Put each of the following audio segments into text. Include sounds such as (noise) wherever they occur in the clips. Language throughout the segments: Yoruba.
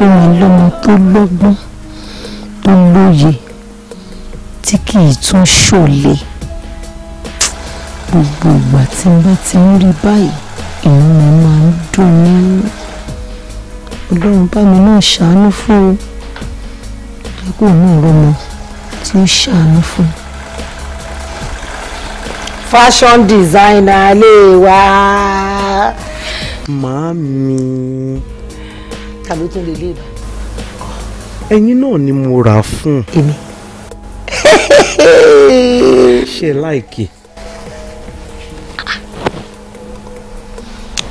fún mi lọ́mọ tó lọ́gbọ́n tó lóye tí kì tún ṣòle gbogbo ìgbà tí n bá ti ń rí báyìí inú mi máa ń dùn nínú ọlọ́run bá mi náà ṣàánú fún o lákò rọmọ tí ó ṣàánú fún. fashion designer lè wá. màámi mẹ́ta ló tún lè lé ibà. ẹ̀yin náà ni mo rà fún. èmi. ṣe láìkè.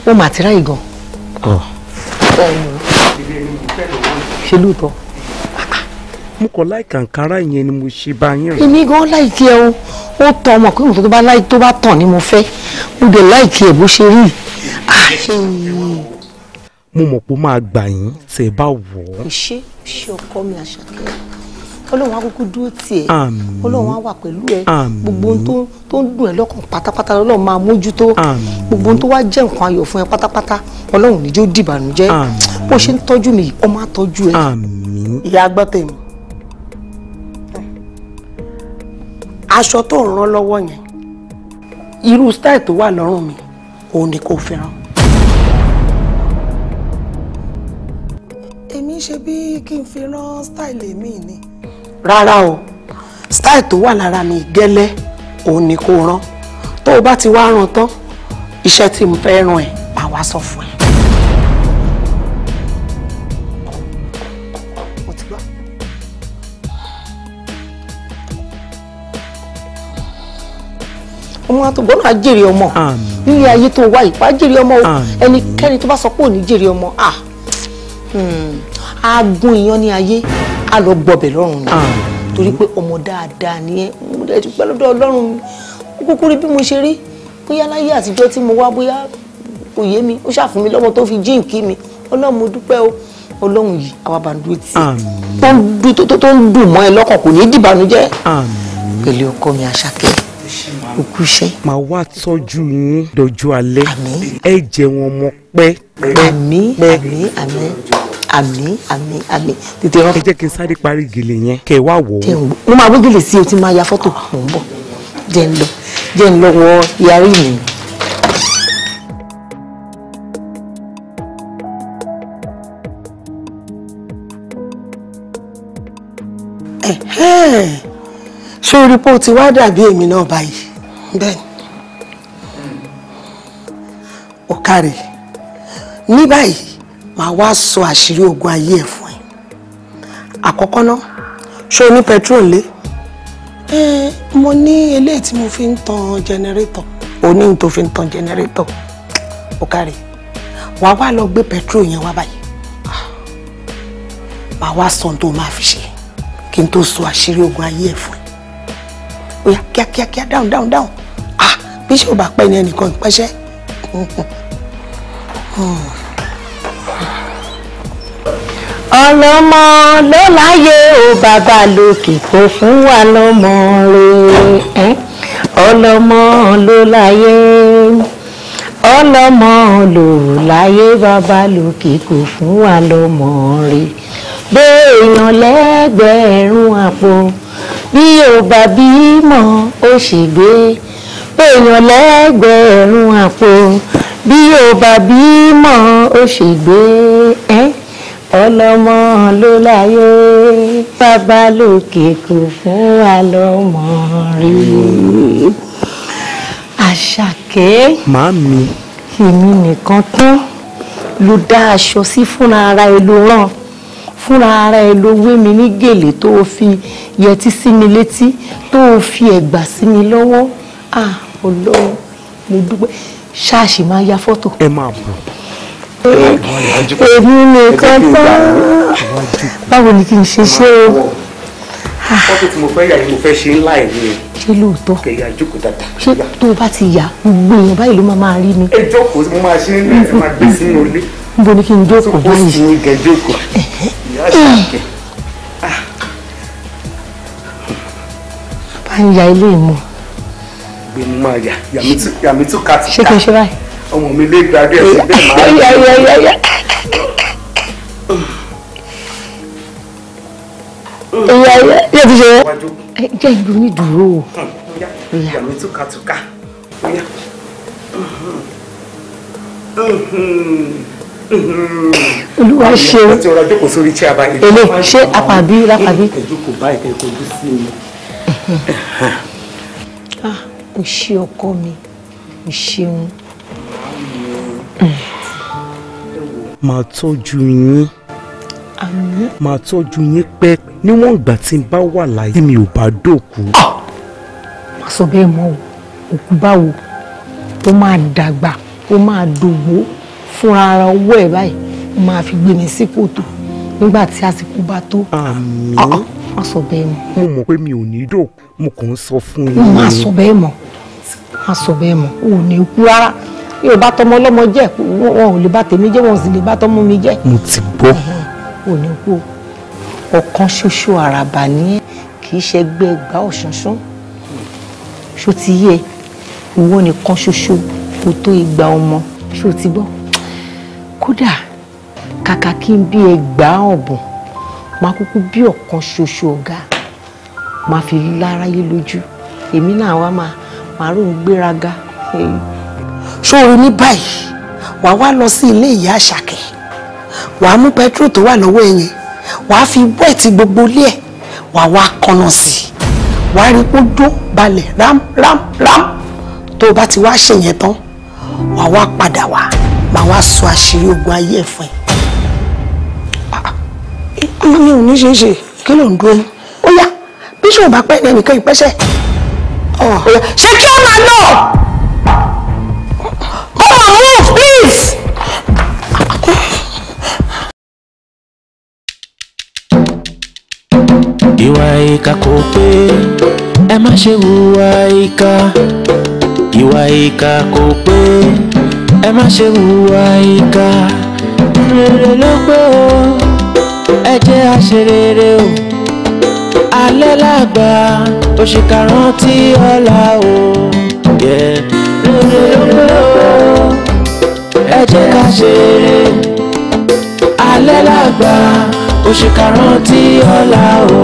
wọ́n mà ti ráyè gan. ṣe lóòótọ́. mo kàn láìka àǹkárá yẹn ni mo ṣe bá yín rà. èmi gan láìkè o ó tọ ọmọ pé nǹkan tó bá tàn ni mo fẹ́ mo dẹ̀ láìkè ẹ bó ṣe rí. Ah, mo mọ̀ pé ó máa gbà yín tẹ̀ bá wọ̀ ọ́. ìṣe ìṣe ọkọ mi àṣàkẹ́ ọlọ́run akókó dúró tiẹ̀ ọlọ́run á wà pẹ̀lú ẹ gbogbo ohun tó ń dùn ẹ lọ́kàn pátápátá ọlọ́run máa mójútó gbogbo ohun tó wá jẹ́ nǹkan ayọ̀ fún ẹ pátápátá ọlọ́run níjó dìbànújẹ́ bó ṣe ń tọ́jú mi ọ máa tọ́jú ẹ. ìyá gbọ́ tèmi aṣọ tó ń rán lọ́wọ́ yẹn irú style tó wà lọ́rùn mi òun ni kò fẹ́ràn ṣe bí kí n fi rán style mi ni. rárá o style tó wà lára mi gẹ́lẹ́ òun ni kò rán tó o bá ti wá rán tán iṣẹ́ tí mo fẹ́ rán ẹ̀ máa wá sọ fún ẹ. ọmọ àtọ̀gbọ́n náà ọmọ nílé ayé tó wáyé wàá jèrè ọmọ o tó bá sọ pé ò ní ọmọ ah. Hmm agun ìyan ní ayé a lọ gbọbẹ̀ lọ́rùn ni ah. torí pé ọmọ dáadáa ni ẹ mo dẹ̀ ti pẹ́ lọ́dọ̀ mi ó kúkú rí bí mo ṣe rí bóyá láyé àtijọ́ tí mo wá bóyá kò yé mi ó ṣàfún lọ́mọ tó fi jíǹkí mi ọlọ́run mo dúpẹ́ o ọlọ́run yìí àwa bá ń dúró tì í tó ń dùn mọ́ ẹ lọ́kàn kò ní í dìbànújẹ́ pẹ̀lú ọkọ mi àṣàkẹ́ òkú iṣẹ́. màá wá tọ́jú yín dọjú alẹ́ ẹ jẹun ọmọ pẹ́ pẹ́ pẹ́ àmì àmì àmì tètè rántí. ẹ jẹ́ kí n sáré parí gèlè yẹn kẹ́ ẹ wá wò ó. mo máa gbé gèlè sí o tí máa ya fọ́tò ah. mò ń bọ̀ jẹ́ ń lọ jẹ́ ń lọ wọ yarí mi. ṣé orí pé o ti wá dàbí èmi náà báyìí bẹ́ẹ̀ni ọ̀kàrẹ̀ ní báyìí màá wá sọ àṣírí ogun ayé ẹ̀ fún ẹ àkọ́kọ́ náà ṣé o ní petrol lé mo ní eléyìí tí mo fi ń tan jẹnẹrétọ̀ o ní tó fi ń tan jẹnẹrétọ̀ ó kárí wàá wá lọ gbé petrol yẹn wá báyìí màá wá sọ ohun tó máa fi ṣe kí n tó sọ àṣírí ogun ayé ẹ̀ fún ẹ oya kíákíákíá dáhùn dáhùn dáhùn ah bí ṣe ò bá pẹ́ ní ẹnìkan ìpẹ́ṣẹ́. Hmm. hmm. hmm ọlọ́mọ ló láyé o bàbá lòkè kò fún wa lọ́mọ rẹ ọlọ́mọ ló láyé ọlọ́mọ ló láyé bàbá lòkè kò fún wa lọ́mọ rẹ béèyàn lẹ́gbẹ̀rún àpò bí o bá bímọ ó sì gbé béèyàn lẹ́gbẹ̀rún àpò bí o bá bímọ ó sì gbé Eh? ọlọ́mọ ló láyé bàbá lòkè kò fún wa lọ́mọ rí àṣàkẹ́. màámi. èmi nìkan tán ló dá aṣọ sí fúnra ara ẹ ló rán fúnra ara ẹ ló wé mi ní gèlè tó o fi yẹtí sí mi létí tó o fi ẹ̀gbà sí mi lọ́wọ́ ah ọlọ́run mo dúpẹ́ ṣáàṣì máa ya fọ́tò. ẹ máa bọ̀ èmi nìkan tán báwo ni kí n ṣe ṣe o. fọ́tò tí mo fẹ́ yà yìí mo fẹ́ ṣe ńlá ẹ̀ ni o. ṣé lóòótọ́ ṣé tó o bá ti yà gbogbo èèyàn báyìí ló máa máa rí mi. ẹ jókòó mo máa ṣe ní ẹ máa gbé sínú ilé. níbo ni kí n jókòó báyìí. ó sì ń gẹ jókòó eh. bá ń ya ilé ìmọ̀. gbé mo máa yà yà mí tún kà tì ká. ṣé kí n ṣe báyìí ọmọ mi lè gbàgbé ẹsẹ̀ bẹ́ẹ̀ máa yẹ. ìyá ìyá yóò ti ṣe é jẹ́ ìlú mi dúró o. ìyá mi túkàtúkà. olúwa ṣe èlé ṣé apàbí lápàbí. Ah, o ṣe ọkọ mi o ṣeun máa tọ́jú yín máa tọ́jú yín pẹ́ níwọ̀n ìgbà tí n bá wà láyé tí mi ò bá dòkú. má sọ bẹ́ẹ̀ mọ́ o òkú báwo ó máa dàgbà ó máa dògbó fúnra ara owó ẹ̀ báyìí ó máa fi gbé mi sí kòtò nígbà tí àsìkò bá tó. àmì má sọ bẹ́ẹ̀ mọ́. mo mọ̀ pé mi ò ní dòkú mo kàn ń sọ fún yín. má sọ bẹ́ẹ̀ mọ́ má sọ bẹ́ẹ̀ mọ́ o ò ní kú rárá yóò bá tọmọ ọlọ́mọ jẹ́ wọn ò lè bá tèmi jẹ́ wọn ò sì lè bá tọmọ mi jẹ́. mo ti gbọ́. ò ní kú ọ̀kan ṣoṣo àràbà nìyẹn kì í ṣẹgbẹ́ ẹgbà ọ̀ṣunṣun ṣó ti yẹ ìwọ nìkan ṣoṣo kò tó igba ọmọ ṣó ti gbọ́ kódà kàkà kí n bí ẹgbàá ọ̀bùn máa kúkú bí ọ̀kan ṣoṣo ọ̀gá máa fi láráyé lójú èmi náà wá máa máa rò ń gbéraga ṣóorí ní báyìí wàá wá lọ sí ilé ìyá àṣàkẹ́ wàá mú petrol tó wà lọ́wọ́ ẹ̀yìn wàá fi wẹ́ẹ̀tì gbogbo ilé ẹ̀ wàá wá kọ́nà sí i wàá rí kó dó balẹ̀ rám rám rám tó o bá ti wá ṣèyẹn tán wàá wá padà wá màá wá sọ àṣírí ogun ayé ẹ̀ fún ẹ. mi ò ní ṣe é ṣe kí ló ń dúró ó yá bíṣọ̀ bá pẹ́ ẹnìkan ìpẹ́ṣẹ̀ ṣé kí ó máa lọ. Go on, move, please. Iwaika kope, kò pé ẹ má ṣe hùwà ìkà. Ìwà ìkà kò pé o, ẹ jẹ́ o. Alẹ́ làgbà, òṣìkà o. Yeah lóore lóore o ẹ jẹ́ ká ṣe eré alẹ́ làgbà oṣù karùn-ún ọ̀la o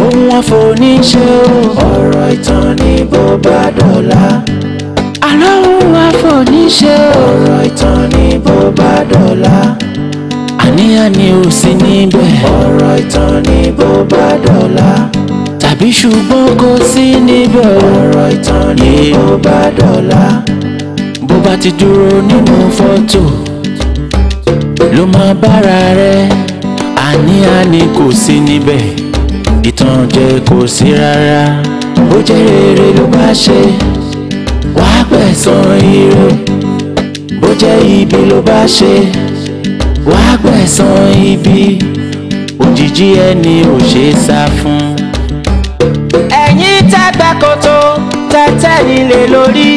òun àfoníṣe o ọ̀rọ̀ ìtàn ni bó bá dọ̀la àlọ́hùn àfoníṣe o ọ̀rọ̀ ìtàn ni bó bá dọ̀la àníyàn ni ò sí níbẹ̀ ọ̀rọ̀ ìtàn ni bó bá dọ̀la àbí ṣùgbọ́n kò sí níbẹ̀ ọ̀rọ̀ ìtàn ni ó bá dọ̀la bó bá ti dúró nínú fọ́tò ló máa bára rẹ̀ àní-àní kò sí níbẹ̀ ìtàn jẹ kò sí rárá bó jẹ́ rere ló bá ṣe wàá gbẹ̀san ire bó jẹ́ ibi ló bá ṣe wàá gbẹ̀san ibi òjijì ẹni ò ṣeé sá fún ẹ̀yin tẹ́gbẹ́ kòtò tẹ́tẹ́ ilé lórí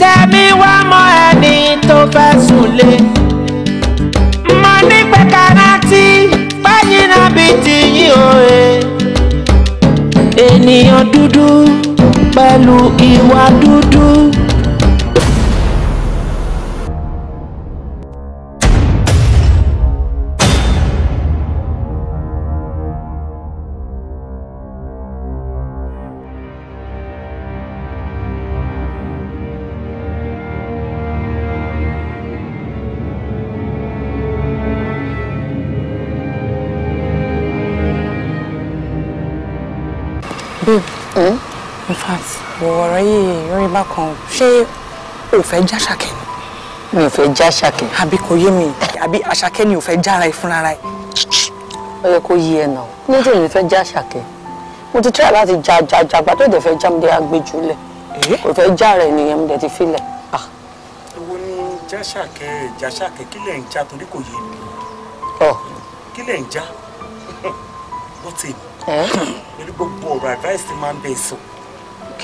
tẹ̀mí wá mọ ẹni tó fẹ́ sùn lé mo ní pé kárántì báyìí náà bí ti yín òye ènìyàn dúdú pẹ̀lú ìwà dúdú. bọ̀ ọ̀rọ̀ yìí rí bákan ṣé o fẹ́ já ṣàkẹ́ ni. mi ò fẹ́ já ṣàkẹ́. àbí kò yé mi àbí àṣàkẹ́ ni ò fẹ́ já ara ẹ fúnra ẹ. ó yẹ kó yí ẹ nà ní tí èmi fẹ́ já ṣàkẹ́ mo ti tíra láti já já já gbà tó ìdẹ̀ fẹ́ já mi dé agbẹ́jú lẹ̀ kò fẹ́ já rẹ̀ nìyẹn mo dẹ̀ ti filẹ̀. Ah. èwo ni já ṣàkẹ́ já ṣàkẹ́ kí lẹ̀ ń já torí kò yé mi kí lẹ̀ ń já ó (laughs) ti pẹ̀lú gbogbo ọ̀rọ̀ advice ti máa ń bẹ̀ sùn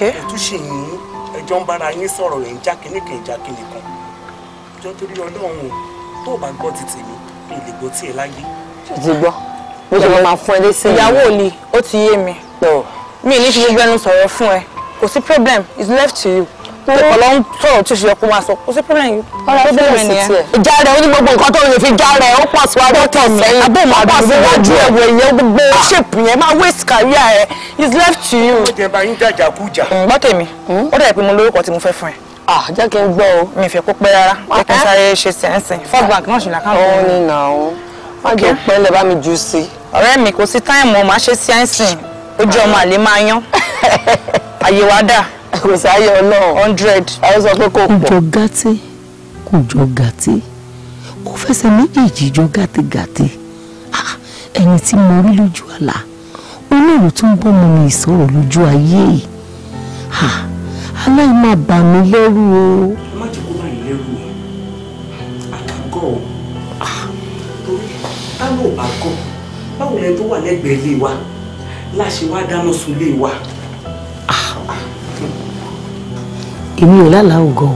ètúnṣe yìí ẹjọ́ ń bára yín sọ̀rọ̀ rẹ̀ ń jákèjìkè jákèjì kan ìjọ torí ọlọ́run tó o bá gbọ́ ti tèmi kí n lè gbọ́ tiẹ̀ láyé. o ti gbọ́ mo ṣe máa fún ẹ lésì. ìyàwó òlì ó ti yé mi mi ò ní fi gbogbo ẹnu sọ̀rọ̀ fún ẹ kò sí problem it's left to you ọlọ́run sọ̀rọ̀ tí ó ṣe yẹ kó máa sọ kó sí pẹ́rẹ́ yìí ọ̀rọ̀ fún mi nìyẹn. ìjà rẹ̀ ó ní gbogbo nǹkan tó lè fi já rẹ̀ ó pọ̀ síwájú ọ̀tọ̀ sẹ́yìn abó máa bá sí iwájú ẹ̀wọ̀ ìyẹn gbogbo ṣèpù yẹn máa waste career rẹ̀ is left to you. ó jẹ bá yín jàjà kú jà. gbọ́ mm, tèmi hmm? ó dẹ̀ pé mo lórúkọ tí mo fẹ́ fún ẹ. ah jẹ́ kí n gbọ́ o. mi fẹ́ kó pẹ́ rárá jẹ́ kí n sáré ṣe sẹ́ǹsìn first bank náà ṣì lákàntì. ó ní nà ó má jẹ́ pẹ́lẹ́ bá mi jù sí. ọ̀rẹ́ mi kò sí táìmù o máa ṣe sẹ́ǹsìn ojú ọmọ àlè máa yán àyè (laughs) wa dáa kò sáyé ọlọ́run hundred ayé sọ pé kò pọ̀. kò jọ gàtí kò jọ gàtí kò fẹsẹ̀ méjèèjì jọ gàtégàté ah, ẹni tí mo rí lójú àlá olóòrò tó ń bọ́ mọ́ mi ìsọ̀rọ̀ lójú ayé yìí ah, aláì máa bà mí lẹ́rù o. má jẹ́ kó bá yín lẹ́rù o àkàgọ́ o ah, torí báwo àgọ́ báwo lẹ́yìn tó wà lẹ́gbẹ̀ẹ́ ilé wa láṣẹ wá dáná sun wa. èmi ò lálàá ògo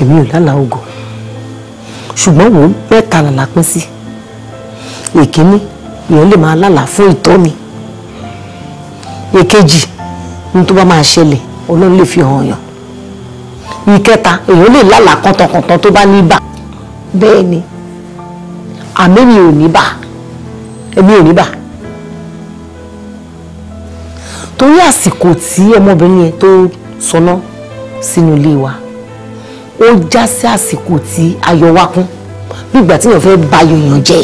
èmi ò lálàá ògo ṣùgbọ́n wò ó mẹ́ta làlá pín sí èkíní èèyàn lè máa lálàá fún ìtọ́ni èkejì ní tó bá máa ṣẹlẹ̀ ọlọ́run lè fi hàn yàn ìkẹta èèyàn lè lálàá kọ́tọ̀kọ̀tọ̀ tó bá ní bà bẹ́ẹ̀ ni àmì mi ò ní bà èmi ò ní bà torí àsìkò tí ọmọbìnrin yẹn tó sọná sínú ilé wa ó já sí àsìkò tí ayọ̀ wá kún bí ìgbà tí èèyàn fẹ́ ba ayọ̀ èèyàn jẹ́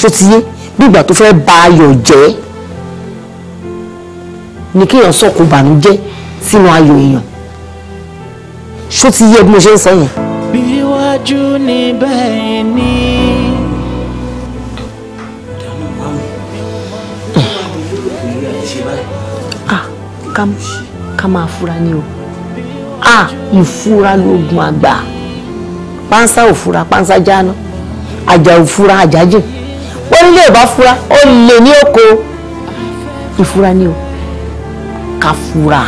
ṣòtiyé bí tó fẹ́ ba ayọ̀ jẹ́ ni kéèyàn sọ̀kò bànújẹ́ sínú ayọ̀ èèyàn ṣòtiyé bí mo ṣe ń sọ yẹn. bí iwájú ni bẹ́ẹ̀ ni. ká máa fura ni o a ah, ìfura lóògùn àgbà pánsá ò fura pánsá jáná àjà ò fura àjà jìn wọ́n nílé fura ó lè ní oko ìfura ni o ká fura.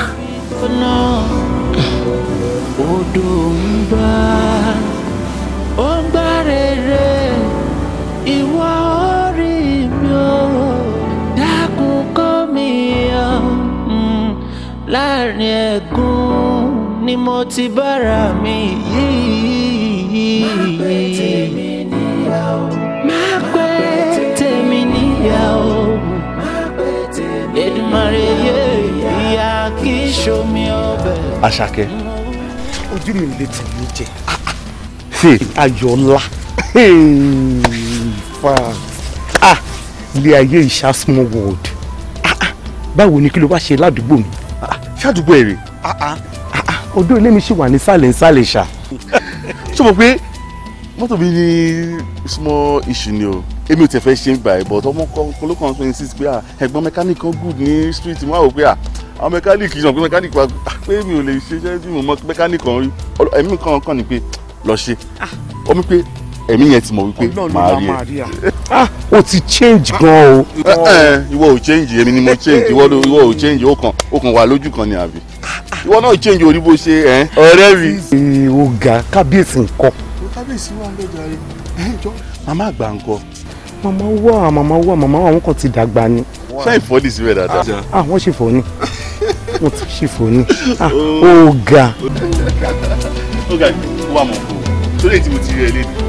láàrin ẹ̀gún ni mo ti bára mi yìí. má pé tèmi níyà o. má pé tèmi níyà o. Èdùmàrè yé ìyá kì í ṣomi ọbẹ̀. Àṣàkẹ́. Ojú mi lè tì mí jẹ. Faith ayọ̀ ńlá. Ah, ilé ayé ìṣá small world. Ah, ah, báwo ni kí ló wá ṣe ládùúgbò mi? ṣàdúgbò èrè. Ah, ah. Ah, odò ilé mi ṣì wà nísàlẹ̀ nísàlẹ̀ ṣá. ṣé mo pé mọ́tò mi ní small issue ni o èmi ò tẹ̀ fẹ́ ṣe ń gbà ẹ̀ but ọmọ kan ló kàn twenty six pé ẹ̀gbọ́n mẹkáníìkì kan good ní street mo á wò pé àwọn mẹkáníìkì yàn pé mẹkáníìkì wa pé mi ò lè ṣe jẹ́ bí mo mọ mẹkáníìkì kan rí ẹ̀mí kan kàn ní pé lọ ṣe omi pé ẹ̀mí yẹn ti mọ̀ wípé màá rí ẹ. o ti change gan o. ìwọ ò change èmi ni mo change ìwọ ò change ó kàn ó kàn wà lójú kan ni àbí ìwọ náà change orí bó ṣe ẹ ọ̀rẹ́ mi. o ga kábíyèsí nǹkan. kábíyèsí wà ń bẹ jàre ẹ jọ. màmá àgbà ńkọ́. màmá wà màmá wà màmá wà wọn kàn ti dàgbà ni. ṣé ìfọ́dí síbẹ̀ dáadáa. àwọn ṣe fọ́ ni wọn ti ṣe fọ́ ni o ga. o ga wà mọ̀ fún un tó lè ti mo ti rí ẹ lédi.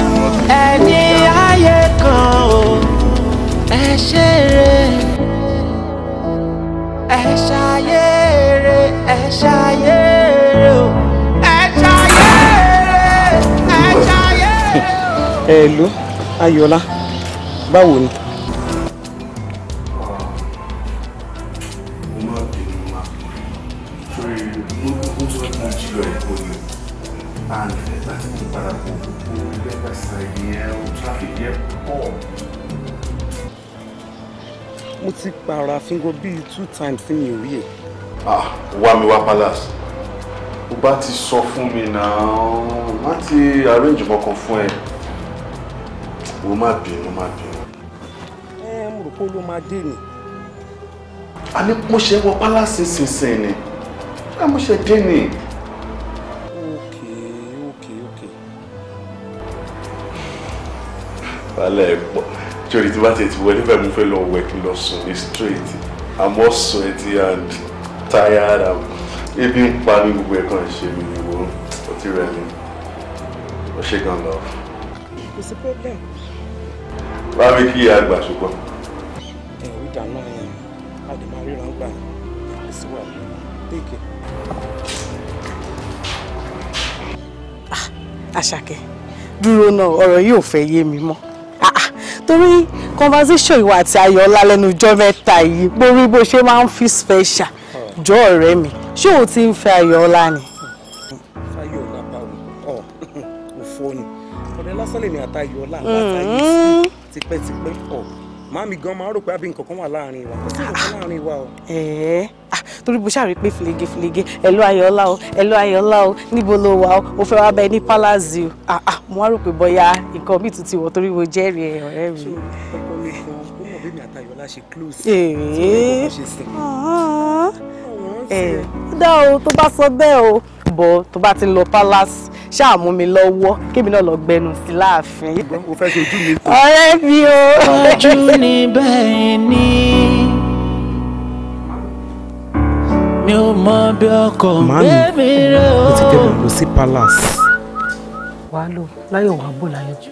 ẹni ayé kan o ẹ ṣeré ẹ ṣayére ẹ ṣayére o ẹ ṣayére ẹ ṣayére ẹ ló Ayọ̀lá báwo ni. mo ti pààrà fíngọ bíi two times ní ah, mi ò ah wa mi wa palace o bá ti sọ fún mi náà má ti arrange kankan fún ẹ o má bínú má bínú. ẹ mo rò pé ló máa dé ni. a mo ṣe wọ palace sínsìn ni bá mo ṣe dé ni. Okay, okay, okay. Pale pọ̀ jọ̀rí tí bá tiẹ̀ ti wọlé bẹ́ẹ̀ mo fẹ́ lọ wẹ̀ kí n straight i'm all sweaty and tired am ebi ń pa ní gbogbo ẹ̀kan ìṣe mi ìwò ọtí rẹ ni ó ṣe gan lọ. kò sí problem. bá mi kí ìyá àgbà ṣùgbọ́n. ẹ ò dáná ẹ a lè máa ríran gbà kò sí wà lóògì. Ah, àṣàkẹ́ dúró náà ọ̀rọ̀ yìí ò fẹ́ yé mi mọ́ torí conversation ìwà àti Ayọ̀ọ́lá lẹ́nu ọjọ́ mẹ́ta yìí mo rí bó ṣe máa ń fi special jọ ọ̀rẹ́ mi ṣé o ti ń fẹ́ Ayọ̀ọ́lá ni. Ayọ̀ọ́lá báwo ọ ò fọ ni ọ̀rẹ́ lásán lèmi àtayọ̀ọ́lá àtàyè sí mm-hmm. tipẹ́tipẹ́ ọ̀ màmí gan máa rò pé àbí nǹkan kan wà láàrin wa ẹ̀ẹ́ torí bó ṣàrí pé fìlègè fìlègè ẹ̀lú o ẹ̀lú ayọ̀ọ́lá o níbo ló wà o o fẹ́ wá bẹ ní palace o àà ah, ah, mo wá rò pé bóyá nǹkan mi tún ti wọ̀ torí mo jẹ́rìí ẹ̀ ọ̀rẹ́ mi. Ah, ẹ eh. dá o tó bá sọ bẹ́ẹ̀ o bọ̀ tó bá ti lọ palace mi lọ́wọ́ kébì náà lọ gbẹnu sí láàfin. ọ̀rẹ́ mi o. ojú ni bẹ́ẹ̀ ni mi ò mọ bí ọkọ gbé mi rẹ o. mo ti bẹ̀rẹ̀ lọ sí palace. wàá lò láyọ̀ wàá bọ̀ láyọ̀ jù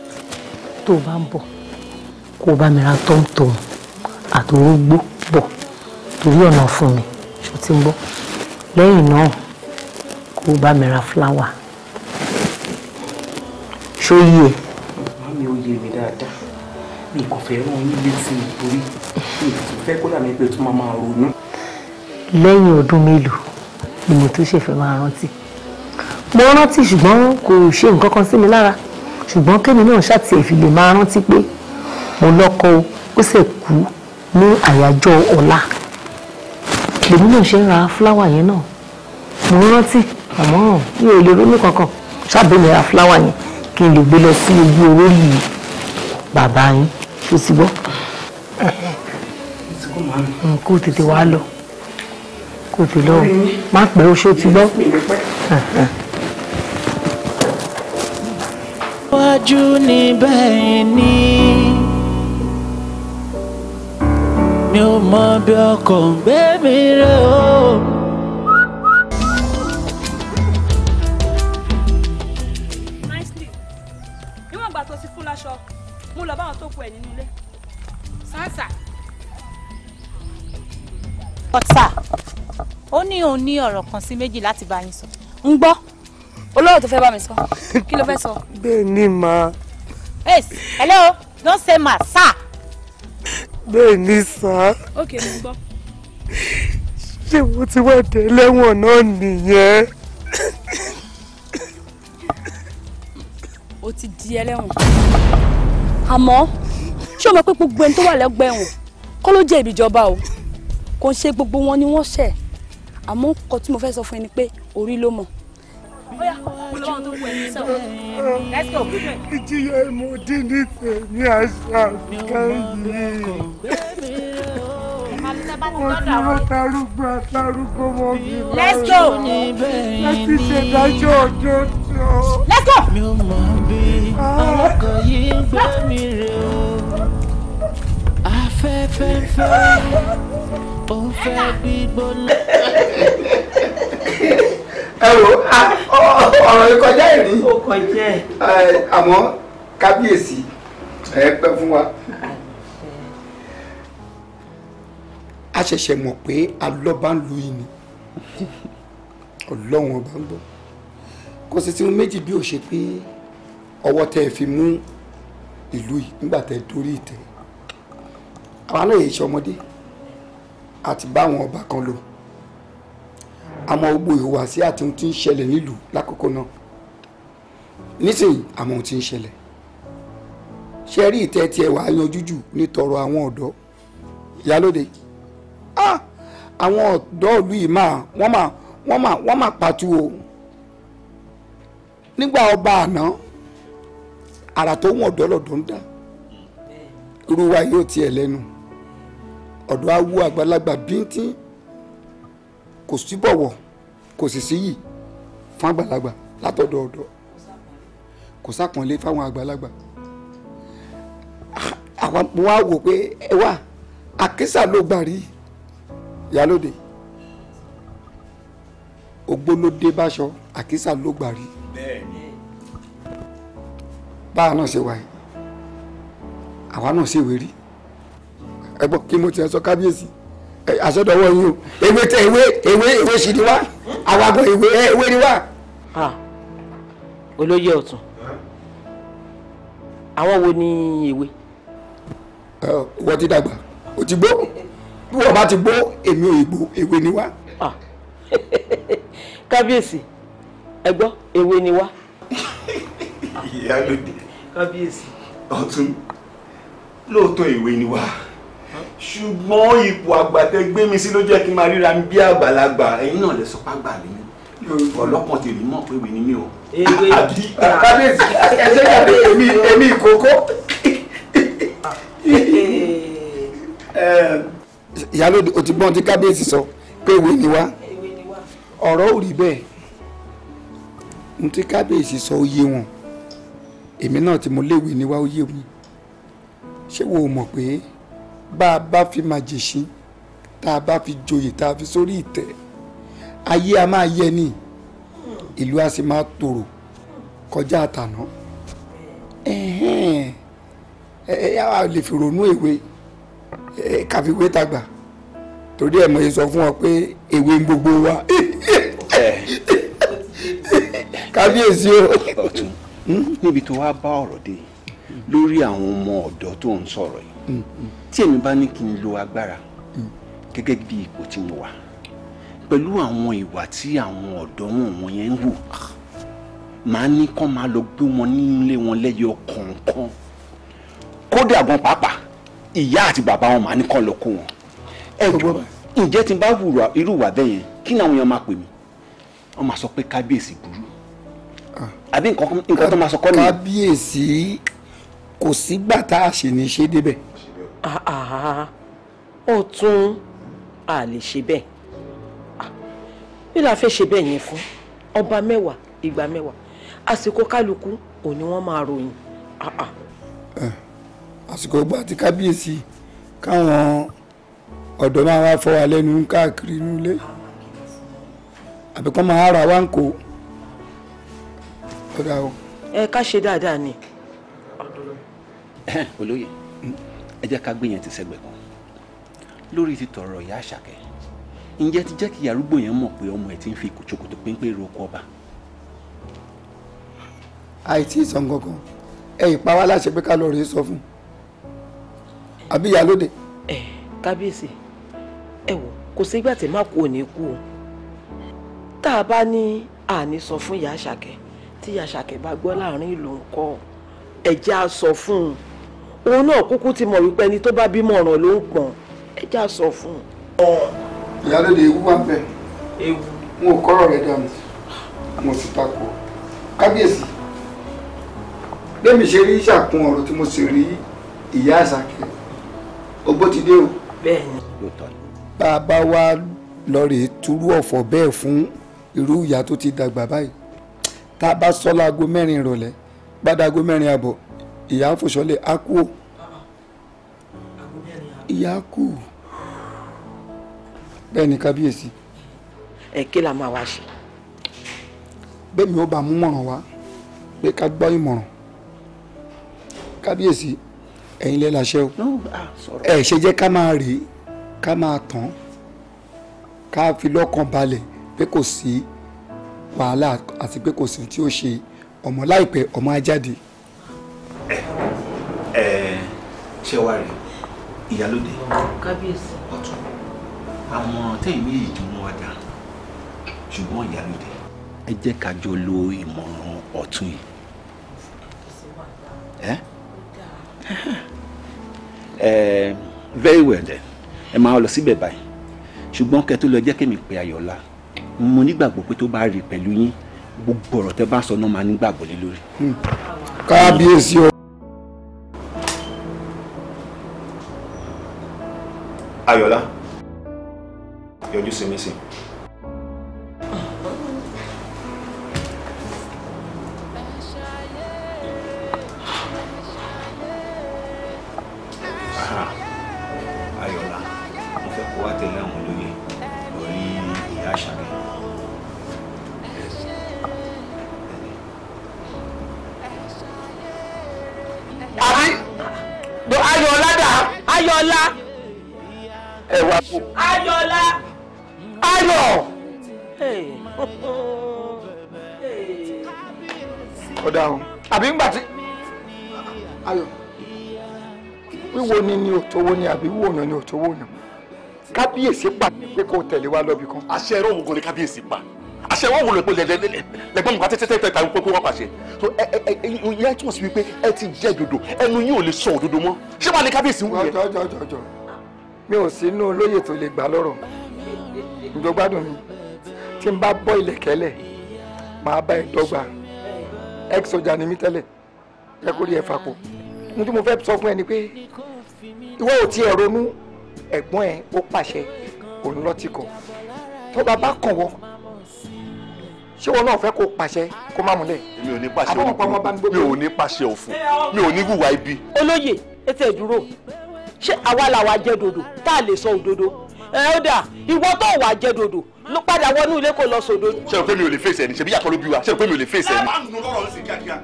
tó o bá ń bọ̀ kó o bá mi ra tọ́mtọ́m àtòrógbó bọ̀ torí ọ̀nà fún mi ṣó ti ń bọ̀ lẹ́yìn náà kó o bá mi ra fúláwà ṣó yí ẹ. mi ò yé mi dáadáa mi kò fẹ́ yín létí nítorí mi kò fẹ́ kó dà mí pé tó máa máa ronú lẹ́yìn ọdún mélòó ni mo tó ṣèfẹ́ máa rántí mo rántí ṣùgbọ́n kò ṣe nǹkan kan sí mi lára ṣùgbọ́n kémi náà ṣàti ẹ̀fì lè máa rántí pé mo lọ́kọ ó ṣe kú ní àyájọ́ ọ̀la lèmi náà ṣe ń ra fúláwà yẹn náà mo rántí àmọ́ mi ò lè ronú kankan ṣáàbẹ̀ mi ra fúláwà yẹn kí n lè gbé lọ sí ojú olórí bàbá yín ṣó ti gbọ́ kó tètè wá lọ kò fi lọ má pẹ́ o ṣó ti gbọ́. wájú ni bẹ́ẹ̀ ni mi ò mọ bí ọkọ̀ ń gbé mi rè o. níwọ̀n ìgbà tó ti fún láṣọ mo lọ báwọn tó ó ní òun ní ọ̀rọ̀ kan sí méjì láti bá yín sọ. ń gbọ́ olóòtú fẹ́ bá mi sọ kí ló fẹ́ sọ. bẹ́ẹ̀ ni mà. yes hello don say ma sa. bẹ́ẹ̀ ni sà. ok mo gbọ́. ṣé mo ti wá dé lẹ́wọ̀n náà nìyẹn. o ti di ẹlẹ́wọ̀n àmọ́ ṣé o mọ̀ pé gbogbo ẹni tó wà lẹ́gbẹ̀ẹ́ wọn kọ́ ló jẹ́ ìbíjọba o kò ń ṣe gbogbo wọn ni wọ́n ṣẹ̀ àmọ́ nǹkan tí mo fẹ́ sọ fún ẹ ni pé orí ló mọ̀. ìjìyà ìmọ̀dé ní tèmi àṣà kẹ́yìn mo ti rọ tarúgbó atarúgbó mọ́ mi láàrin láti ṣèdájọ́ ọjọ́ tó. Let's go. mi ò mọ̀ bí ah. ọkọ̀ yìí gbé mi rè o fẹ́ fẹ́ fẹ́ ó fẹ́ gbígbóná. ẹ wo ọ̀rọ̀ yìí kọjá ìrìn. ó kọjá ẹ̀. àmọ́ kábíyèsí ẹ pẹ́ fún wa. a ṣẹ̀ṣẹ̀ mọ̀ pé alọ́ba ń lu yìí ni ọlọ́run ọba ń bọ̀ kò sí tí mo méjì bí ò ṣe pé ọwọ́ tẹ́ ẹ fi mú ìlú yìí nígbà tẹ́ ẹ dórí ìtẹ́ àwa náà yìí ṣọmọdé àti báwọn ọba kan lò àmọ́ gbogbo ìhùwàsí àti ohun tí ń ṣẹlẹ̀ nílùú lákòókò náà nísìnyí àmọ́ ohun tí ń ṣẹlẹ̀ ṣe rí ìtẹ́ tiẹ̀ wàá yanjú jù nítorọ àwọn ọ̀dọ́ ìyálóde àwọn ọ̀dọ́ ìlú yìí máa wọ́n máa wọ́n máa wọ́n máa pàtó o nígbà ọba àná àrà tó wọ̀n ọ̀dọ́ lọ́dọ̀ ń dà irú wa yóò tiẹ̀ lẹ́nu ọ̀dọ̀ awo àgbàlagbà bíntín kò sí bọ̀wọ̀ kò sì síyì fún àgbàlagbà látọ̀dọ̀ ọ̀dọ̀ kò sápọ̀nlé fáwọn àgbàlagbà àwọn mo wá wò pé ẹ wà àkísà ló gbà rí ìyálóde ògbólódé báṣọ àkísà ló gbà rí báwa náà ṣe wáyé àwa náà ṣe wérí ẹ̀gbọ́n kí mo ti ẹ sọ kábíyèsí àsọdọwọ yín o ewé tẹ ewé ewé ewé sì ni wá àwọn àgbọn ewé ewé ni wá. olóyè ọ̀tún àwọn wo ni ewé. wọ́n ti dàgbà o ti gbó bí wọ́n bá ti gbó èmi ò gbó ewé ni wá. (laughs) kábíyèsí ẹ gbọ́ ewé ni wá. ìyá ló dé kábíyèsí ọ̀tún lóòótọ́ ewé ni wá ṣùgbọ́n ipò àgbàtẹ gbé mi sí ló jẹ́ kí n máa ríra mi bí àgbàlagbà ẹ̀yin náà lè sọ pé àgbà mi ọlọ́pàá tèmi mọ̀ pé mi ni mi o. àbí kábíyèsí ẹsẹ̀ yàgbé èmi èmi ìkókó. ìyálòdì o ti gbọ́n tí kábíyèsí sọ pé èwe ni wá ọ̀rọ̀ ò rí bẹ́ẹ̀ n tí kábíyèsí sọ ó yé wọn èmi náà tí mo léwe ni wá ó yé mi ṣé wo mọ̀ pé bá a bá fi màjèṣin tá a bá fi joyè tá a fi sórí ìtẹ́ ayé a máa yẹ ni ìlú a sì máa tòrò kọjá àtàná ẹ a lè fi ronú èwe kàfíwé tàgbà torí ẹ mọ̀ yẹn sọ fún ọ pé èwe ń gbogbo wa (laughs) kábíyèsí o. ọ̀tún níbi tó wá bá ọ̀rọ̀ dé lórí àwọn ọmọ ọ̀dọ́ tó ń sọ̀rọ̀ yìí mm, mm tí èmi bá ní kí n lo agbára gẹ́gẹ́ bí ipò tí mo wà pẹ̀lú àwọn ìwà tí àwọn ọ̀dọ́ wọn yẹn ń hù màá ní kán máa lọ gbé wọn nílé wọn lẹ́yọ kọ̀ọ̀kan kódà gan pàápàá ìyá àti bàbá wọn màá ní kán lọ kó wọn. ẹ gbọ́ ǹjẹ́ tí n bá hùwà irú ìwà bẹ́ẹ̀ yẹn kí ni àwọn èèyàn máa pè mí wọ́n máa sọ pé kábíyèsí burú ah. àbí nǹkan tó máa sọ kọ́ nìyẹn. kábíyèsí kò sígbà tá a ṣì ṣe débẹ̀ ó tún a lè ṣe bẹ́ẹ̀ bí la fẹ́ ṣe bẹ́ẹ̀ yẹn fún ọba mẹ́wàá ìgbà mẹ́wàá àsìkò kálukú ò ní wọ́n máa ròyìn. àsìkò gba ti kábíyèsí káwọn ọ̀dọ́ máa wá fọ́ wa lẹ́nu káàkiri inú ilé àbí kọ́ máa ra wa ọ̀dà o. ẹ ká ṣe dáadáa ni. olóye ẹ jẹ́ ká gbìyànjú ti sẹ́gbẹ̀ẹ́ kan lórí ti tọrọ ìyá àṣàkẹ́ ǹjẹ́ ti jẹ́ kí arúgbó yẹn mọ̀ pé ọmọ ẹ̀ ti ń fi kòtòkòtò péńpé roko ọba. àìtí ìsàn gangan ẹ̀yìn pa wá láṣẹ pé ká lọ rèé sọ fún àbí ìyálóde. ẹ kábíyèsí ẹ wò kò sígbà tí má kú òní kú o tá a bá ní àní sọ fún ìyá àṣàkẹ́ tí ìyá àṣàkẹ́ bá gbọ́ láàrin ìlú ńkọ́ ẹ jẹ́ á sọ fún un òun náà kúkú ti mọ̀ wípé ẹni tó bá bímọ ọ̀ràn ló ń pọ̀n ẹ já sọ fún un. ìyálóde ewu wà bẹ́ẹ̀ ewu wọn ò kọ́rọ̀ rẹ̀ dànù mo sì takò kábíyèsí bẹ́ẹ̀mi ṣe rí ṣàkun ọ̀rọ̀ tí mo sì rí ìyá àṣàkẹ́ ogbó ti dé o. bẹ́ẹ̀ni. bá a bá wá lọ rèé túrú ọ̀fọ̀ bẹ́ẹ̀ fún irú ìyá tó ti dàgbà báyìí tá a bá sọ láago mẹ́rin ìrọ̀lẹ́ bá dago mẹ́rin àbọ̀ ìyá Fòṣọlé á kú o ìyá kú bẹ́ẹ̀ ni kábíyèsí. ẹ kí la máa wá ṣe. bẹ́ẹ̀ mi ò bá mú mọ̀ràn wá pé ká gbọ́ ìmọ̀ràn kábíyèsí ẹ̀yin lẹ́ láṣẹ o ẹ ṣe jẹ́ ká máa rèé ká máa tán ká fi lọ́kàn balẹ̀ pé kò sí wàhálà àti pé kò sí tí ó ṣe ọmọ láìpẹ́ ọmọ á ẹ eh, ẹ eh, ṣé wá rí ìyálóde kábíyèsí ọ̀tún àmọ̀ràn tẹ̀yìn méjì tí wọ́n wá dá ṣùgbọ́n ìyálóde ẹ jẹ́ ká jọ lo ìmọ̀ràn ọ̀tún yìí ẹ eh? ẹ (laughs) very well then ẹ máa lọ síbẹ̀ báyìí ṣùgbọ́n kẹ́ tó lọ jẹ́ kémi pé ayọ̀lá mo nígbàgbọ́ pé tó bá rí pẹ̀lú yín gbogbo ọ̀rọ̀ tẹ́ bá sọ náà máa nígbàgbọ́ lé lórí. Hmm. kábíyèsí o. Ayọ̀lá yọjú sí mi sí àbí wòyàn ni òtò wòyàn kábíyèsí pa pé kò tẹ̀lé wa lọ́bì kan. àṣẹ ẹ̀rọ òun kò ní kábíyèsí pa àṣẹ ẹ̀rọ òun lẹ̀gbọ́n lẹ̀gbọ́n nǹkan tẹ́tẹ́ tẹ́tẹ́ tàbí pé kó wọ́n pàṣẹ. so ẹ ẹ ẹ ìyá túmọ̀ sí wípé ẹ ti jẹ́ òdodo ẹnu yín ò lè sọ òdodo mọ́ ṣé wàá ní kábíyèsí wù yẹn. jọjọ jọjọ mi ò sí inú olóyè tó lè gbà lọ́rọ̀ ǹjọ́ gbádùn mi tí n bá bọ́ ilẹ̀kẹ́lẹ̀ màá bá ẹ dọ́gba ex-soldier ni mí tẹ́lẹ̀ ẹ kórìí ẹ fapò ní tí mo fẹ́ sọ fún ẹ ni pé ìwọ ò tiẹ̀ ronú ẹ̀gbọ́n ẹ̀ ó pàṣẹ òun lọ́tì kọ tó bá bá kàn wọ́ ṣé wọn náà fẹ́ kó pàṣẹ kó má múlẹ̀. mi ò ní pàṣẹ òfin mi ò ní pàṣẹ òfin mi ò ní hùwà ibi. olóyè ètò ìdúró ṣé àwa làwa jẹ dòdò tá a lè sọ òdodo ẹ ó dà ìwọ tó wà jẹ dòdò ló padà wọnú ilé kó lọ sódò. ṣé o pé mi ò lè fèsì ẹni ṣebí yàtọ̀ ló bí wa ṣé o pé mi ò lè fèsì ẹni.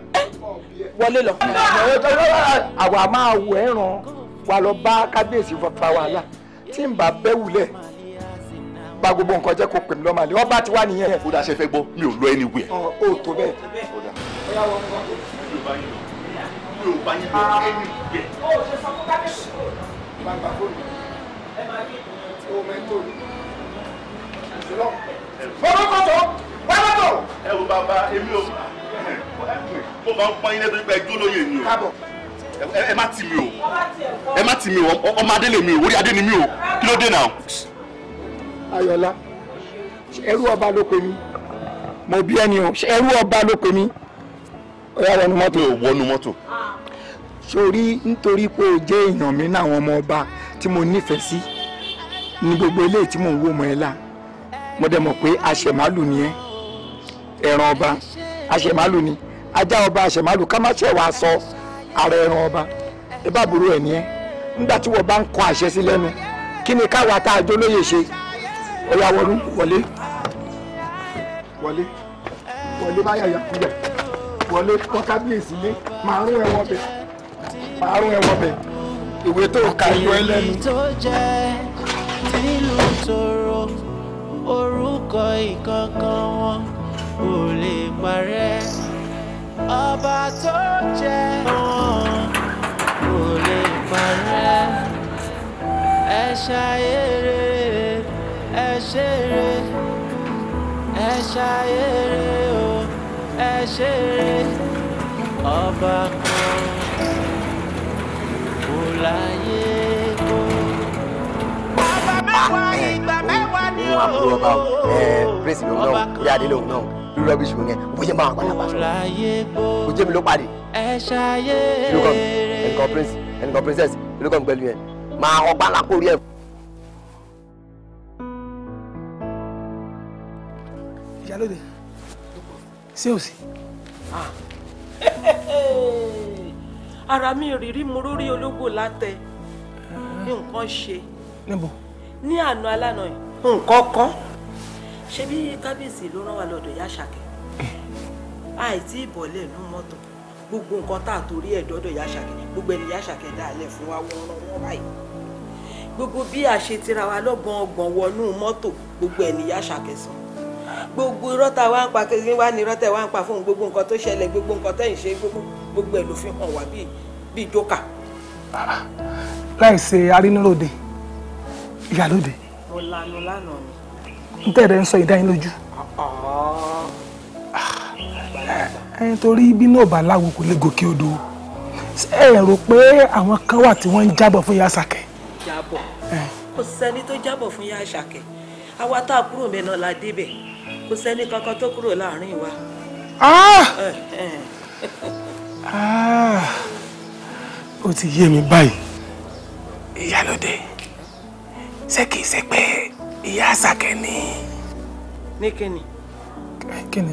wọlé lọ àwa máa wọ ẹ̀ràn wà lọ bá kábíyèsí fa wàhálà tí n bá bẹ́ wulẹ̀ bá gbogbo nǹkan jẹ́ kó pèmí lọ́mọ àlè ọba ti wà nìyẹn. ó dáa ṣe fẹ́ gbọ́ mi ò lọ ẹni wẹ̀. ọ ò tó bẹ́ẹ̀. mi ò bá yín lọ ẹni wẹ̀. ó ṣe sọ fún kábíyèsí ẹ wo bàbá èmi ò mo máa ń pọ́n yín lẹ́tọ́ nípa ẹjọ́ lóye mi o. ẹ má ti mí o ẹ má ti mí o ọmọ adé mi o orí adé ni ọ, o kí ló dé náà. ayọ̀lá ẹrú ọba ló pe mí mo bí ẹni o ẹrú ọba ló pe mi ò wọnú mọ́tò. nítorí pé o jẹ́ èèyàn mi ọmọ ọba tí mo nífẹ̀ẹ́ sí gbogbo eléyìí mo dẹ̀ mọ̀ pé ọba ni ọba ká má ara ẹran ọba ẹ burú ẹ̀ nìyẹn nígbà tí wọ́n bá ń kọ àṣẹ sí kí ni káwa tá a jó lóye ṣe ọ̀yà wọlé wọlé wọlé báyà yà kúlẹ̀ wọlé kọ́ kábíyèsí lé màá rún ẹ̀wọ̀ parẹ́ ẹ ṣayére ẹ ṣeré ẹ ṣayére o ẹ ṣeré ọba kan kò láyé kó. ọba mẹ́wàá ìgbà mẹ́wàá ni ó. ọba praise be on náà bí adé lòun náà lórí rọ́bìṣì wọn yẹn bó ṣe máa gbàdá bá sọ. kò jẹ́ mi ló pàdé. ẹ ṣayére. ẹnìkan praise ẹnìkan princess ìlú kan pẹ̀lú yẹn máa ọgbà lákòrí ẹ̀. ìyálóde ṣé o sí. Ah. (laughs) ara mi rírí mo rórí ológbò látẹ ah. nǹkan ṣe níbo ní àná alánà yìí nǹkan kan ṣebí kábíyèsí ló rán wa lọ́dọ̀ yá ṣàkẹ́ eh. àìtí ìbọ̀lẹ̀ ìlú mọ́tò gbogbo nǹkan tá a torí ẹ̀ dọ́dọ̀ ìyá àṣàkẹ́ gbogbo ẹni ìyá àṣàkẹ́ dá fún wa wọ́n rán wọn báyìí gbogbo bí a ṣe tira wa lọ́gbọ̀n ọgbọ̀n wọnú mọ́tò gbogbo ẹni ìyá àṣàkẹ́ sọ gbogbo irọ́ tá a wá ń pa kí wá ní irọ́ tẹ̀ wá ń pa fún gbogbo nǹkan tó ṣẹlẹ̀ gbogbo nǹkan tẹ̀ ń ṣe gbogbo ẹ̀ ló fi hàn wá bíi jókà. láì ṣe arínúròde ìyálóde. mo lanu lánàá ni. ń sọ ẹni torí bí náà bá láwo kò lè gòkè odò ẹ rò pé àwọn kan wà tí wọ́n ń jábọ̀ fún ìyá àṣàkẹ́. jábọ̀ kò sẹ́ni tó jábọ̀ fún ìyá àṣàkẹ́ àwa tá a kúrò mẹ́nà la débẹ̀ kò sẹ́ni kankan tó kúrò láàrin wa. Ah! Ah! ó ti yé mi báyìí ìyálóde ṣé kìí ṣe pé ìyá àṣàkẹ́ ni. ní kíni. kíni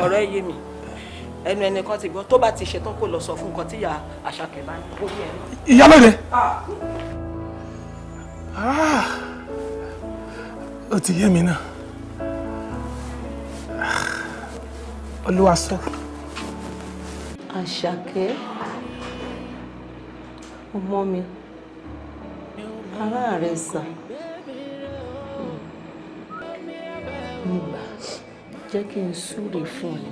ọ̀rọ̀ ẹ yé mi ẹnu ẹni kan ti gbọ́ tó bá ti ṣetán kó lọ sọ fún nǹkan tíyà àṣàkẹ́ bá ní kó ní ẹ. ìyálóde ah. ó ti yé mi náà olúwa sọ. àṣàkẹ́ ọmọ mi ara rẹ̀ sàn. Nígbà. Hmm. Mm jẹ́ kí n súre fún ẹ.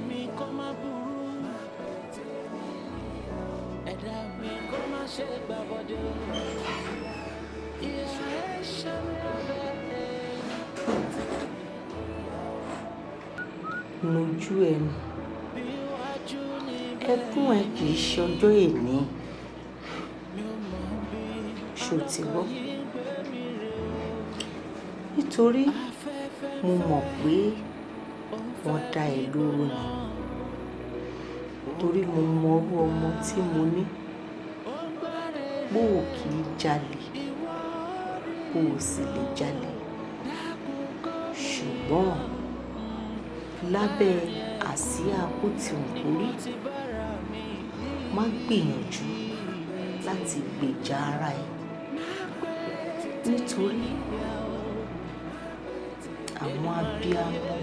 nojú ẹnu ẹkún ẹ kì í ṣọjọ́ èní ṣòtìwọ́ nítorí mo mọ̀ pé wọ́n dá ẹ lóró ni torí mo mọ ọwọ́ ọmọ tí mo ní bó o kì í jalè bó o sì lè jalè ṣùgbọ́n lábẹ́ àsíá kó ti wù kórí má gbìyànjú láti gbèjà ara ẹ nítorí àwọn abiyamọ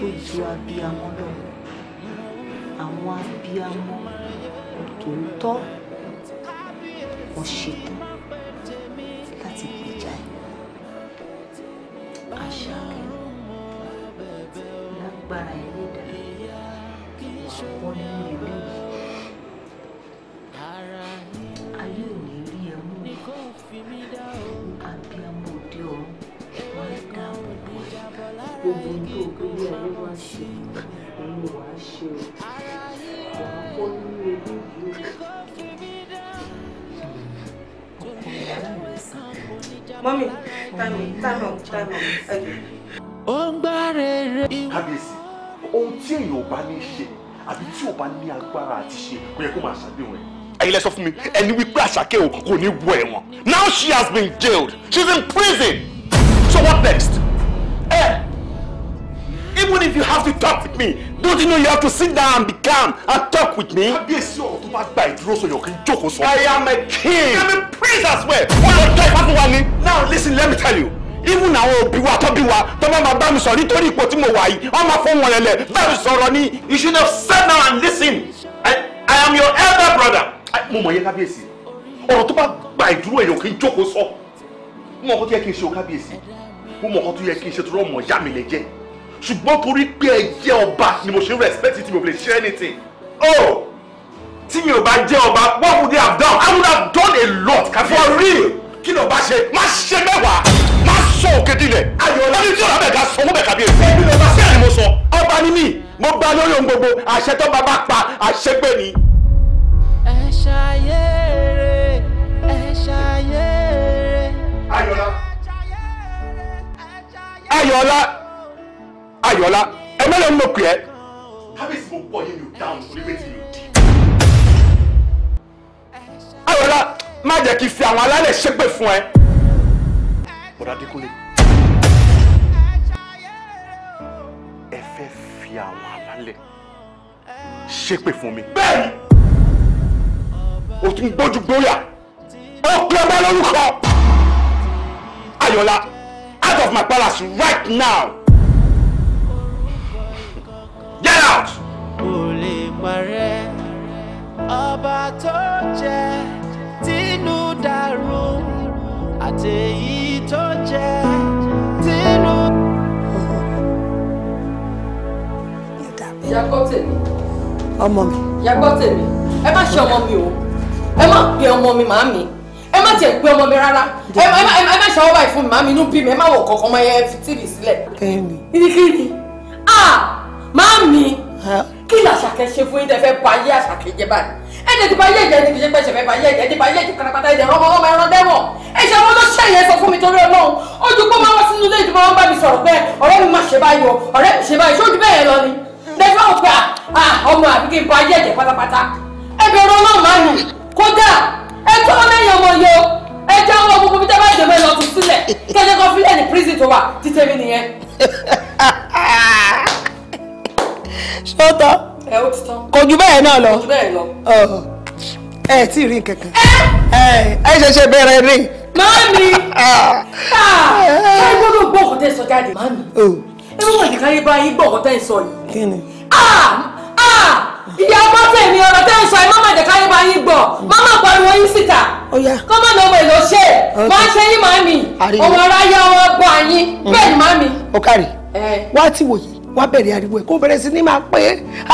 tó ju abiyamọ lọ àwọn abiyamọ tòótọ́ wọ́n ṣetán láti gbèjà ẹ̀ àṣà lágbára ẹ̀yẹ́dà wọ́n ní gbogbo tó gbélé ayé wá ṣe òun ò wá ṣe o wà á kọ́ nínú ojú ìlú. mọ́mí tánà tánà tánà ẹ̀jẹ̀. ó ń gbá rere. kábíyèsí ohun tí èèyàn ò bá ní ṣe àbí tí ò bá ní agbára àti ṣe kò yẹ kó máa ṣàdéhùn ẹ̀ ẹ̀yin sọ fún mi ẹni wípé àṣàkẹ́ o kò ní wọ ẹ̀wọ̀n now she has been jailed she is in prison so what next you have to talk with me don't you know you have to sit down and be calm and talk with me. kábíyèsí ọ̀rọ̀ tó bá gba ìdúró sọ̀yọ̀ kì I am a king. I am a prince as well. What are jọ ìfá fún wa now listen let me tell you even now, Obiwa, Tobiwa, tọ́bí wa tọ́bá Tori, bá Mowai, Oma, nítorí ipò tí mo wà yìí you should have sat down and listened. I, I am your elder brother. mo mọ̀ yẹ kábíyèsí ọ̀rọ̀ tó bá gba ìdúró ẹ̀yọ̀ kì í jókòó sọ. mo mọ̀ kó tó yẹ kí n mo mọ̀ kó ṣùgbọ́n torí pé ẹ jẹ́ ọba ni mo ṣe ń respect tí mo lè ṣe anything. oh tí mi ò bá jẹ́ ọba what would I have done? I would have done a lot. for real kí ló bá ṣe. má ṣe mẹ́wàá má sọ òkè dilẹ̀. ayọ̀lá ẹni tí bẹ̀ ká sọ wọ́n bẹ̀ kábíyèsí. ẹbí ló bá bẹ́ẹ̀ ni mo sọ. ọba ni mí mo gba lórí ohun gbogbo àṣẹ tó bá bá pa àṣẹ gbé ni. ẹ ṣàyẹ̀rẹ̀ ẹ ṣàyẹ̀rẹ̀. ayọ̀lá ayọ̀lá. Ayola, ẹ mẹ́lẹ̀ ń lò pé ẹ. kábíyèsí mo pọ̀ yín mi ò dáhùn torí wetin mi ò di. ayọ̀lá má jẹ́ kí n fi àwọn alálẹ̀ ṣépè fún ẹ. bọ̀dá Adékúnlé ẹ fẹ́ fi àwọn alálẹ̀ ṣépè fún mi. bẹ́ẹ̀ni o tún gbójú gbóyà ó pé ọba lórúkọ ayọ̀lá out of my palace right now. Get out. Kò lè parẹ́, ọba tó jẹ́ tínú dàrú, àtẹ̀yí tó jẹ́ tínú. Ìyá gbọ́ tèmi. Ọmọ mi. Ìyá gbọ́ tèmi. Ẹ má ṣe ọmọ mi o. Ẹ má pe ọmọ mi màámi. Ẹ má tiẹ̀ pe ọmọ mi rárá. Ẹ má ẹ má ẹ má ṣe ọwọ́ báyìí fún mi inú bí mi. Ẹ má wọ̀ kọ̀ọ̀kan mọ́ ẹ fi tíì sílẹ̀. Kẹ́hìn. Kí ni kí ni? Ah! Mami! Kí ni Àṣàkẹ́ ṣe fún yín tẹ́ fẹ́ ba ayé Àṣàkẹ́ jẹ́ báyìí? Ẹni tí ba ayé ìjẹ́ ni kì í ṣe pé ṣe fẹ́ ba ayé ìjẹ́ ni ba ayé ìjẹ́ kárakáta ìjẹ́ rọ́mọ rọ́mọ ẹran dẹ́wọ̀n. Ẹ̀ṣẹ̀ wọn ló ṣe yẹn sọ fún mi torí Ọlọ́run. Ojú pé máa wá sínú ilé ìdìbò wọn bá mi sọ̀rọ̀ pé ọ̀rẹ́ mi má ṣe báyìí o, ọ̀rẹ́ mi ṣe báyìí, ṣójú bẹ́ẹ̀ lọ ni. Dẹ́gbẹ́ ò pé ọmọ àbí kí n ba ayé ẹ̀jẹ̀ pátápátá. Ẹ bẹ̀rù Ọlọ́run máa nù. Kódà ẹ tọ́ lẹ́yìn ọmọ yo, ẹ jẹ́ àwọn gbogbo bí tẹ́ bá jẹ́ bẹ́ẹ̀ lọ tún sílẹ̀. Kẹ́jẹ́ kan fílẹ̀ ní prison tó wà títẹ́mi nìyẹn ṣọ́tọ̀ kò ju bẹ́ẹ̀ náà lọ ẹ tí ì rí nkankan ẹ ṣẹ̀ṣẹ̀ bẹ̀rẹ̀ rí. màámi ẹ (laughs) ah. ah! gbọ́dọ̀ gbọ́ ọ̀kọ̀ tẹ́ sọ jáde màámi ẹ mọ̀ wọ́n kíkáyé bá yín gbọ́ ọ̀kọ̀ tẹ́ sọ yìí. Ah! ìyá ọmọ tẹ̀ ní ọ̀rọ̀ tẹ́ sọ ẹ má má jẹ́ káyé bá yín gbọ́ má má pariwo yín síta kọ́ má lọ́mọ èlò ṣe má ṣe yín màámi ọmọ aráyá ọmọ ọgbọ́n yín mm. bẹ́ẹ̀ ni màámi. ọ̀kàrí wá tí wòye wá bẹ̀rẹ̀ ariwo ẹ̀ kó bẹ̀rẹ̀ sí ní máa pé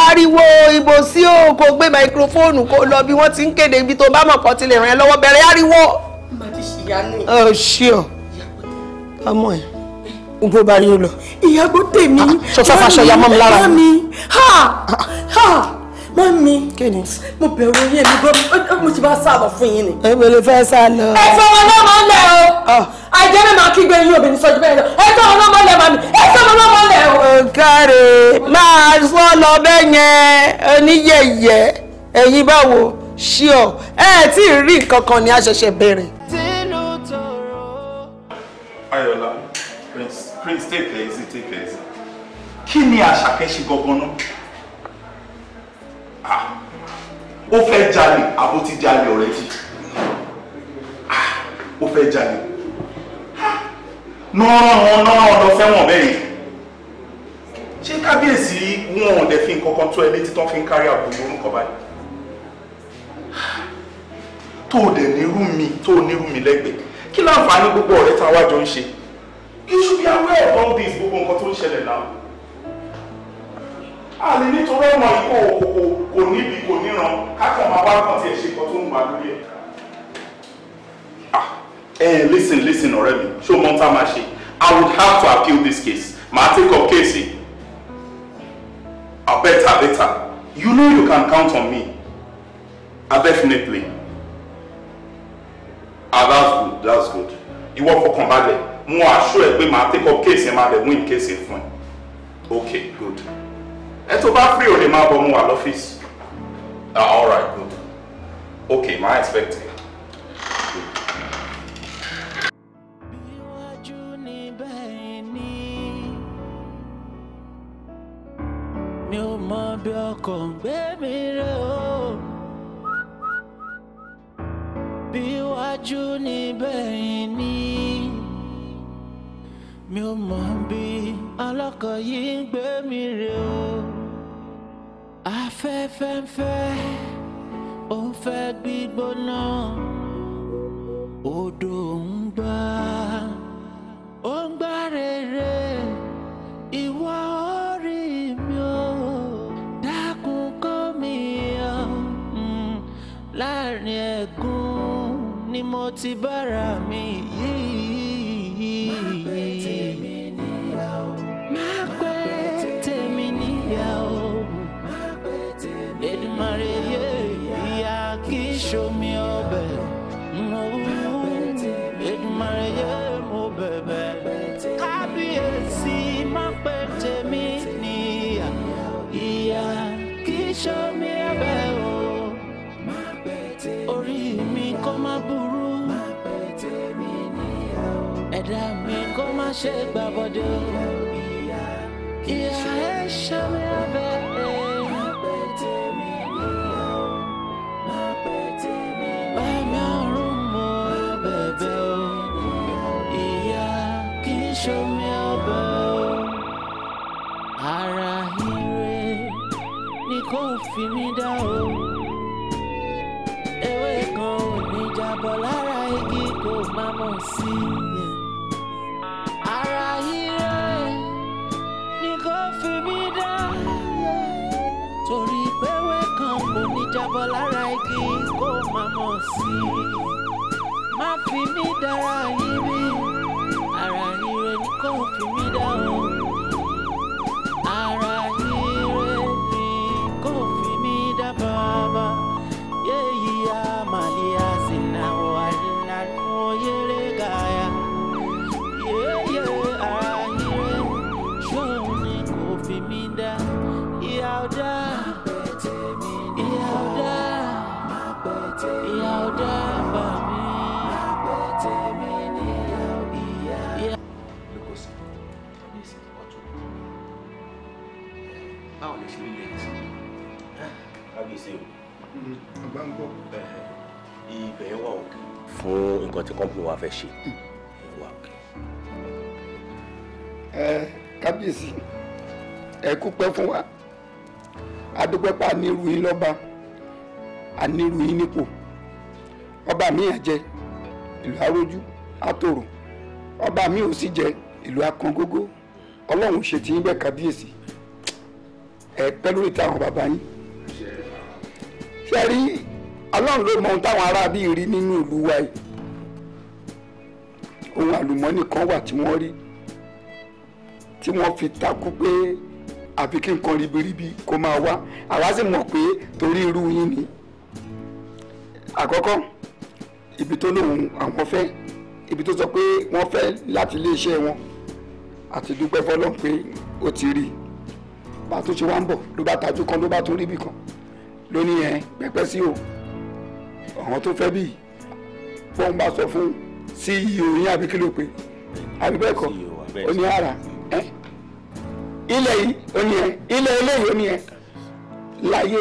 ariwo ìbò sí o kò gbé máikrófóònù kó lọ bí wọ́n ti ń kéde ibi tó bá mọ̀ kọ́ tilẹ̀ ràn ẹ́ lọ́wọ́ bẹ̀rẹ̀ ariwo. màá ti ṣìyanu yìí. ọ ṣí ọmọ ẹ bó bá rí lọ. ìyàgbọ́ tèmi. Ah, sọ fàṣọ ya mọ́ mi lára. ha ha mami kíni mo bẹ̀rù yín mi gbọ́ mo ti bá sáàbọ̀ fún yín ni. èmi lè fẹ́ sá lọ. ẹ fẹ́ wọn náà máa ń lẹ̀ o àìjẹ́ ah. mi máa kígbe yín obìnrin sọ́jú bẹ́ẹ̀ lọ ẹ fẹ́ wọn náà máa ń lẹ̀ mami ẹ fẹ́ wọn náà máa ń o. káre máa sọ lọ bẹ́ẹ̀ yẹn oníyẹ̀yẹ̀ ẹ̀yin báwo ṣíọ ẹ tí ì rí nǹkan kan ni a ṣẹ̀ṣẹ̀ bẹ̀rẹ̀. ayọ̀lá prince prince take it easy take it easy kí ni àṣàkẹ́ṣe gangan náà ó fẹ́ jalè àbó ti jalè already ah, ó fẹ́ jalè náà wọn náà lọ fẹ́wọ̀n bẹ́ẹ̀ ṣé kábíyèsí wọn ò dẹ̀ fi nǹkan kan tó ẹ létí tán fi ń kárí àbúrò orúkọ báyìí ah, tó o dẹ̀ nírú mi tó o nírú mi lẹ́gbẹ̀ẹ́ kí láǹfààní gbogbo ọ̀rẹ́ tá a wájọ ń ṣe you should be aware of all this gbogbo nǹkan tó ń ṣẹlẹ̀ náà àní nítorí ọmọ ikọ̀ òkòkò kò níbi kò níran kákan máa wá kàn tiẹ̀ ṣe nǹkan tó ń wà lórí ẹ̀. ẹ ah, ẹ eh, listen listen ọ̀rẹ́ mi ṣé o mọ tá a máa ṣe I would have to appeal this case màá take up case abeta abeta you know you can count on me ah definitely ah that's good that's good ìwọ fọkàn balẹ̀ mo assure ẹ pé màá take up case yẹn máa dẹ̀ win case yẹn fún ẹ okay good ẹ tó bá free ò lè máa bọ̀ mu wà lọ́fíìsì. ah all right good okay my expect you. bí ọkọ̀ ń gbé mi rẹ̀ o. bí wájú ní bẹ́yìn ni mi ò mọ bí ọlọ́kọ̀ yìí ń gbé mi rẹ̀ o afẹ́fẹ́ fe fe ó ń fẹ́ gbígbóná odò ń gbà o ń gbà rere ìwọ orí mi ò dákun kọ́ mi ọ mm, láàrin ẹ̀gún ni mo ti bára mi yìí. ṣe gbàbọdẹ o ìyá ẹ ṣe mi abẹ ẹ. Bàbá ọ̀run mo abẹ̀bẹ̀ o, ìyá kì í ṣomi ọbẹ̀ o. Ara ire ni kò fi mí dá o, ewé kan sí má fi mí dára yín rí ara yín rẹ kò fi mí dá fún nǹkan tí company wa fẹ́ ṣe. ẹ kábíyèsí ẹ kú pẹ́ fún wa adúpẹ́pẹ́ ànírú yín lọ́ba ànírú yín ọba mi àjẹ ìlú arójú àtòrò ọba mi ò sì jẹ ìlú akangógó ọlọ́run ṣe ti yín bẹ́ẹ̀ kábíyèsí ẹ pẹ́ lórí bàbá ọlọ́run ló mọ ohun táwọn aráabí rí nínú ìlú wa yìí ohun àlùmọ́nì kan wà tí wọ́n rí tí wọ́n fi takú pé àfi kí nǹkan ribiribi kó máa wá àwa sì mọ̀ pé torí irú yín ni àkọ́kọ́ ibi tó lóun àwọn fẹ́ ibi tó sọ pé wọ́n fẹ́ láti iléeṣẹ́ wọn àti dúpẹ́ fọlọ́n pé ó ti rí bá tó ṣe wá ń bọ̀ ló bá tajú kan ló bá tún ríbi kan lónìí ẹ̀ pẹ́pẹ́ sí o àwọn tó fẹ́ bí fóun bá sọ fún CEO yín àbí kí ló pe àbí bẹ́ẹ̀ kọ́ e ó ní ara ilẹ̀ yìí ó ní ẹ ilẹ̀ eléyìí ó ní ẹ láyé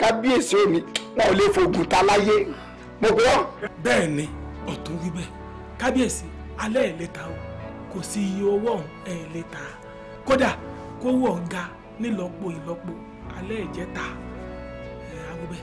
kábíyèsí òní wọn ò lè fògùn ta láyé mo gbọ́. bẹ́ẹ̀ ni ọ̀tún wí bẹ́ẹ̀ kábíyèsí alẹ́ ẹ̀ lè ta o kò sí iye owó ọ̀hún ẹ̀ lè ta kódà kówó ọ̀hún ga nílọ́po alẹ́ ẹ̀ jẹ́ ta ẹ̀ agbóbẹ́.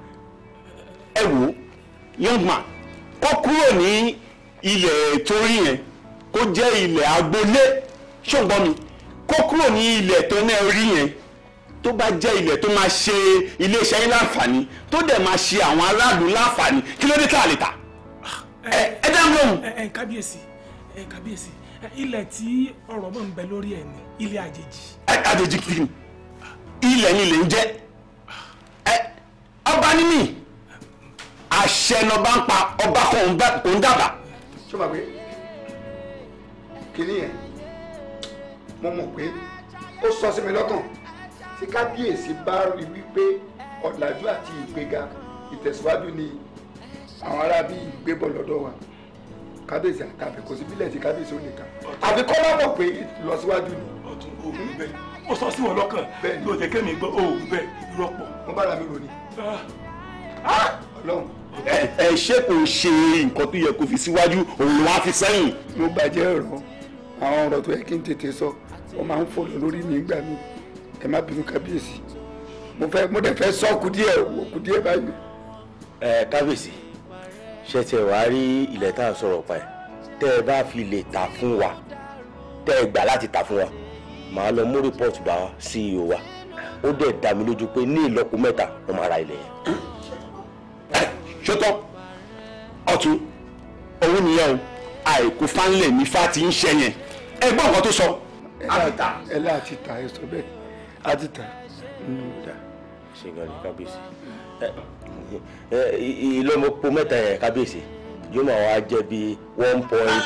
ẹ wò ó young man kó kúrò ní ilẹ̀ torí yẹn kó jẹ́ ilẹ̀ agboolé ṣùgbọ́n mi kó kúrò ní ilẹ̀ tó ní orí yẹn tó bá jẹ́ ilẹ̀ tó máa ṣe iléeṣẹ́ yín láǹfààní tó dẹ̀ máa ṣe àwọn aráàlú láǹfààní kí ló dé tá a lè tà ah, ẹ ẹ dá mi lóhùn. ẹ ẹ kábíyèsí ẹ kábíyèsí ilẹ̀ tí ọ̀rọ̀ mọ̀ ń bẹ lórí ẹ̀ ní ilẹ̀ àjèjì. ẹ àjèjì kìíní ilẹ̀ ni ilẹ̀ ń jẹ́ ẹ ọba ní mi àṣẹ lọ́ba ń pa ọba kan òun dàbà. ṣé wàá pé kínní yẹn mo mọ̀ pé ó sọ sí mi lọ́kàn tí kábíyèsí bá rí wípé ọ̀làjú àti ìgbéga ìtẹ̀síwájú ni àwọn ará bíi gbébọ̀ lọ́dọ̀ wa kábíyèsí àtàbí kò sí bílẹ̀ tí kábíyèsí ò lè kà àbí kọ́ bá mọ̀ pé ìlọsíwájú ni. ọtún òògùn bẹ́ẹ̀ ó sọ sí wọn lọ́kàn bẹ́ẹ̀ ni ó jẹ kẹmí gbọ́ òògùn bẹ́ẹ̀ rọpò. mo bára mi rò ni. Ah! ẹ ṣé kò ṣe nǹkan tó yẹ kó fi síwájú òun ló wá fi sẹ́yìn. mo bàjẹ́ ọ̀rọ̀ àwọn ọ̀rọ̀ tó yẹ kí n tètè sọ wọ́n máa ń fọlọ̀ lórí mi gbà mí ẹ má bínú kábíyèsí mo fẹ́ mo dẹ̀ fẹ́ sọ kù díẹ̀ wò kù díẹ̀ báyìí. ẹ kábíyèsí ṣe tiẹ̀ wá rí ilẹ̀ tá à ń sọ̀rọ̀ pa ẹ̀ tẹ́ ẹ bá fi lè ta fún wa tẹ́ ẹ gbà láti ta fún wa màá lọ mú rìpọ́ọ̀tù bá CEO wa ó dẹ̀ dá mi lójú pé ní ìlọ́po mẹ́ta wọ́n máa ra ilẹ̀ yẹn ṣótọ́ ọ̀tún òun nìyẹn o àìkú fánlẹ̀ ní fati ń ṣe yẹn ẹ gbọ́ nǹkan tó sọ. àtìtà ẹ lé àtìtà ẹ sọ bẹ́ẹ̀ àtìtà mm, ṣe gan ni kábíyèsí ìlọmọpo mẹ́ta yẹn kábíyèsí yóò máa wá jẹ́ bí one point.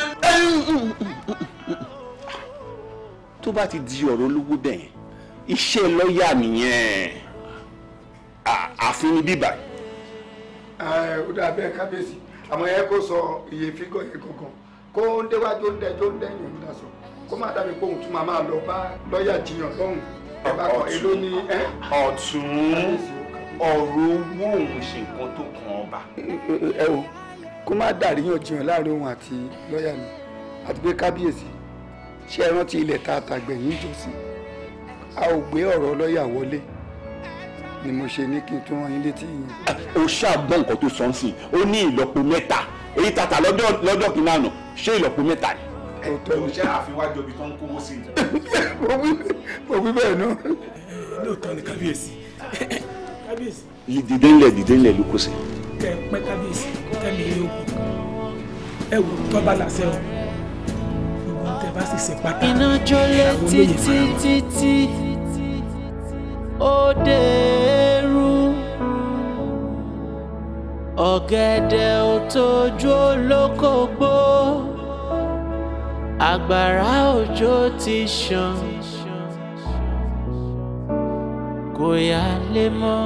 tó bá ti di ọ̀rọ̀ olówó bẹ́ẹ̀ iṣẹ́ lọ́ọ̀yà nìyẹn àfin ní bíbáyìí. Eh, ó dà bẹ́ẹ̀ kábíyèsí àmọ́ ẹ kò sọ iye fígọ̀ yẹn kankan kó ń déwájú ń dẹjọ́ ń dẹ́yìn ń dasọ kó má dàbí pé òun tún máa máa lọ bá lọ́ọ̀yà jiyàn lọ́hùn ẹ bá kọ èló ni ẹ. ọ̀tún ọ̀rọ̀ owó òun ṣe nǹkan tó kàn ọba. ẹ o kó má dàríyàn jiyàn láàrin òun àti lọ́ọ̀yà mi àti pé kábíyèsí ṣé ẹ rántí ilẹ̀ tá a tàgbẹ̀yìn ìjọsìn a ò gbé ọ̀rọ̀ lọ́ọ̀yà wọlé ni mo ṣe ní kí n tún rán yín létí yín. ó ṣàgbọ́n nǹkan tó sọ sí i ó ní ìlọ́po mẹ́ta èyí tata lọ́jọ́ kìíní àná ṣé ìlọ́po mẹ́ta ni. ẹ̀tọ́ ṣé àfiwájú ibi tó ń kówó sí i. mo wí bẹ́ẹ̀ náà. lóòótọ́ ni kábíyèsí kábíyèsí. dìde ńlẹ̀ dìde ńlẹ̀ ló kó sí. kẹ pẹ kábíyèsí kẹmi yóò kú ẹ wò tọ́ba làṣẹ o gbogbo tẹ bá sì ṣe pátá. iná jó lé títí títí ó dé. ọ̀gẹ̀dẹ̀ ò tójú olóko gbó àgbàrá òjò ti ṣàn kò yá lé mọ́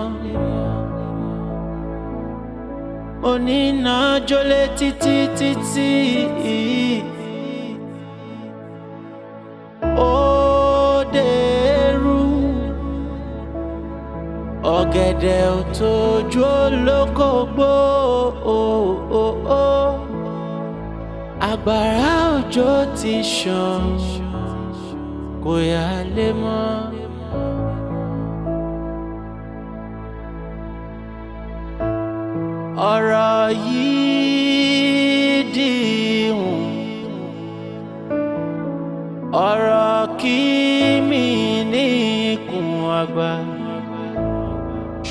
oníná jólé títí títí. ọ̀gẹ̀dẹ̀ ò tójú olóko gbó àgbàrá òjò ti ṣàn kò yá lé mọ́.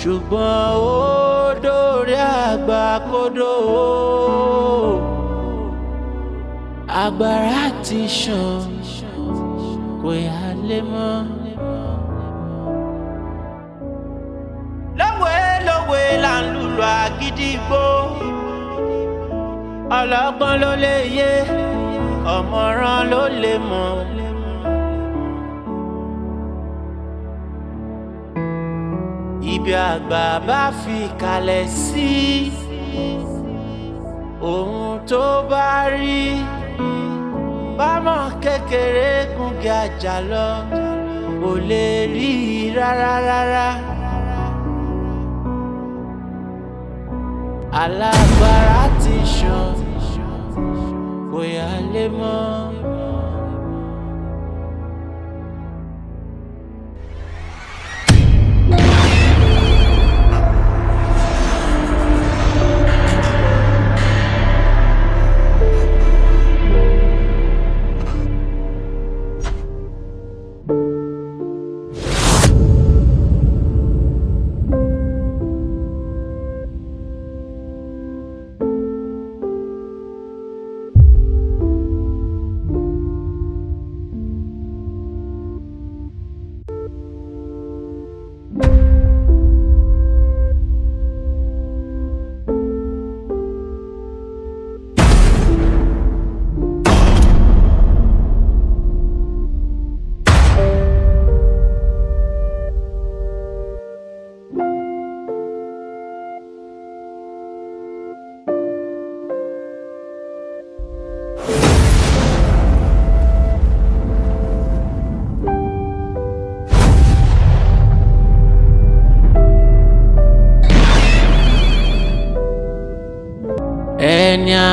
ṣùgbọ́n ó dórí àgbà kodò agbára ti ṣàn kò yá lé mọ́. lówe lówe là ń lùlù àgídìgbò ọlọ́gbọ́n ló lè yé ọ̀mọ̀ràn ló lè mọ̀. bí àgbà bá fi kalẹ̀ sí ohun tó bá rí bámọ̀ kékeré gúngi àjà lọ kò lè rí i rárá rárá. alágbára ti sàn kò yá lé mọ́.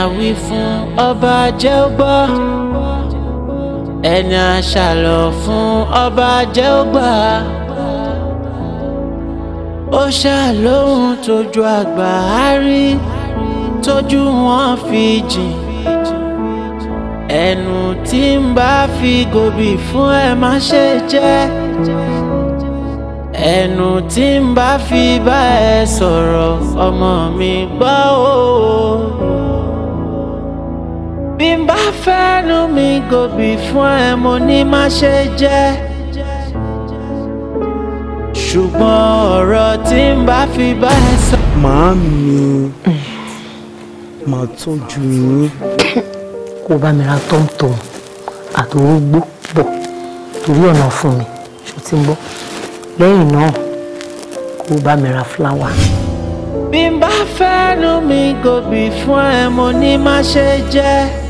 àwí fún ọba jẹ́ ó gbọ́ ẹni àṣàlọ̀ fún ọba jẹ́ ó gbà ó ṣàlóhun tójú àgbà á tójú wọn fi jìn ẹnu tí ń bá fi gòbì fún ẹ má ṣe jẹ́ ẹnu tí ń bá fi bá ẹ sọ̀rọ̀ ọmọ mi gbọ́ o bí n bá fẹ́nu mi gòbì fún ẹ mo ní má ṣe jẹ́ ṣùgbọ́n ọ̀rọ̀ tí n bá fi bá ẹ sọ. màámi mm. màá tọ́jú yín. kó bá mi ra tọ́mtọ́m àtòrógbó bọ̀ torí ọ̀nà fún mi ṣó ti ń bọ̀ lẹ́yìn náà kó bá mi ra fúláwà bí n bá fẹ́nu mi gòbì fún ẹ mo ní má ṣe jẹ́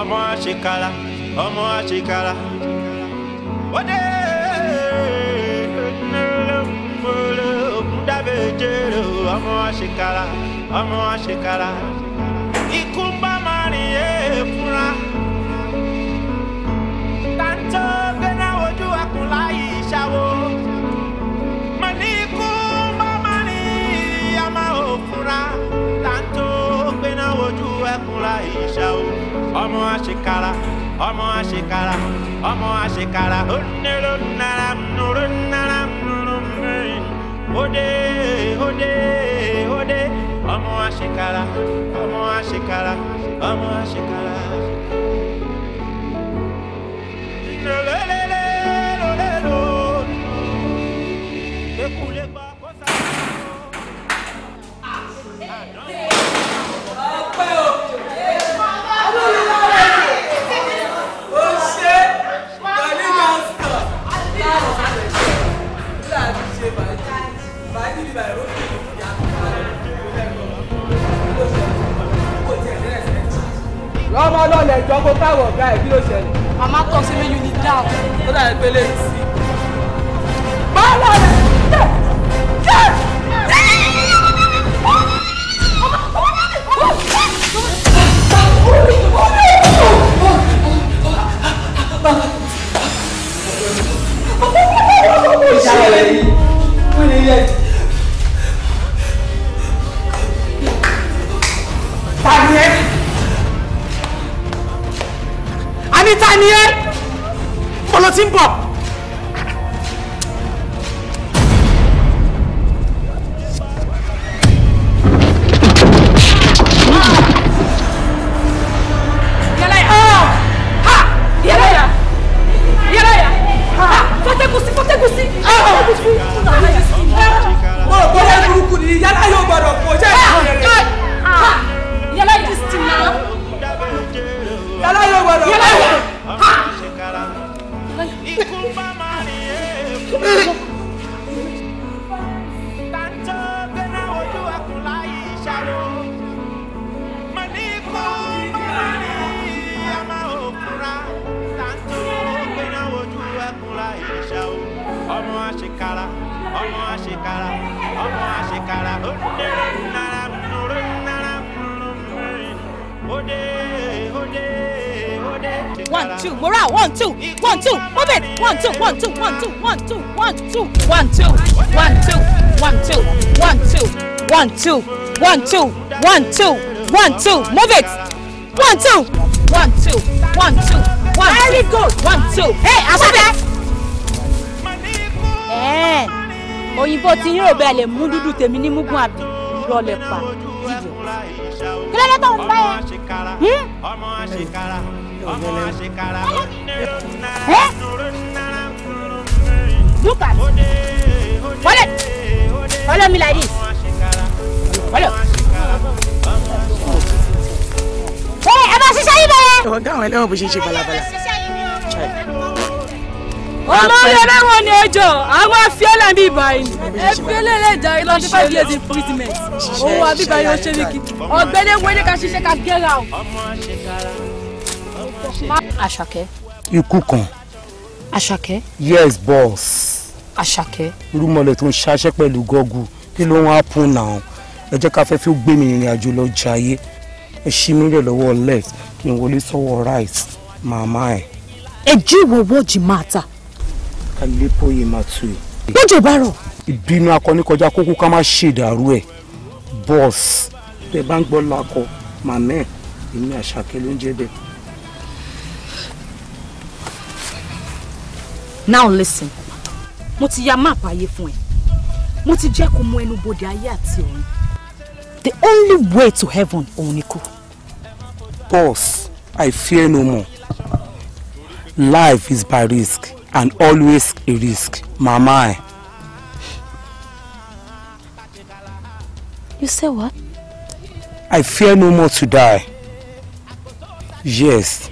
ọmọ àṣekala ọmọ àṣekala ọdẹ ẹnẹlẹmọlẹ ògùndàbẹjẹrẹ ọmọ àṣekala ọmọ àṣekala ikú ń bá máa rìn ẹ fúnra tàǹtàn. ẹkún la ìṣá o ọmọ àṣekara ọmọ àṣekara ọmọ àṣekara ó nílò nàrà nùrù nàrà nùrù mìíràn òde òde òde ọmọ àṣekara ọmọ àṣekara ọmọ àṣekara. lọ́mọ lọ́lẹ̀ ìjọ kó káwọ̀ ọ̀gá ẹ̀ kí ló ṣẹlẹ̀. màmá tọ́ sí mi yìí ní dáa ó dàbí pé lè sí. báwo lẹ jẹ jẹ jẹ. Ìṣàlẹ̀ yìí, wọ́n lè yẹ. Tàbí ẹ́. ẹni ta ni two mo ra one two one two move it. one two one two one two one two one two one two one two one two one two one two one two one two one two move it. one two one two one two one two very good one two. Hey, asọ́bẹ̀. ẹ̀ẹ́n òyìnbó ti yín rò bẹ́ẹ̀ lè mú dúdú tèmi ní mugun àbí ìrọ̀lẹ́ pa jíjọ. kílódé tó ń bá yẹn ọmọ àṣekára follow, náà dúró náà follow me like this follow. ṣé ẹ bá ṣiṣẹ́ yín bẹ́ẹ̀. ọ̀gá àwọn ẹlẹ́wọ̀n bó ṣe ń ṣe balabala. olórí ẹlẹ́wọ̀n ni ejò àwọn afiọ́lá mi báyìí ẹbí olóòlè ìjà yìí lọ́dún five years Oh, owó àbíbáyé ó ṣe ní kí ọ̀gbẹ́ni wọlé ká ṣiṣẹ́ ká gẹ́ra o àṣàkẹ́. ikú kan. àṣàkẹ́. yes boss. àṣàkẹ́. irúmọlẹ̀ tó ń ṣaṣẹ́ pẹ̀lú gọ́gù kí ló ń happen now ẹ jẹ́ ká fẹ́ fi gbé mi ìrìn àjò lọ jayé ẹ ṣí mi rẹ̀ lọ́wọ́ left kí n wọlé sọ́wọ́ right màmá ẹ̀. ẹjú ìwọ wọ́ọ̀jì máa ta. alẹ́pọ̀yè máa tù ẹ́. lọ́jọ́ bá rọ̀. ìbínú akọni kọjá kókó ká má ṣèdàrú ẹ̀ boss tẹ bá ń gbọ́ lakọ màmá ẹ̀ èmi àṣàkẹ́ ló ń jẹ́ bẹ́ẹ̀. now listen mo ti ya máàpù ayé fún ẹ mo ti jẹ́ kó mọ ẹnu bodè ayé àti ọ̀run the only way to heaven òun Boss, i fear no more life is by risk and always a risk mama you say what. i fear no more to die yes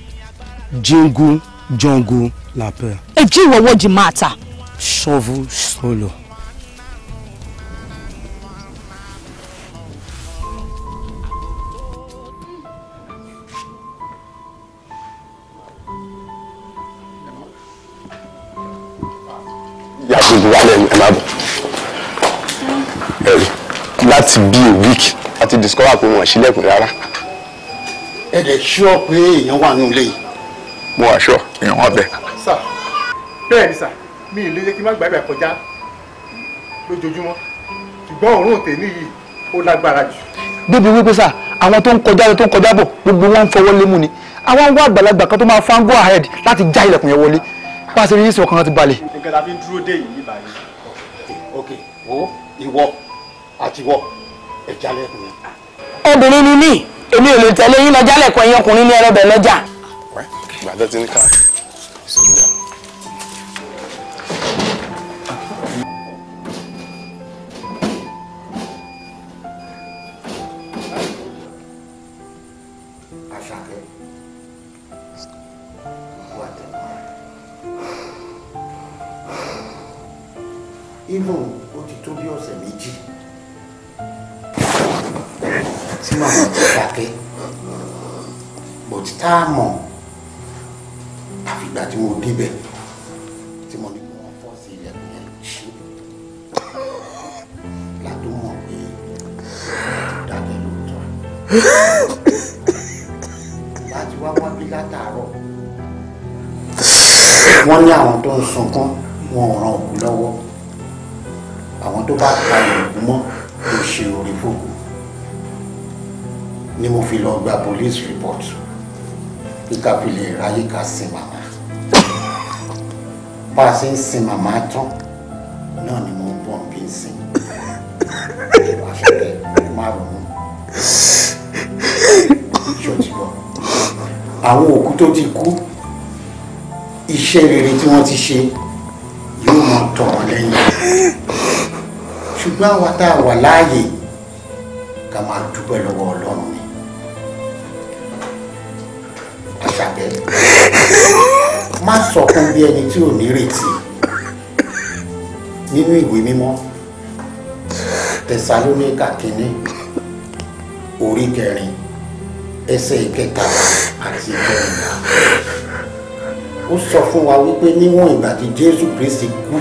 jingu jungu La peur. Et Dieu wa di mata. Chauve solo. Yàtọ̀ ìgbà lẹ́nu ẹ̀ máa bọ̀. Ẹ̀rí láti bí a week láti discover pé wọ́n ṣílẹ̀kùn rárá. Ẹ dẹ̀ ṣọ́ pé èèyàn wà nínú ilé yìí mo wà ṣọ èèyàn wọn bẹ. sà bẹ́ẹ̀ ni sà mi ì lè jẹ́ kí n má gbà ibà kọjá lójoojúmọ́ ṣùgbọ́n òórùn tèmi yìí ó lágbára jù. débi wípé sà àwọn tó ń kọjá lọ tó ń kọjá bọ̀ gbogbo wọn ń fọwọ́ lé mú ni àwọn ń wá àgbàlagbà kan tó máa fa ń go ahead láti já ilẹ̀kùn yẹn wọlé pàṣẹ yìí sọ kan ti balẹ̀. nǹkan tá a fi ń dúró dé yìí ní báyìí. ok o ìwọ àti ìwọ ẹ jálẹ̀kùn yẹn. obìnrin ni mí èmi ò lè tẹ̀lé yín lọ jálẹ̀kùn ẹ̀yin ọkùnrin ní ẹlọ́bẹ̀ lọ́jà ìgbà tó ti ní ká Ibu inú ó ti tó bí ọ̀sẹ̀ méjì tí màmá ti dákẹ́ bọ̀tí tá a mọ̀ àfìgbà tí mo débẹ̀ tí mo ní kí wọ́n fọ́ sí ilẹ̀kùn yẹn ṣí látó mọ̀ pé dákẹ́ lóòótọ́ láti wá wá bí látàárọ̀ wọ́n ní àwọn tó ń sunkún wọn ò ran òkú lọ́wọ́ àwọn tó bá ka ìlú mọ́ ló ṣe orí fòkù ni mo fi lọ gba police report kí ká fi lè ráyè ká sin màmá bá a ṣe ń sin màmá tán náà ni mo ń bọ̀ bí ń sin àṣẹkẹ máa rò mú ṣòtìlọ àwọn òkú tó ti kú iṣẹ́ rere tí wọ́n ti ṣe yóò máa tọ̀ wọ́n lẹ́yìn ṣùgbọ́n àwa tá a wà láàyè ká máa dúpẹ́ lọ́wọ́ ọlọ́run ni àṣàbẹ̀ má sọkún bí ẹni tí ò ní retí nínú ìwé mímọ́ tẹsalóníkà kínní orí kẹrin ẹsẹ̀ ìkẹta àti ìkẹrìnlá ó sọ fún wa wípé níwọ̀n ìgbà tí jésù kristi kú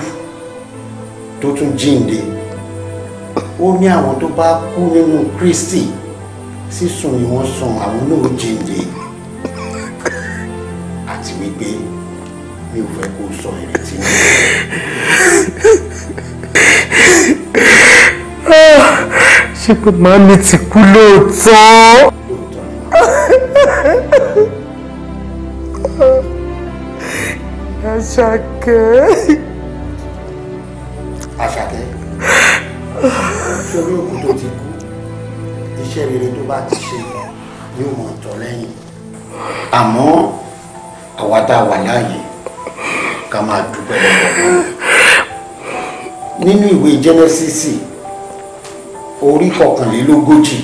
tó tún jíǹde ó ní àwọn tó bá kú nínú kristi sísùn ni wọ́n àwọn náà jíǹde wípé mi ò fẹ́ kó sọ ìrètí mi. Ah, ṣé pé màá mi ti kú lóòótọ́. Ah, Àṣàkẹ́. Àṣàkẹ́. Sórí òkú tó ti kú, iṣẹ́ rere tó bá ti ṣe yóò mọ̀ tọ́ lẹ́yìn. Àmọ́ àwa tá a wà láàyè ká máa dúpẹ́ nínú ìwé jẹ́nẹ́sísì orí kọkànlélógójì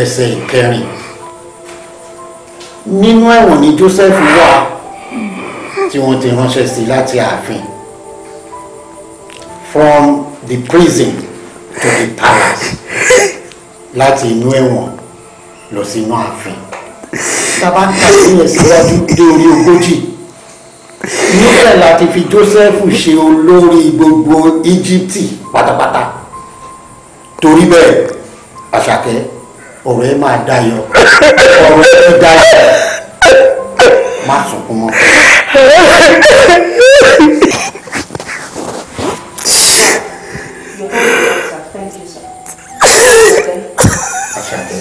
ẹsẹ̀ ìkẹrin nínú ẹ̀wọ̀n ni Joseph wà tí wọ́n ti ránṣẹ́ sí láti ààfin from the prison to the palace láti inú ẹ̀wọ̀n lọ sínú ààfin sábà kàdéyàn síwájú dé orí ogójì níbẹ̀ láti fi Joseph ṣe olórí gbogbo Íjíbítì pátápátá torí bẹ́ẹ̀ àṣàkẹ́ ọ̀rọ̀ ẹ máa dayọ̀ ọ̀rọ̀ ẹ dayọ̀ má sunkún mọ́.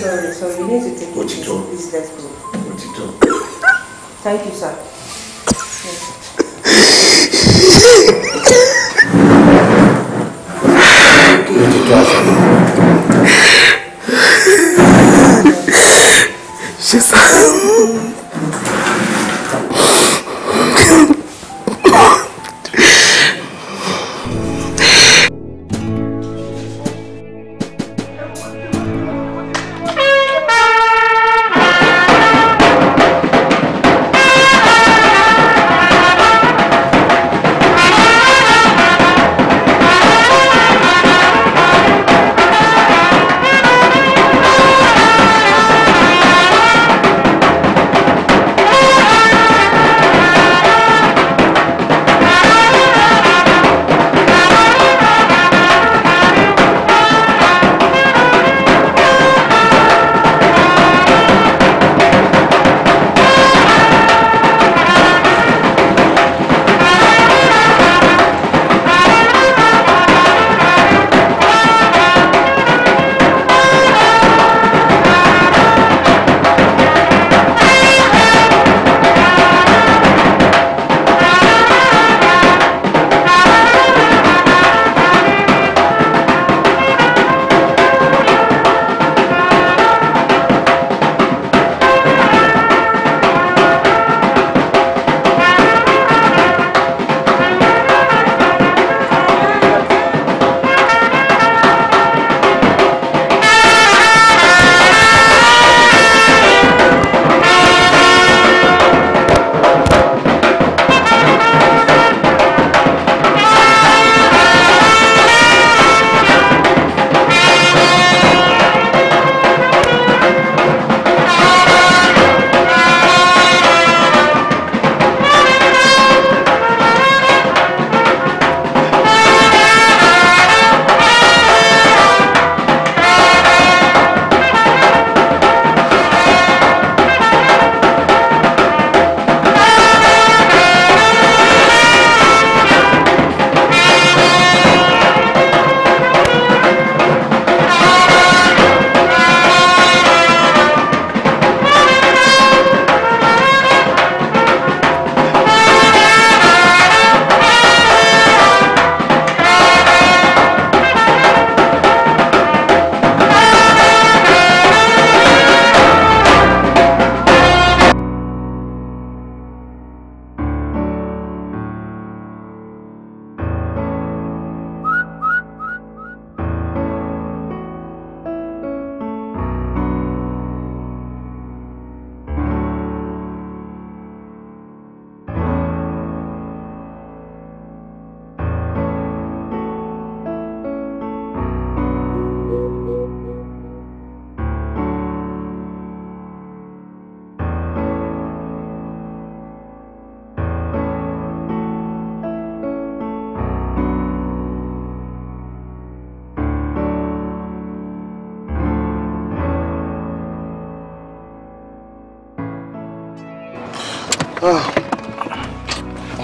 Sorry, sorry, you need to take it easy. Let's Sure. Thank you, sir. Yes. (laughs)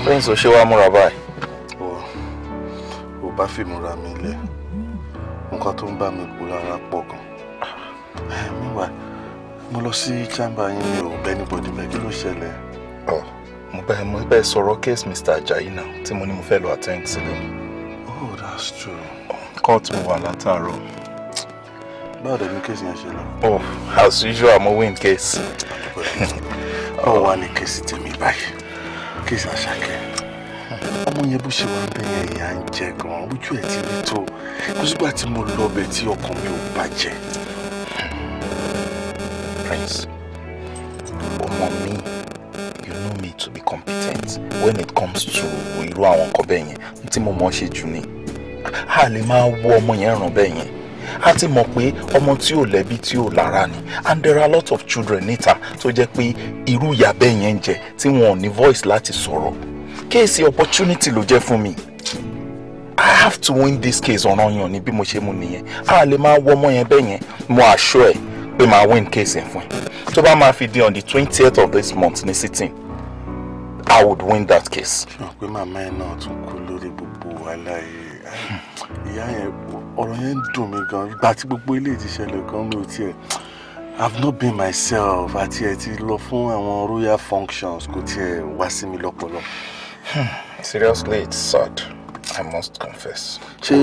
prince ò ṣe wá múra báyìí. o ò bá fi múra mi lẹ nǹkan tó ń bá mi kú lára pọ̀ gan. níwà mo lọ sí chamber yín mi ò bẹ níbọdí bẹ kí ló ṣẹlẹ̀. mo bẹ mo bẹ sọ̀rọ̀ case Mr. Ajayi náà tí mo ní mo fẹ́ lọ attend sílẹ̀ oh that's true. court mo wà látàárọ̀. báwo dẹ̀ case yẹn ṣe lọ. oh as usual mo win case. báwo wá ní case tèmi báyìí. Ṣàkẹ́ ọmọ yẹn bó ṣe wà bẹ́ẹ̀ ìyá ń jẹ gan-an ẹ̀ ti rí tó kó sígbà tí mo lọ ọbẹ̀ tí ọkàn mi ò bàjẹ́. Prince ọmọ mi you know me to be competent when it comes to irú àwọn nǹkan bẹ́ẹ̀ yẹn tí mo mọ̀ ṣe jù ni a lè máa wọ ọmọ yẹn ràn bẹ́ẹ̀ yẹn a ti mọ̀ pé ọmọ tí ò lẹ́bi tí ò lára ni and there are a lot of children níta tó jẹ́ pé irú ìyà bẹ́ẹ̀ yẹn ń jẹ tí wọn ò ní voice láti sọ̀rọ̀ kéèsì opportunity ló jẹ́ fún mi i have to win this case ọ̀ràn yàn ni bí mo ṣe mú nìyẹn a lè máa wọ ọmọ yẹn bẹ́ẹ̀ yẹn mo assure ẹ pé màá win case yẹn fún ẹ tó bá máa fi di on the twentieth of this month ní sitting i would win that case. ṣùgbọ́n pé màmá ẹ̀ náà tún kú lórí gbogbo wàhálà yìí ìyá yẹn ọ̀rọ̀ yẹn ń dùn mí gan ìgbà tí gbogbo ilé ti ṣẹlẹ̀ gan mi ò tiẹ̀ i've not been myself àti ẹ̀ ti lọ fún àwọn royal functions kò tiẹ̀ wá sí mi lọ́pọlọ. Hmm, seriously it's sad i must confess. ṣé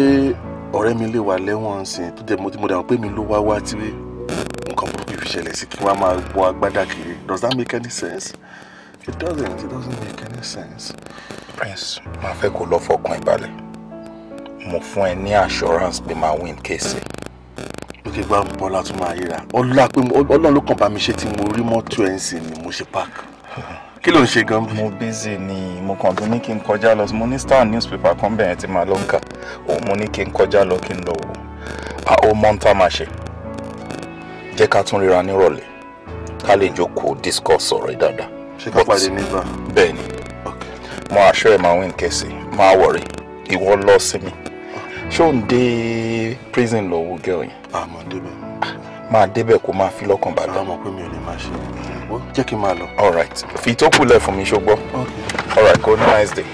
ọ̀rẹ́ mi lè wà lẹ́wọ̀n sìn tó jẹ́ mo dàgbà pé mi ló wá wá tí nǹkan burúkú fi ṣẹlẹ̀ sí kí wọ́n máa wọ agbádá kiri does that make any sense? it doesn't it doesn't make any sense. prince máa fẹ́ kó lọ fọkàn ìbàlẹ̀ mo fún ẹ ní assurance pé máa win kése. lókè gbá bọ́lá tún máa yíra ọlọ́run ló kàn bá mi ṣe tí mo rí mọ́tò ẹ̀ ń sìn ni mo ṣe park. kí ló ń ṣe gan. mo busy ni mo kàn tó ní kí n kọjá lọ mo ní star newspaper kan bẹ̀rẹ̀ tí màá lọ ń kà òun mo ní kí n kọjá lọ kí n lọ wò á ó mọ́ ń tá máa ṣe jẹ́ ká tún ríra nírọ̀lẹ́ ká lè jókòó discuss ọ̀rọ̀ dáadáa. ṣé ká pàdé nígbà. bẹ́ẹ̀ mo àṣọ ẹ̀ máa win kése máa wọ̀rẹ́ ìwọ lọ sí mi ṣó ń dé prison lọ wo girl yẹn. àmọ́ ah, débẹ̀. máa débẹ̀ kó máa fi lọ́kàn balẹ̀. àmọ́ pé mi ò lè máa ṣe é jẹ́ kí n máa lọ. all right fi tó kù lẹ̀ fún mi ṣó gbọ́. all right go nice day.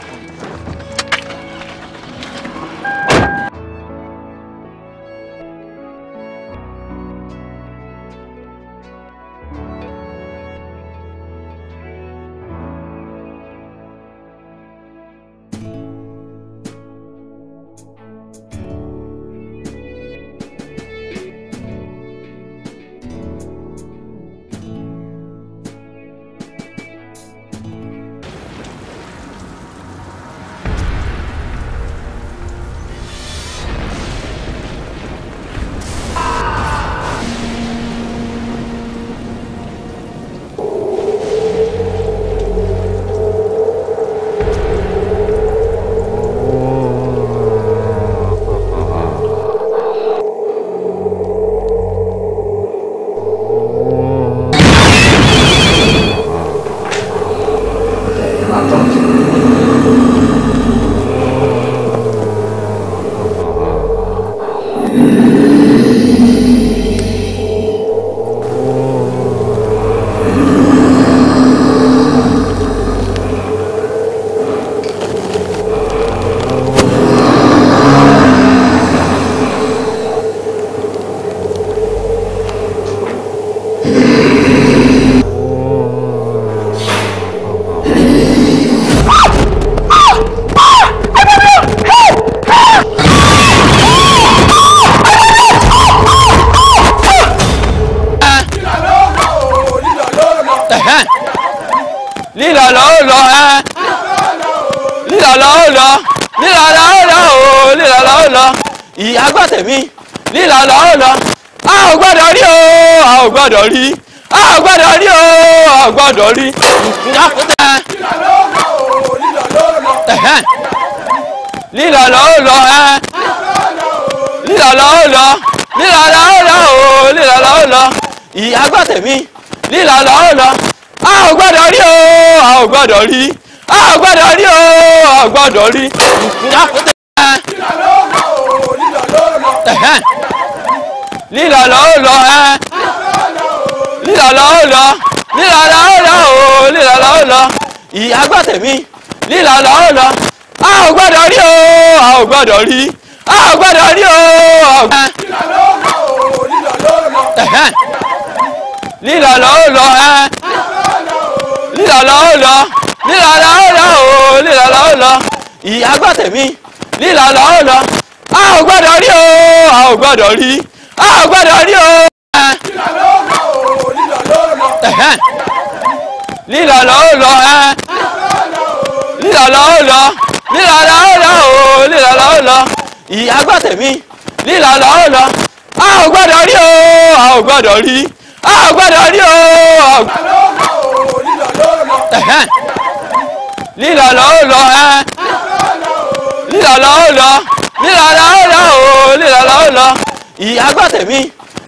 ó lọ ìyá gbọ́tẹ̀ mi lọ ó lọ a ò gbọ́dọ̀ rí o a ò gbọ́dọ̀ rí a ò gbọ́dọ̀ rí o a ò gbọ́dọ̀ rí. lílọ lọ ó lọ lílọ lọ lọ lílọ lọ lọ o lílọ lọ ó lọ ìyá gbọ́tẹ̀ mi lílọ lọ a ò gbọ́dọ̀ rí o a ò gbọ́dọ̀ rí a ò gbọ́dọ̀ rí o a ò gbọ́dọ̀ rí lílọ lọ ó lọ lílọ lọ ó lọ lílọ lọ ó lọ ó lílọ lọ ó lọ ìyá gbọ́tẹ̀ mi lílọ lọ ó lọ a ò gbọ́dọ̀ rí o a ò gbọ́dọ̀ rí a ò gbọ́dọ̀ rí o a ò gbọ́dọ̀ rí lílọ lọ ó lọ lílọ lọ ó lọ lílọ lọ ó lọ lílọ lọ ó lọ ìyá gbọ́tẹ̀ mi lílọ lọ ó lọ a ò gbọ́dọ̀ rí o a ò gbọ́dọ̀ rí a ò gbọ́dọ̀ rí o. lílọ lọ ó lọ lílọ lọ ó lọ lílọ lọ ó lọ lílọ lọ ó lọ ìyá gbọ́dọ̀ lílọ lọ ó lọ a ò gbọ́dọ̀ rí o a ò gbọ́dọ̀ rí a ò gbọ́dọ̀ rí o. lílọ lọ ó lọ lílọ̀lọ́ ó lọ lílọ̀lọ́ ó lọ o lílọ̀lọ́ ó lọ ìyá gbọ́tẹ̀ mi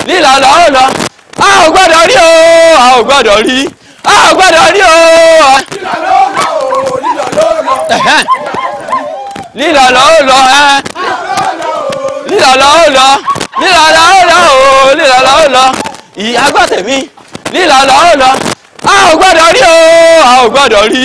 lílọ̀lọ́ ó lọ a ò gbọ́dọ̀ rí o a ò gbọ́dọ̀ rí a ò gbọ́dọ̀ rí o. lílọ̀lọ́ ó lọ o lílọ̀lọ́ ó lọ. lílọ̀lọ́ ó lọ lílọ̀lọ́ ó ó lọ ìyá gbọ́tẹ̀ mi lílọ̀lọ́ ó lọ a ò gbọ́dọ̀ rí o a ò gbọ́dọ̀ rí.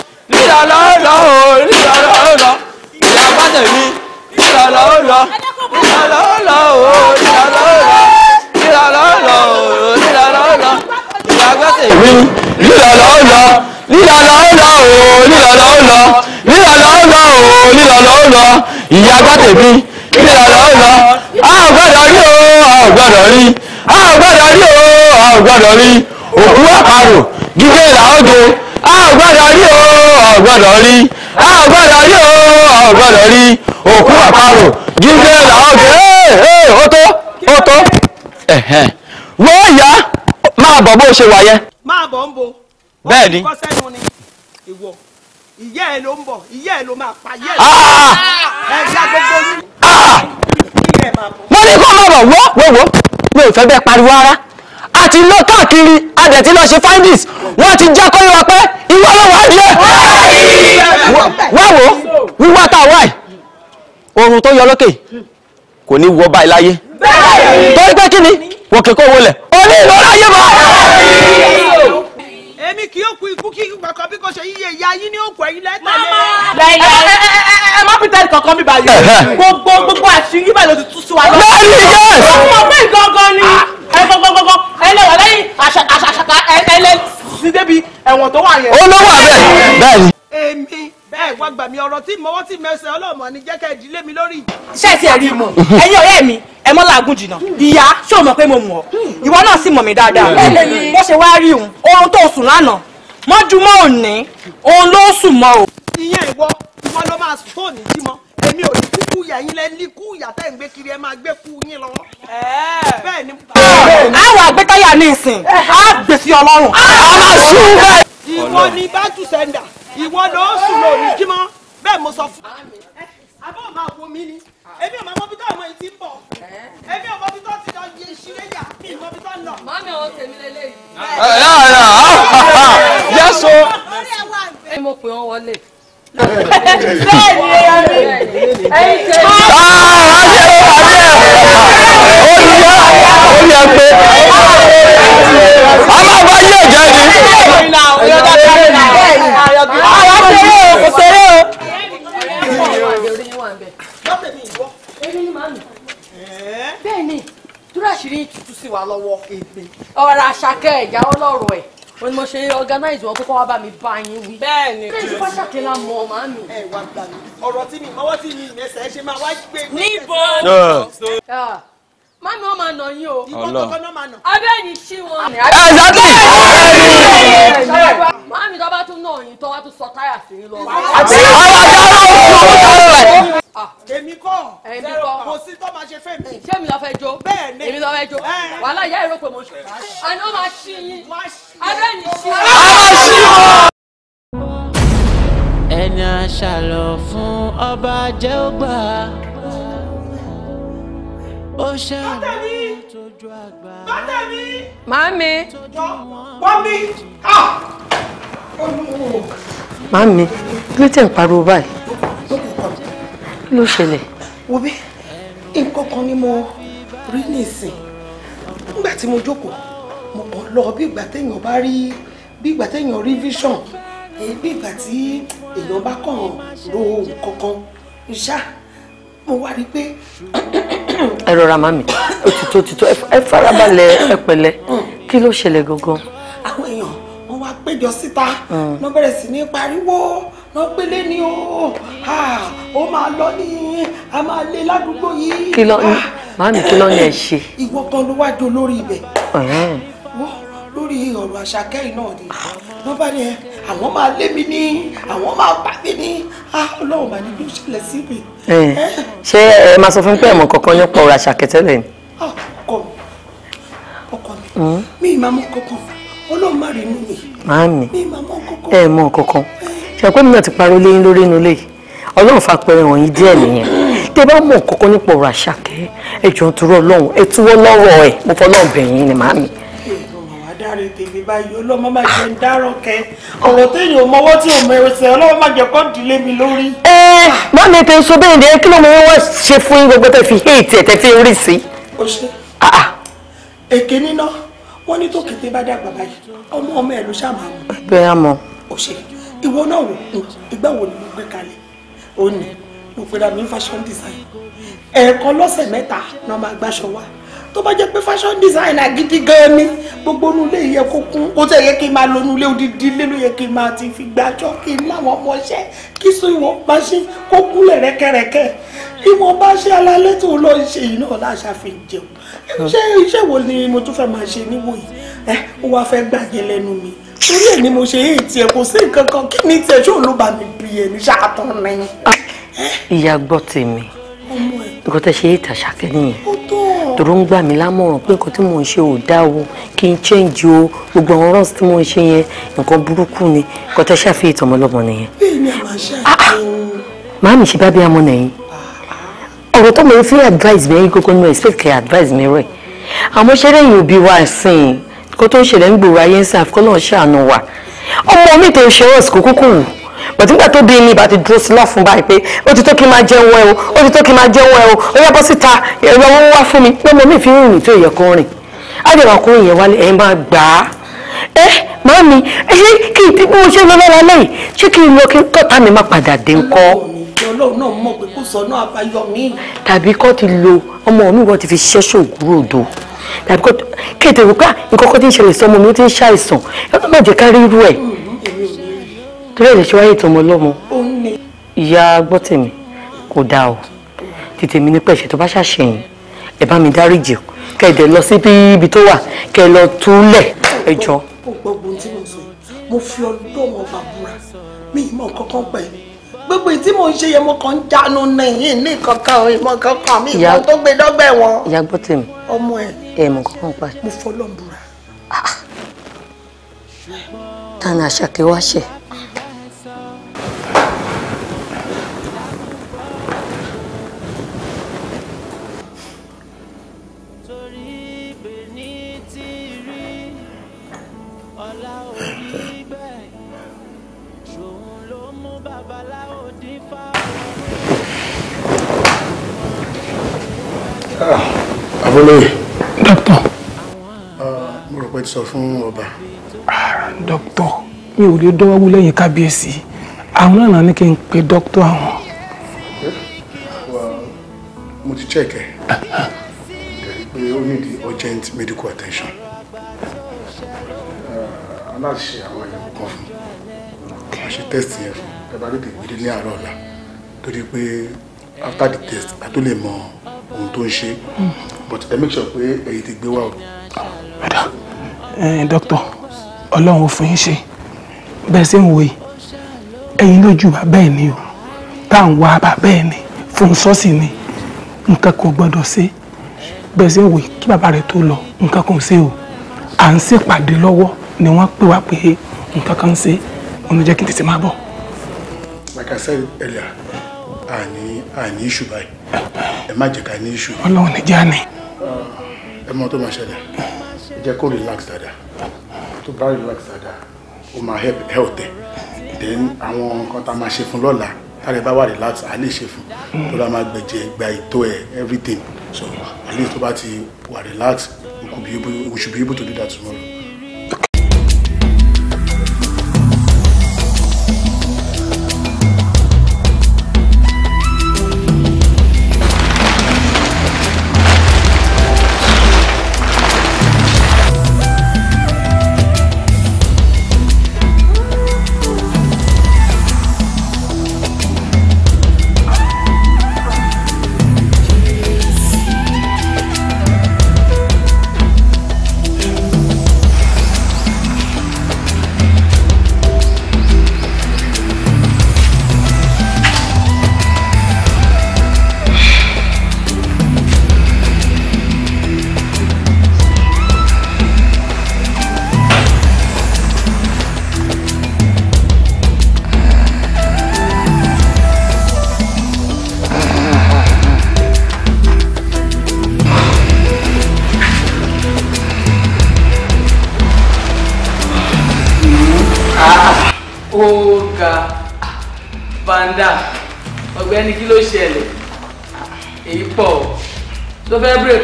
nílò lọ́ọ̀lọ́ o nílò lọ́ọ̀lọ́ ìyá bá la nílò lọ́ọ̀lọ́ la la o nílò lọ́ọ̀lọ́ la lọ́ọ̀lọ́ o nílò lọ́ọ̀lọ́ ìyá bá la la lọ́ọ̀lọ́ nílò la o nílò lọ́ọ̀lọ́ la la o nílò lọ́ọ̀lọ́ ìyá bá tẹ̀mí la la a ò gbọ́dọ̀ rí o a ò gbọ́dọ̀ rí a ò gbọ́dọ̀ rí o a ò gbọ́dọ̀ rí òkú la gígé làóge a ò gbọ́dọ̀ rí o ò gbọ́dọ̀ rí a ò gbọ́dọ̀ rí o ò gbọ́dọ̀ rí òkú àparò jíjẹ́ làwọn gbé ee ó tó ó tó wọ́n ìyá máa bọ̀ bó ṣe wà yẹn. máa bọ̀ ń bo bẹ́ẹ̀ ni kọ́ sẹ́nu ni ìwọ ìyá ẹ ló ń bọ̀ ìyá ẹ ló máa pa ìyá ẹ ló ah, máa ah, pa ah. ẹ̀yà gbogbo yín. mo ní kó máa bọ̀ wọ́ wọ́ wọ́ mi ò fẹ́ bẹ́ẹ̀ pariwo ara a ti lọ káàkiri a dẹ̀ ti lọ ṣe findings wọ́n ti jẹ́ kọ́yọ́ wa pé ìwọ ọlọ́wà rí ẹ. wá wo wíwá tá a wá ẹ̀ tó yọ lókè kò ní wọ báyìí láyé torí pé kí ni wọ́n kì í kó wọlé oní ìlú ọ̀rọ̀ ayé bá èmi kì yóò kú ikú kí kankan bí kò ṣe yíyẹ ìyá yín ní òkú ẹ̀yin lẹ́tẹ̀lé. lẹ́yìn ẹ má pété kankan mi báyìí gbogbo gbogbo àṣírí báyìí ló ti tú sí wa lọ. lẹ́yìn yẹn. ọmọ bẹ́ẹ̀ gangan ni ẹ gbọgbọgbọgbọ wà lẹ́yìn àṣàkà ẹ sí débi ẹ̀wọ̀n tó wà yẹn. ó ló wà bẹ́ẹ̀ bẹ́ẹ̀ ni. èmi ẹ wá gbà mí ọ̀rọ̀ tí mọwọ́ tí mẹsẹ̀ ọlọ́mọ ni jẹ́ kẹ́ mi lórí. iṣẹ́ ti ẹ̀rí mu ẹ̀yin ọ̀rẹ́ mi ẹ mọ́ làágùn jìnnà ìyá ṣé o mọ̀ pé mo mọ̀ ọ́ ìwọ náà sì mọ̀ mí dáadáa bó ṣe wá rí òun oorun tó sùn lánàá mọ́júmọ́ òní òun ló sùn mọ́ o. ìyẹn ìwọ ìwọ ló máa sùn tó ní jímọ èmi ò ní kúkú yà yín lẹ ní kú yà tẹ́ ń gbé kiri ẹ máa gbé kú yín lọ́wọ́. bẹ́ẹ̀ ni. àwọn àgbétáyà ní ìsìn á gbèsè ọlọ́run. ìwọ ni bá tù sẹ́ńdà ìwọ ló sùn lò ní kí mọ́ bẹ́ẹ̀ mo sọ fún. àbọ̀ máa wo mi ni èmi ò máa mọ bí tó àwọn ìtì ń bọ̀ èmi ò mọ bí tó ti lọ yẹ ìṣiré yà mí ò mọ bí tó lọ. má mi ò tèmi lélẹ́yìí. yá so. ẹ mo pè wọn wọlé. bẹ́ẹ̀ni ẹyà mi ẹyin tẹ. olùwà ó ní ẹ pé ọlọ́ọ̀bá yóò jẹ́ ni. bẹ́ẹ̀ni dúràṣírí tutù sí wa lọ́wọ́ ọ̀rọ̀ àṣàkẹ́ ẹ̀yà ọlọ́rọ̀ ẹ̀ wọ́n ni mo ṣe organize wọn kókó wá bá mi bá yín wí. bẹ́ẹ̀ni kí ló ń ṣàkè la mọ ọmọ mi. ẹ wà gbà mí ọ̀rọ̀ tí mi ọwọ́ tí mi ìmẹsẹ ṣe máa wá gbé. níbo má nu ọmọ àná yín o ìbọn tó kọ́nà máa nà. abẹ́yìn tí wọ́n. ẹ̀ẹ́dọ́gbẹ́. máa mi tọ́ba tún náà yín tọ́wá tún sọ táyà sí i lọ. àti ọ̀rọ̀ dáná òkú owó tó rẹ̀. èmi kọ́ èmi kọ́ kò sí tó máa ṣe fẹ́ ṣé mi lọ fẹ́ jó èmi lọ fẹ́ jó wàhálà ìyá ìrókò mo ṣe. àná máa ṣí yín abẹ́yìn tí wọ́n. a máa ṣí wọn. ẹni àṣà fún ọba jẹ́ ó gbà á ó ṣe àlọ́ tójú àgbà. bátẹ̀mí. màámi. wọ́nmi. màámi kí ló tẹ̀ ń pariwo báyìí kí ló ṣẹlẹ̀. wo bí nǹkan kan ni mo rí nísìn nígbà tí mo jókòó mo kàn lọ bí ìgbà téèyàn bá rí bí ìgbà téèyàn rí vision bí ìgbà tí èèyàn bá kàn ro nǹkan kan ṣá mo wá rí i pé ẹ rọra màmí òtítọ́ òtítọ́ ẹ farabalẹ̀ ẹ pẹ̀lẹ́ kí ló ṣẹlẹ̀ gangan. àwọn èèyàn wọn wá péjọ síta hmm. wọn bẹ̀rẹ̀ sí ní pariwo wọn pélé ni o ó máa lọ ní a máa lé ládùúgbò yìí. kí ló màmí kí ló ní ẹ ṣe. ìwọ kan ló wá jọ lórí ibẹ̀ lórí ọ̀rọ̀ àṣàkẹ́yìn náà ni wọ́n bá ní àwọn máa lé mi ní àwọn máa bá mi ní ọlọ́run mà ní bí ó ṣẹlẹ̀ sí mi. ṣé ẹ máa sọ fún pé ẹ̀mọ̀ kankan nípa ọ̀rọ̀ àṣàkẹ́ tẹ́lẹ̀ ni. ọkọ mi ọkọ mi mi ì máa mọ kankan ọlọ́run má rí inú mi. màámi ẹ mọ kankan ṣe pé mi náà ti parọ́ léyìn lórí inú lé ọlọ́run fapẹ̀rẹ̀ wọ̀nyí díẹ̀ nìyẹn tẹ bá mọ kankan nípa ọ̀rọ̀ àṣàkẹ́ ẹ̀jọ̀ ń turọ̀ ọlọ́run ẹ̀ túwọ́ lọ́rọ̀ ẹ̀ mo fọ́ ọlọ́run bẹ̀yìn ni màámi dáre tèmi báyìí ọlọ́mọ má jẹ́ ń dáràn kẹ́ ọ̀rọ̀ téèyàn mọ́wọ́ tí ò mẹ́rẹsẹ̀ ọlọ́mọ má jẹ́ kọ́ dìlé mi lórí. ẹ ẹ má mi kì í sọ bẹ́ẹ̀ dé kí ló mọ wọ́n ṣe fún yín gbogbo tẹ̀ fi hate ẹ̀ tẹ̀ fi rí sí. o ṣe ah, ah. èké níná wọn ní tòkété bá dàgbà báyìí ọmọ ọmọ ẹ ló ṣàmà mọ. bẹ́ẹ̀ á mọ. o ṣe ìwọ náà wò ìgbà wo ni mo gbé kalẹ̀ òní mo pera mi fashion design ẹ̀ẹ̀kan lọ́sẹ̀ mẹ́ta ni wọ́n máa gbáṣọ wa tó bá jẹ́ pé fashion designer gidi gan ni gbogbo inú ilé yẹ kó kún kó tẹ̀ yẹ kí n máa lo inú ilé odidi ilé ló yẹ kí n máa ti fi gbàjọ́ kí n láwọn ọmọọṣẹ́ kí sún ìwọ̀n bá ṣe kó kúnlẹ̀ rẹ́kẹ̀rẹ́kẹ̀ ìwọ̀n bá ṣe alalẹ́ tó lọ ṣe yìí náà láṣà fi jẹun iṣẹ́ iṣẹ́ wo ni mo tún fẹ́ máa ṣe níwò yìí ẹ ó wá fẹ́ gbà yẹn lẹ́nu mi torí ẹ̀ ni mo ṣe yé tiẹ̀ kò sí nǹkan kan kí ni tiẹ̀ ṣó ló bá mi bì ẹ̀ ní ṣáà tán ni. ìyá gbọ́ tèmi nǹkan tẹ́ ṣe é tà ṣàkẹ́ nìyẹn tòró ń gbà mí lámọ̀ràn pé nǹkan tí mò ń ṣe ò dá o kí n change o gbogbo àwọn runs tí mò ń ṣe yẹn nǹkan burúkú ni nǹkan tẹ́ ṣàfihàn ìtàn ọmọlọ́mọ nìyẹn. Ah, ah. màá mi ṣe bá bí amọ̀ nìyẹn ọ̀rọ̀ tó mọ̀ ń fi advice mi ẹ̀yìn kókó ní expect kẹ́ advice mi rẹ̀ àmọ́ ṣé lẹ́yìn òbí wa sìn kó tó ń ṣẹlẹ̀ ń gbòòrò ayé ń sàfikọ́ náà ṣàánú wa ọmọ mi tó ṣe ọ̀sìn kókó kò wù but nígbà tó bí mi ìbá ti dúró sí lọ́fun báyìí pé ó ti tó kí n máa jẹun ẹ o ó ti tó kí n máa jẹun ẹ o ó yẹ bọ́ síta ẹ̀rọ wọn wá fún mi lọ́mọ mi fi ń rìn tó yẹ kó rìn á lè wà kó yẹn wálé ẹ̀ máa gbà á ẹ màámi ẹ ṣe kí n bí mo ṣe lọ lọ́la lẹ́yìn ṣé kí n lọ kí n tọ́ta mi má padà dé ńkọ́. ọlọ́run náà mọ̀ pé kò sọ́nà àbáyọ mi. tàbí kọ́ ti lo ọmọ mi wọ́n ti fi ṣẹ́ṣọ̀ òkúrò odò tàbí kọ́ kéde rúkà nǹkan kan ti ń torí ẹ̀ lè ṣe wáyé ìtọ́mọ ọlọ́mọ ìyá gbọ́tẹ̀mí kò dáa o tètè mi ní pẹ̀ṣẹ̀ tó bá ṣàṣeyìn ẹ bá mi dáríjì kẹ̀dẹ̀ lọ sí ibi tó wà kẹ lọ túlẹ̀ ẹ jọ. ó gbọ́ gbogbo tí mo sọ mo fi ọlọ́wọ́ bàbúrà mi ìmọ̀ kankan pẹ̀ gbogbo tí mo ń ṣe yẹn mo kàn ń jánu nìyín ní kankan ìmọ̀ kankan mi ìmọ̀ tó gbé dọ́gbẹ̀ wọn. ìyá gbọ́tẹ̀mí ọmọ ẹ ẹ mọ̀ kankan pa. mo fọlọ́ ń ah, ah. tani àṣàkè wá ṣe. Abolóye. Dókítà. Ah, mo rò pé ti sọ fún ọba. Dókítà, mi ò lè dọ́wọ́wú lẹ́yìn kábíyèsí. Àwọn àná ní kí n pe dókítà àwọn. Mo ti check ẹ̀. Pé ó need urgent medical attention. Ah, Aláàṣì ṣe àwọn ẹ̀yọ́ kan fún. A ṣe test yẹn fún. Ẹ bá lè dé àárọ̀ ọ̀la. Torí pé after the test, a tó lè mọ ohun tó ń ṣe but ẹ make sure pé èyí ti gbé wá o. dókítà ọlọ́run fún yín ṣe bẹ́ẹ̀ sì ń wòye ẹ̀yin lójú wa bẹ́ẹ̀ ni o tá à ń wá bá bẹ́ẹ̀ ni fún sọ́ọ̀sì ni nǹkan kò gbọ́dọ̀ ṣe bẹ́ẹ̀ sì ń wòye kí bàbá rẹ̀ tó lọ nǹkan kò ṣe o à ń ṣèpàdé lọ́wọ́ ni wọ́n pè wá pé nǹkan kan ń ṣe ọ̀nà jẹ́ kí n tètè máa bọ̀. like I said earlier àní àní ìṣùbà yìí ẹ má jẹ́ ká ní iṣu. ọlọ́run ní jáni. ẹ mọ tó máa ṣẹlẹ̀ ẹ jẹ́ kó relax dáadáa tó bá relax dáadáa ó máa help health ẹ̀ then àwọn nǹkan tá a máa ṣe fún lọ́la tára bá wà relax a lè ṣe fún tó la máa gbẹ̀jẹ̀ gba ìtọ́ ẹ̀ everything so at least tó bá ti wà relax we should be able to do that tomorrow.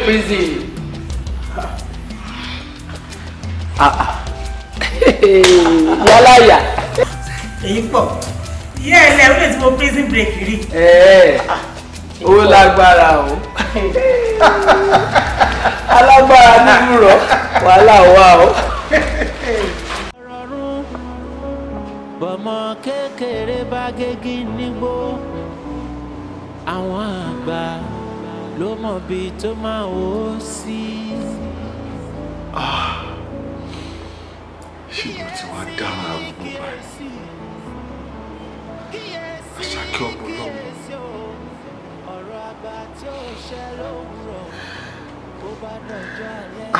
prison. Ah, ah. Yálà yà. Èyí pọ̀. Ìyá Yeah, lẹ́rú lè ti go prison break rí. Eh, ó lágbára o. Alágbára nínú rọ̀, wàhálà wà o. Ọ̀rọ̀rún bọ̀mọ̀ kékeré bá gégi nígbó àwọn àgbà ló mọ̀ bí to máa wò ó sí. Ah. ṣé mo ti wá dára gbogbo báyìí àṣàkí ọ̀pọ̀lọpọ̀ bá tí ó ṣe lówùrọ̀ bó bá dọ̀jọ́ alẹ́ ah.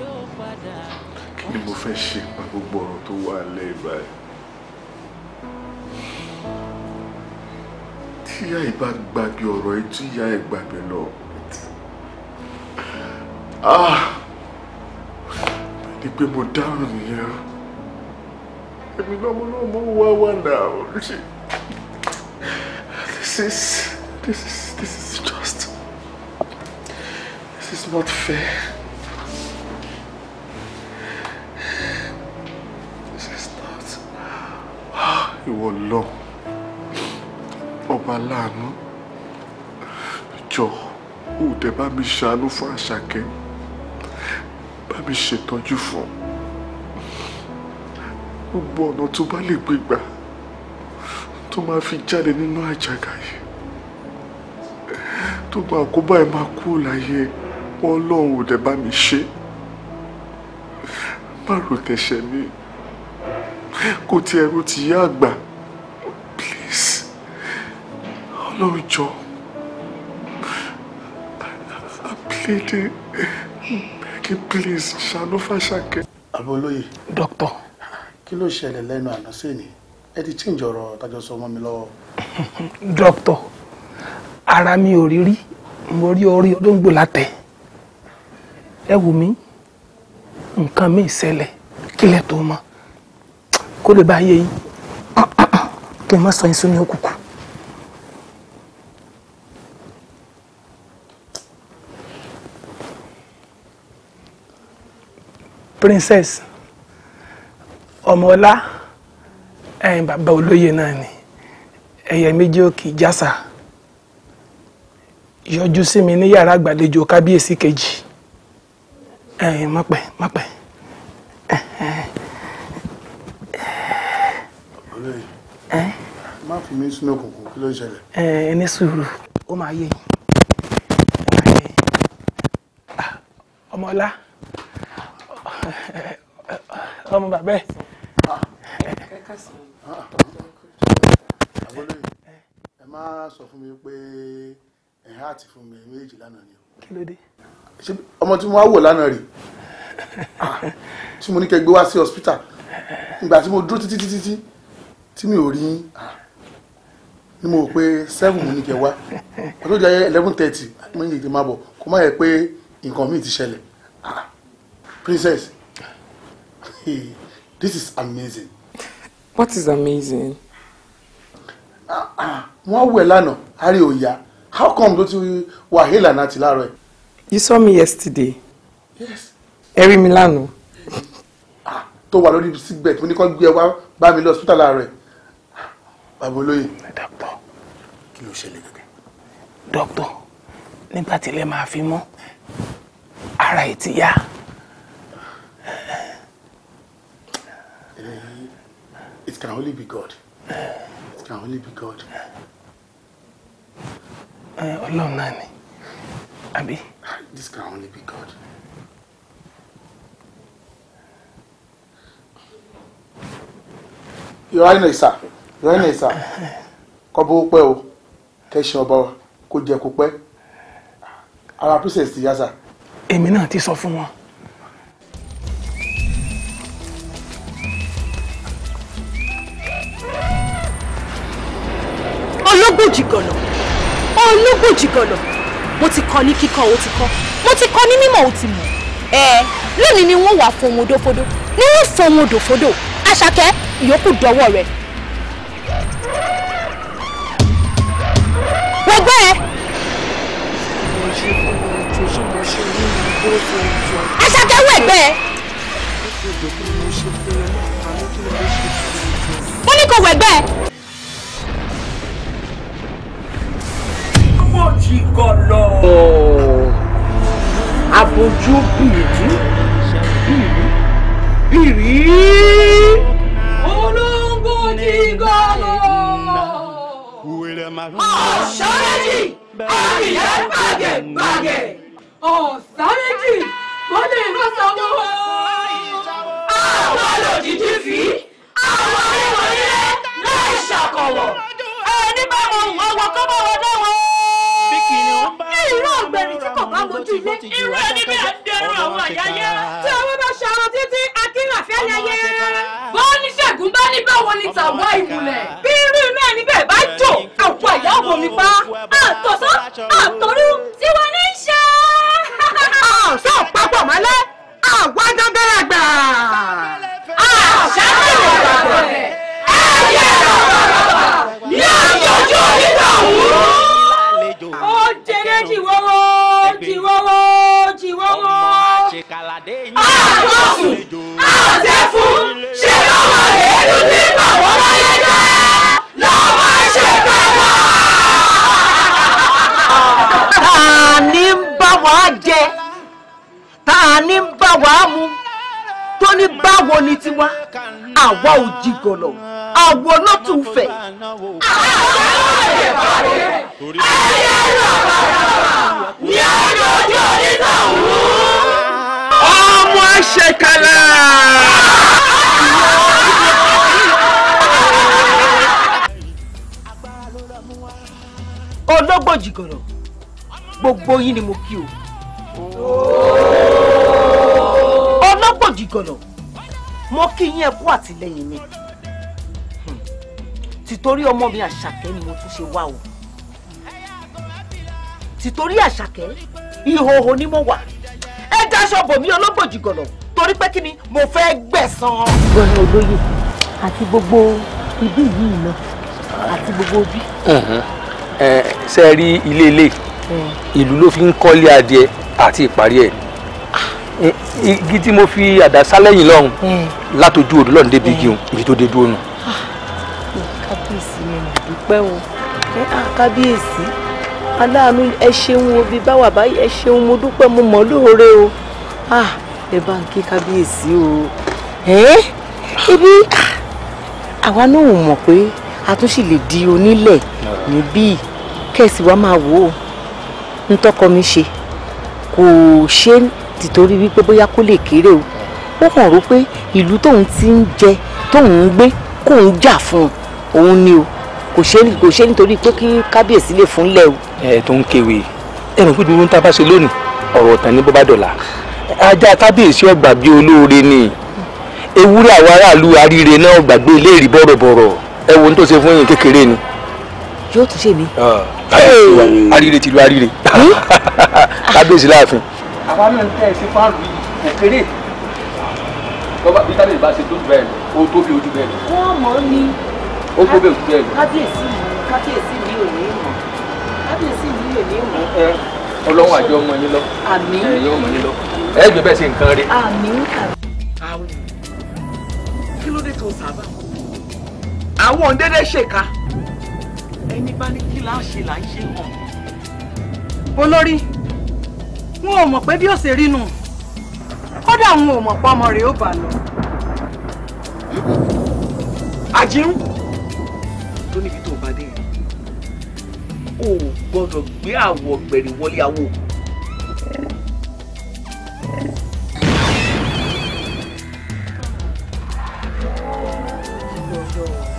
yóò padà. kí ni mo fẹ́ ṣe pa gbogbo ọ̀rọ̀ tó wà lẹ́yìn báyìí. tí ìyá ẹ bá gbàgbé ọ̀rọ̀ ẹ tí ìyá ẹ gbàgbé lọ. ẹni ah! pé mo dáhùn nìyẹn èmi náà mo náà mo wá wà náà ṣe this is this is this is just this is not fair. This is not. Ah, ìwọ lọ bàbá láàánú jọ ò dé bá mi ṣàánú fún àṣàkẹ́ bá mi ṣètọ́jú fún gbogbo ọ̀nà tó bá lè gbégbà tó máa fi jáde nínú àjàgà yìí tó máa kó báyìí máa kú láyé ọlọ́run ò dé bá mi ṣe má rò tẹ̀sẹ̀ mi kò tiẹ̀ ro ti yá àgbà. Lord Joe. I'm pleading. Begging, please, ṣàánú Fàṣàkẹ́. Abolóye. Doctor. Kí ló ṣẹlẹ̀ lẹ́nu àná sí ni? Ẹ ti chíǹjì ọ̀rọ̀ tájọ sọ mọ́ mi lọ́wọ́. (laughs) Doctor, ara mi ò rí rí, mo rí orí olóńgbò látẹ̀. Ẹ wù mí, nǹkan mi ìṣẹ̀lẹ̀ kílẹ̀ tó mọ́. Kó lè bá yé yín, (coughs) kí n má sọ yín sínú òkùnkùn. princess ọmọọlá ẹ̀yin bàbá olóyè náà ni ẹ̀yẹ méjì òkè jásà yọjú sí mi ní yàrá àgbàlejò kábíyèsí kejì ẹ̀yin mọpẹ mọpẹ. má fi mí sínú òkùnkùn kí ló ń ṣẹlẹ̀. ẹ ẹ ní sùúrù ó máa yé ah, ọmọọlá ọmọ bàbá ẹ. ẹ má sọ fún mi pé ẹ há ti fún mi méjì lánàá ni ah, hospital ìgbà tí mo dúró títí títí tí mi ò rí ah, seven mo ní kẹ́ wá ọjọ́ ìjà eleven thirty mo ní ìdè máa bọ̀ kó má yẹ pé nǹkan míì ti ah, princess Hey, this is amazing. What is amazing? Wọ́n wẹ̀ lánàá, àárẹ̀ ò How come ló you wàhálà na tilare? You saw me yesterday. Yes. Eri Milano. Ah, lánàá. Tó wà lórí sickbed, When you kó gbé wa ba bá mi lọ hospital láàárọ̀ ẹ̀. Bàbá olóyè. Dọ́kítọ̀, kí ló ṣẹlẹ̀ gẹ́gẹ́? Dọ́kítọ̀, nígbà tí ilé máa fi mọ́, ara ẹ̀ ti It can only be God. It can only be God. Eh, Ọlọ́run náà ni. Àbí? This can only be God. Your Highness, sir. Your Highness, sir. Kọ́ bó pẹ́ o, kẹ́sìn ọba wa, kó jẹ kó pẹ́. Ara princess ti yá sir. Èmi náà ti sọ fún wọn. ológun jìgànà ológun jìgànà mo ti kọ́ ní kíkọ́ o ti kọ́ mo ti kọ́ ní mímọ̀ o ti mọ̀ ẹ lónìí ni wọ́n wà fún ohun òdòfodò ni wọ́n fún ohun òdòfodò àṣàkẹ́ ìyókù dọ́wọ́ rẹ̀. wọ́n gbọ́ ẹ. àṣàkẹ́ wọ ẹgbẹ́ ẹ. wọ́n ní kò wọ ẹgbẹ́ ẹ. jígọlọ. abojú bìrì bìrì bìrì. olóńgbò jígọlọ. ọ̀sárẹ́jì àyè gbàgẹ̀gbàgẹ̀ ọ̀sárẹ́jì mọ́lẹ̀ ìrọ́sọ̀wọ́. àwọn lòdìdí fi àwọn oníwọ̀nyí láì ṣàkọ̀wọ̀ ẹni bá wọn ọwọ́ kọ́ bá wọn dáwọn irú ọ̀gbẹ̀rì tí kò bá mojú ilé irú ẹni bí a dẹrù àwọn àyáyá. tí owó bá ṣọ̀rọ̀ títí akínà fẹ́lẹ̀ yẹ. bó ní ṣẹ́gun bá ní báwo ni tàwọn ìmùlẹ̀. bí irú inú ẹni bẹ́ẹ̀ bá jò àwọn àyà ò bomi pa. àtọ̀sọ́ àtọ̀rú tí wọ́n ní í ṣe. ọ̀sán papọ̀ mọ́lẹ́ àwọn adágbẹ́rẹ́ gbà. àṣà ìrọ̀lẹ́ ẹ̀yẹ ìrọ̀lẹ́ ní àjọjú onítọ̀hún. àlàdé yín. àtọ́sùn àtẹ̀fún ṣé ló wà nínú tí bàbá láyé dá lọ́wọ́ ṣe bàbá. ta ni ń bá wa jẹ ta ni ń bá wa mu tó ní báwo ni tiwa àwa ò jìgọ̀lọ̀ àwọ̀ lọ́tún fẹ̀. ayé ló bàbá ni ayé ojú onítàwọn ṣèkàlà. ológbò jìgọ̀rọ̀ gbogbo yín ni mo kí o. ológbò jìgọ̀rọ̀ mo kí yín ẹ kú àtìlẹ́yìn mi hmm. tìtorí ọmọ mi àṣàkẹ́ ni mo tún ṣe wá o tìtorí àṣàkẹ́ ìhòòhò ni mo wà ẹ dáṣọ bòmí olóbòjì gọ̀nà torí pé kí ni mo fẹ́ gbẹ̀san. gbọ́dọ̀ olóyè àti gbogbo ibí yìí lọ àti gbogbo bí. ṣe é rí ilé ilé ìlú ló fi ń kọ́lé adìẹ àti ìparí ẹ̀ igi tí mo fi àdá sálẹ̀yìn lọ́hùn látọjú odò lọ́hùn débi igi òun èyí tó dé dúró nù. Ah, kábíyèsí ni mo dúpẹ́ o ah, kábíyèsí aláàánú ẹ ṣeun obi báwà báyìí ẹ ṣeun mo dúpẹ́ mo mọ̀ lóore o ah ẹ bá ń kí kábíyèsí o ibi àwa náà mọ̀ pé a tún sì lè di onílẹ̀ níbí kẹ̀sì wa máa wò ó ntọ́kọ mi ṣe kò ṣe tìtorí wípé bóyá kó lè kéré o ó kàn rò pé ìlú tóun ti ń jẹ tóun ń gbé kóun jà fún òun ni o kò ṣe kò ṣe nítorí pé kí kábíyèsí lè fún lẹ o. ẹ tó ń kéwì ẹ mọ̀ pé gbogbo ń ta bá ṣe lónìí ọ̀rọ̀ ọ̀tàn ní bọ́bá dọ̀là ajá kábíyèsí ọgbà bíi olóore ni ewúrẹ́ àwọn aráàlú aríire náà gbàgbé iléèrí bọ̀rọ̀bọ̀rọ̀ ẹ wo ohun tó ṣe fún yín kékeré ni. yóò tún ṣe mí. aríire tìlú aríire kábíyèsí láàfin. àwa náà ń tẹ́ ẹ sí fáàlù yìí òkèrè bọ́bá bí ó kó bẹ́ẹ̀ kúrẹ́ ni. kábíyèsí mi kábíyèsí mi ò ní mọ̀ kábíyèsí mi ò ní mọ̀. ẹ ọlọ́run àjọ ọmọ yín lọ. àmín ẹ̀yin ọmọ yín lọ. ẹ gbé bẹ́ẹ̀ sí nǹkan rí. àmín àmín. àwọn kí ló dé tó sábà àwọn òǹdẹ́dẹ́ ṣèkà ẹni bá ní kí láà ṣe là ń ṣe hàn. olórí wọn ò mọ̀ pé kódà wọn ò mọ̀ pé ọmọ rẹ̀ ó bà lọ. àjírún tó níbi tó bá dé yìí o ò gbọ́dọ̀ gbé àwọ̀ gbẹ̀rẹ̀ wọlé awo.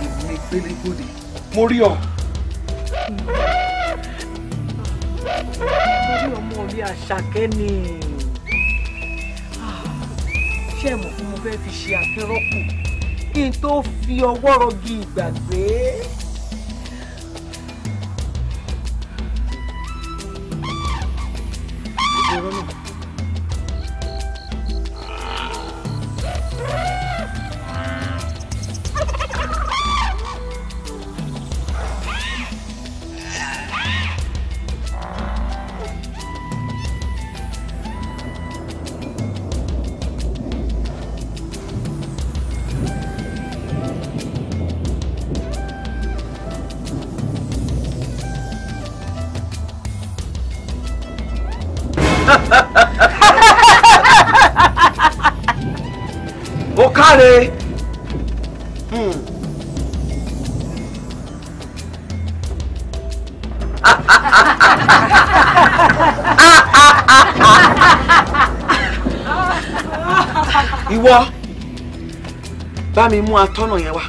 èmi pélégbòde mo rí ọ. mo rí ọmọ orí àṣàkẹ́ ni ah, ṣé mo fún mo fẹ́ fi ṣe àkẹ́rọ́pù kí n tó fi ọwọ́ rọgí ìgbàgbé. mi mú atọ́nà yẹn wá.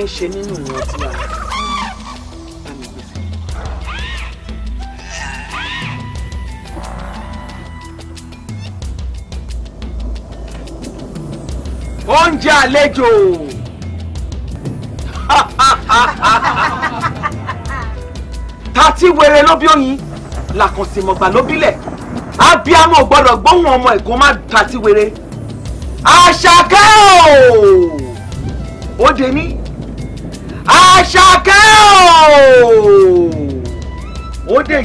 ń ṣe nínú ìwọ̀n ọtí wa. oúnjẹ àlejò. (laughs) tàtí wèrè ló bí oyin làkànṣìmọ̀gbà ló bílẹ̀ abiyamọ ò gbọ́dọ̀ gbóhùn ọmọ ẹ̀ kó má tàtí wèrè àṣàkẹ́ o òde ní ṣàkẹ́ o ó dè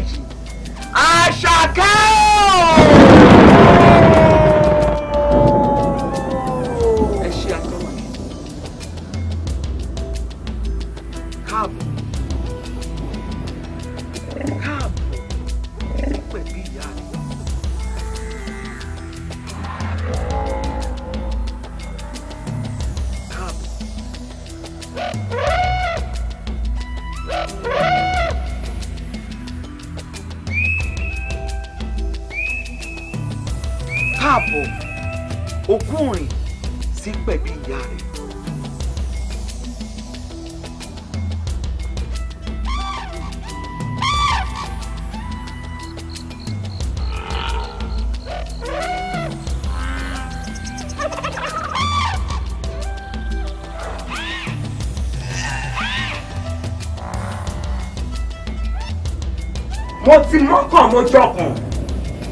amójọkàn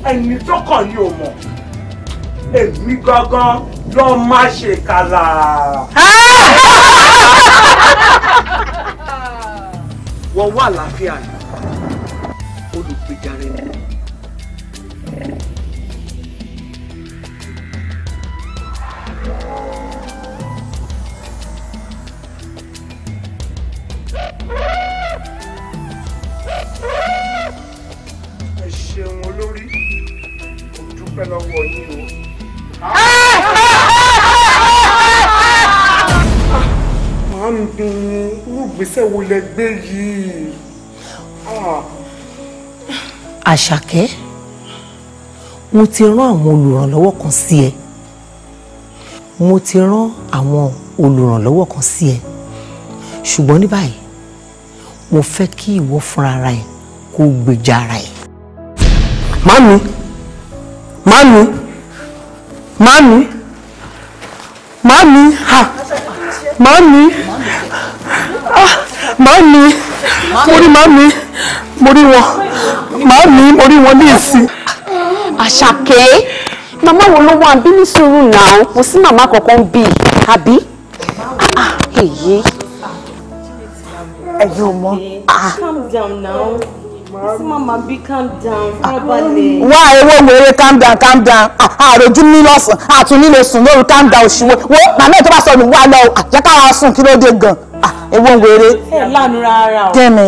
ẹni tó kàn ní o mọ̀ èmi gangan lọ má ṣe kàlà. wọ́n wà láfíà ni. àṣàkẹ́ mo ti rán àwọn olùrànlọ́wọ́ kan sí ẹ mo ti rán àwọn olùrànlọ́wọ́ kan sí ẹ ṣùgbọ́n ní báyìí mo fẹ́ kí ìwọ fúnra ara ẹ kó gbèjà ara ẹ. mami mami mami mami ha mami ah mami mo rí mami. mami. mami. mami. mami. mami. mami. mami mo rí wọn màámi mo rí wọn ní ìsìn. àṣàkẹ́ màmá wo ló wà bí ní sùúrù náà kò sí màmá kankan bí àbí ah, ah, èyí. ẹ̀yin ọmọ. Ah. calm down now mama bí calm down farabalẹ̀. wá ewé wèrè calm down calm down àròjú ní lọ́sàn-án àtún nílò sùn lóru calm down òṣìwò wo màmá ẹ̀ tó bá sọ nù wá lọ àjẹkára sùn kí ló dé gan-an ewé wèrè. ẹ lánàá rárá o. kí ni.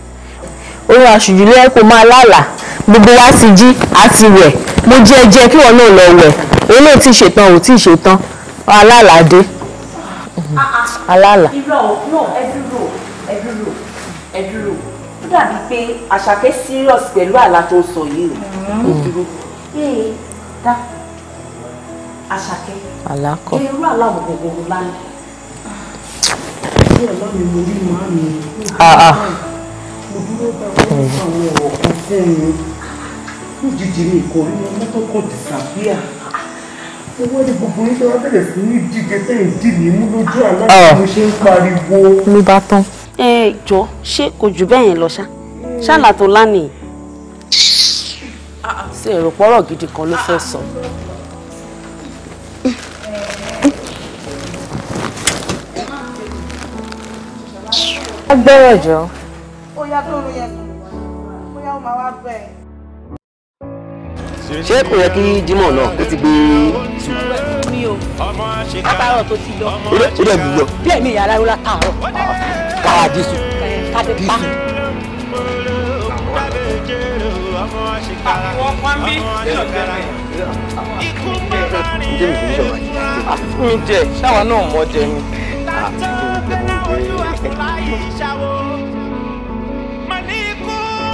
oorun àṣùjù ló yẹ kó máa lálàá gbogbo wa sì jí a ti wẹ̀ mo jẹ jẹ kí wọn náà lọ wẹ̀ òun náà ti ṣetán ò tí ì ṣetán alálàádé alálà. irọ́ náà ẹ dúró ẹ dúró ẹ dúró ó dàbí pé àṣàkẹ́ serious pẹ̀lú àlá tó sọ yìí o mm-hmm. dúró ee dá àṣàkẹ́ alákọ̀ irú àlá gbogbo ńlá ni. Ah ah òdúró pẹ̀lú àwọn ọ̀rọ̀ kan fún mi lójijì ní ìkọ̀rí wọn mọ́tò kò dìsàbíà owó ní gbogbo yín tó wá bẹ̀rẹ̀ sí ní díje sẹ́yìn dì mí mú lójú àlá bí mo ṣe ń pariwo. ló bá tán. ẹ jọ ṣé kò jù bẹ́ẹ̀ yẹn lọ ṣá ṣáàlà tó lánìí. ṣé èrò pọ́rọ̀ gidi kan ló fẹ́ sọ. agbẹ́rẹ̀ jọ bóyá tó ń yẹ sùn bóyá ó máa wá bẹ̀. ṣé kò yẹ kí Jimoh náà kó ti gbé tù. mi ò àbárọ̀ tó ti lọ. ó dẹ̀ ó dẹ̀ bù lọ. bí ẹ̀mí ìyá aláwo la kàárọ̀ káà dísù káde pa. àwọn kan bí nínú ìgbẹ́rẹ́ ikú bá bá rí ẹ̀rọ. mi ah, jẹ ṣáwa náà mọ jẹ mi. látọ̀ lọ́wọ́ àkùnrin ṣàwọ̀.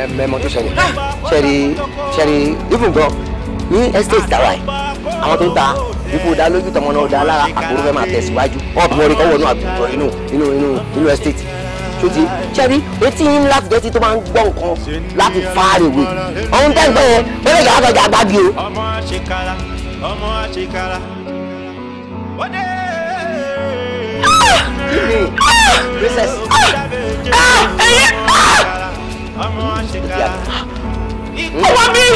ẹ mẹ́mọ tó ṣẹlẹ̀ ṣẹ́rí ṣẹ́rí ibùn gan ní estate tàwa ẹ̀ àwọn tó ń ta ipò dá lójú tọmọ náà dá lára àkóró fẹ́ máa tẹ̀síwájú wọ́n bí wọ́n rí kọ́wọ́ náà àtúntò inú inú inú inú estate ṣùtì ṣẹ́rí etí yín láti jẹ́ tí tó máa ń gbọ́ nǹkan láti far away ọ̀hún tẹ́ ń gbọ́ yẹn wọ́n lè yàrá tọ́jú àgbàgbé o. ọmọ àṣekára ọmọ àṣekára ó dé princess. Ah! Ah! Ah! ah! ọwọ́ mi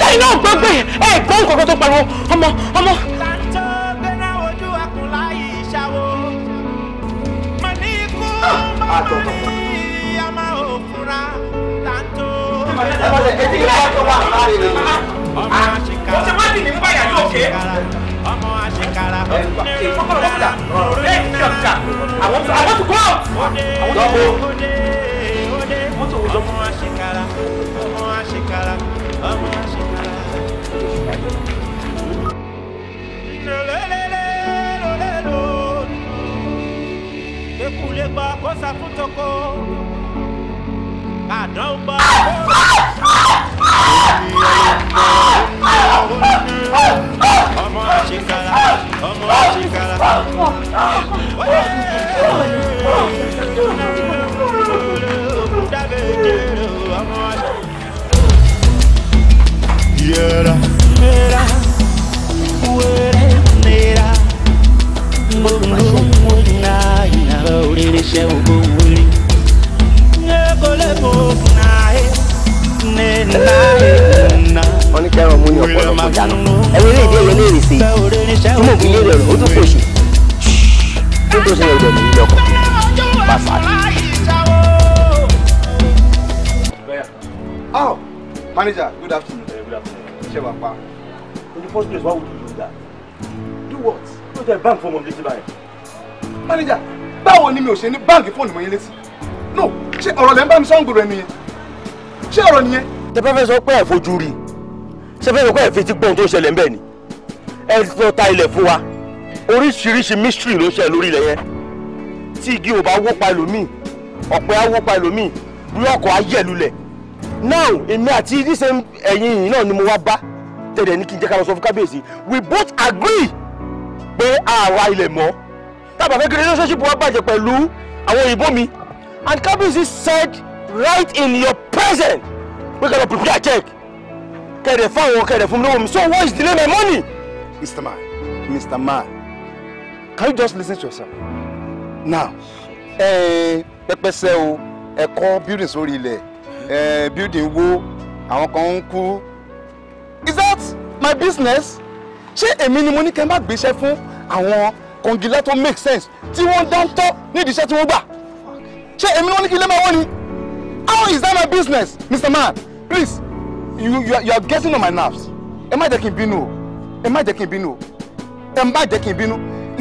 ṣé iná gbọ́ pé ẹ gbọ́ nǹkan tó pariwo ọmọ ọmọ. ọ̀sẹ̀ má dì ní báyà ní òkè ọmọ àṣekára ọ̀nẹ́rù rárá lórí náà àwọn tó kọ́ àwọn tó kọ́ ọmọ àṣekára ọmọ àṣekára ọmọ àṣekára. lọ́lẹ́lẹ́ lọ́lẹ́lọ́ ekule gba kọ́sà fún tọkọ àdán gba ọmọ àṣekára ọmọ àṣekára. Yera, yera, wera, nera, na he na. Wọ́n ní kẹ́rọ̀ mú ní ọ̀pọ̀lọpọ̀ dànù. Ẹ̀wọ̀n ilé ìdíyẹ̀ ní èrè sí Oh, Manager, good afternoon. Uh, good afternoon. Chebapa. In the first place, why would you do that? Do what? Go to a bank for Monday Tibai. Manager, báwo ni mi ò ṣe bank báǹkì fóònù mọ́ yín létí? No, ṣé ọ̀rọ̀ lẹ́ ń bá mi sọ́ǹgù rẹ nìyẹn? Ṣé ọ̀rọ̀ nìyẹn? Ṣé fẹ́fẹ́ sọ pé ẹ̀ fojú rí? Ṣé fẹ́fẹ́ sọ pé ẹ̀ fi ti gbọ́n tó ṣẹlẹ̀ ńbẹ̀ ni? Ẹ lọ ta ilẹ̀ fún wa. Oríṣiríṣi mystery ló ń lori lórí ilẹ̀ yẹn. Tí igi ò bá wó pa ẹlòmíì, ọ̀pẹ á wó pa ẹlòmíì, búlọ́ọ̀kù á yẹ̀ lulẹ̀, now èmi àti this same ẹ̀yin yìí náà ni mo wá bá tẹ̀lé ní kí n jẹ́ ká lọ sọ fún kábíyèsí we both agree pé àwa ilẹ̀ mọ́ tábà fẹ́ kí relationship wa bàjẹ́ pẹ̀lú àwọn òyìnbó mi and kábíyèsí said right in your presence pé ká lọ prepare check kẹ̀dẹ̀ fún àwọn kẹ̀dẹ̀ fún mi lọ́wọ́ mi so why is the delay my money. Mr. Man Mr. Man can you just listen to yourself now pẹpẹsẹ o ẹkọ building sórí ilẹ̀ Eh, building wó àwọn kan ń kú is that my business ṣé èmi ni mo ní kẹ́ má gbéṣẹ́ fún àwọn kọngilá make sense tí wọ́n dáńtọ́ nídìí iṣẹ́ tí wọ́n gbà ṣé èmi ni wọ́n ní kí ilé máa wọ́n ni how is that my business mr man please you you are, you are getting on my nerves ẹ má jẹ́ kí n bínú o ẹ má jẹ́ kí n bínú o ẹ má jẹ́ kí n bínú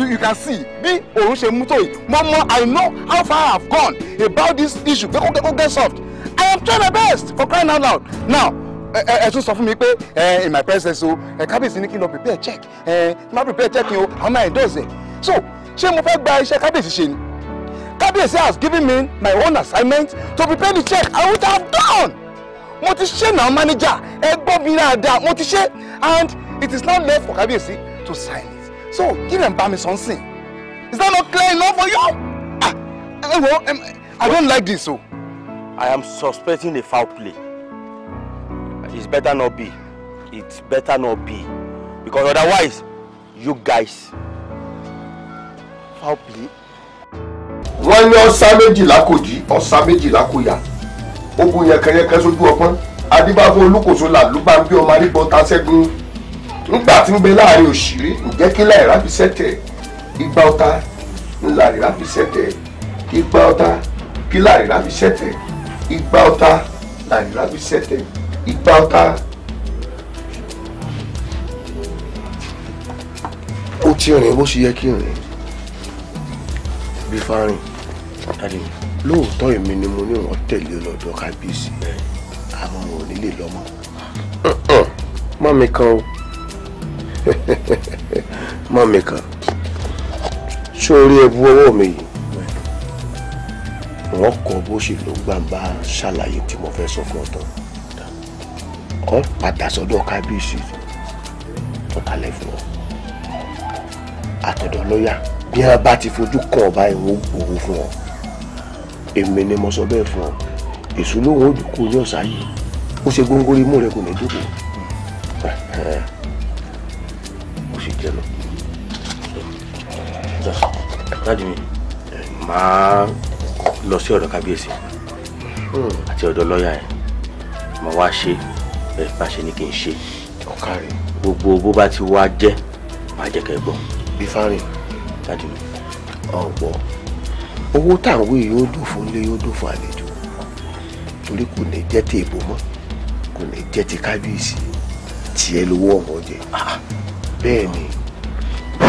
you, can see bí òun ṣe mú tó yìí mọ́mọ́ i know how far i have gone about this issue kókó kókó get soft I am trying my best for crying out loud. Now, ẹ tún sọ fún mi pé in my presence o ẹ kábíyèsí ní kí n lọ prepare check ẹ má prepare check yẹn o àwọn máa endorse ẹ so ṣé mo fẹ́ gba iṣẹ́ kábíyèsí ṣe ni kábíyèsí has given me my own assignment to prepare the check I would have done mo ti ṣe náà manager ẹ gbọ́ mi dáadáa mo ti ṣe and it is now left for kábíyèsí to sign it so kí lè ń bá is that not clear enough for you ah ẹ wọ I don't like this o. So. I am suspecting a foul play. It's better not be. It's better not be. Because otherwise, you guys. Foul play. Wọ́n ní ọ̀sá méjìlá kò jí, ọ̀sá méjìlá kò yá. Ogun yẹ̀kẹ̀yẹ̀kẹ̀ sójú ọpọ́n. Adébáfún olúkòso làlúbá ń bí ọmọ arígbọ́n tá sẹ́gun. Nígbà tí ń bẹ láàrin òṣèré, ǹjẹ́ kí láì rábí sẹ́tẹ̀? Igba ọta ńlá rẹ̀ rábí sẹ́tẹ̀. Igba ọta kí láì rábí sẹ́tẹ̀? igba ọ̀tá làrírà bí sẹ́tẹ̀ igba ọ̀tá ó ti rìn bó ṣe yẹ kí rìn bí fárin lóòótọ́ èmi ni mo ní wọ́n tẹ̀lé ọlọ́dọ̀ kábíyèsí àwọn ò nílé lọ́mọ mọ́ mi kan o (laughs) mọ́ kan ṣé orí ẹbu ọwọ́ mi yìí rọ́kọ̀ bó ṣe ló gbàǹbá ṣàlàyé tí mo fẹ́ sọ fún ọ tán ọ padà sọ́dọ̀ kábíyèsí tọ́kalẹ̀ fún ọ àtọ̀dọ̀ lọ́yà bí wọn bá ti fojú kan ọba ìwọ gbowó fún ọ èmi ni mo sọ bẹ́ẹ̀ fún ọ èṣù lòun ò dùkú ní ọ̀sà yìí ó ṣe góńgóri imú rẹ kò ní dúkù ó sì jẹ lọ. dáàdi máa lọ sí ọ̀dọ̀ kábíyèsí hmm. àti ọ̀dọ̀ lọ́ọ̀yà ẹ̀ mo wá ṣe bẹ́ẹ̀ bá ṣe ni kì í ṣe gbogbo bó bá ti wá jẹ́ má jẹ́ kẹ́ gbọ́. bí fárin dájú mi. ọ̀pọ̀ owó táwọn èèyàn yóò dùn fún ilé yóò dùn fún àlejò torí kò ní jẹ́ ti èbó mọ́ kò ní jẹ́ ti kábíyèsí tiẹ̀ lówó ọmọ jẹ ah. bẹ́ẹ̀ ni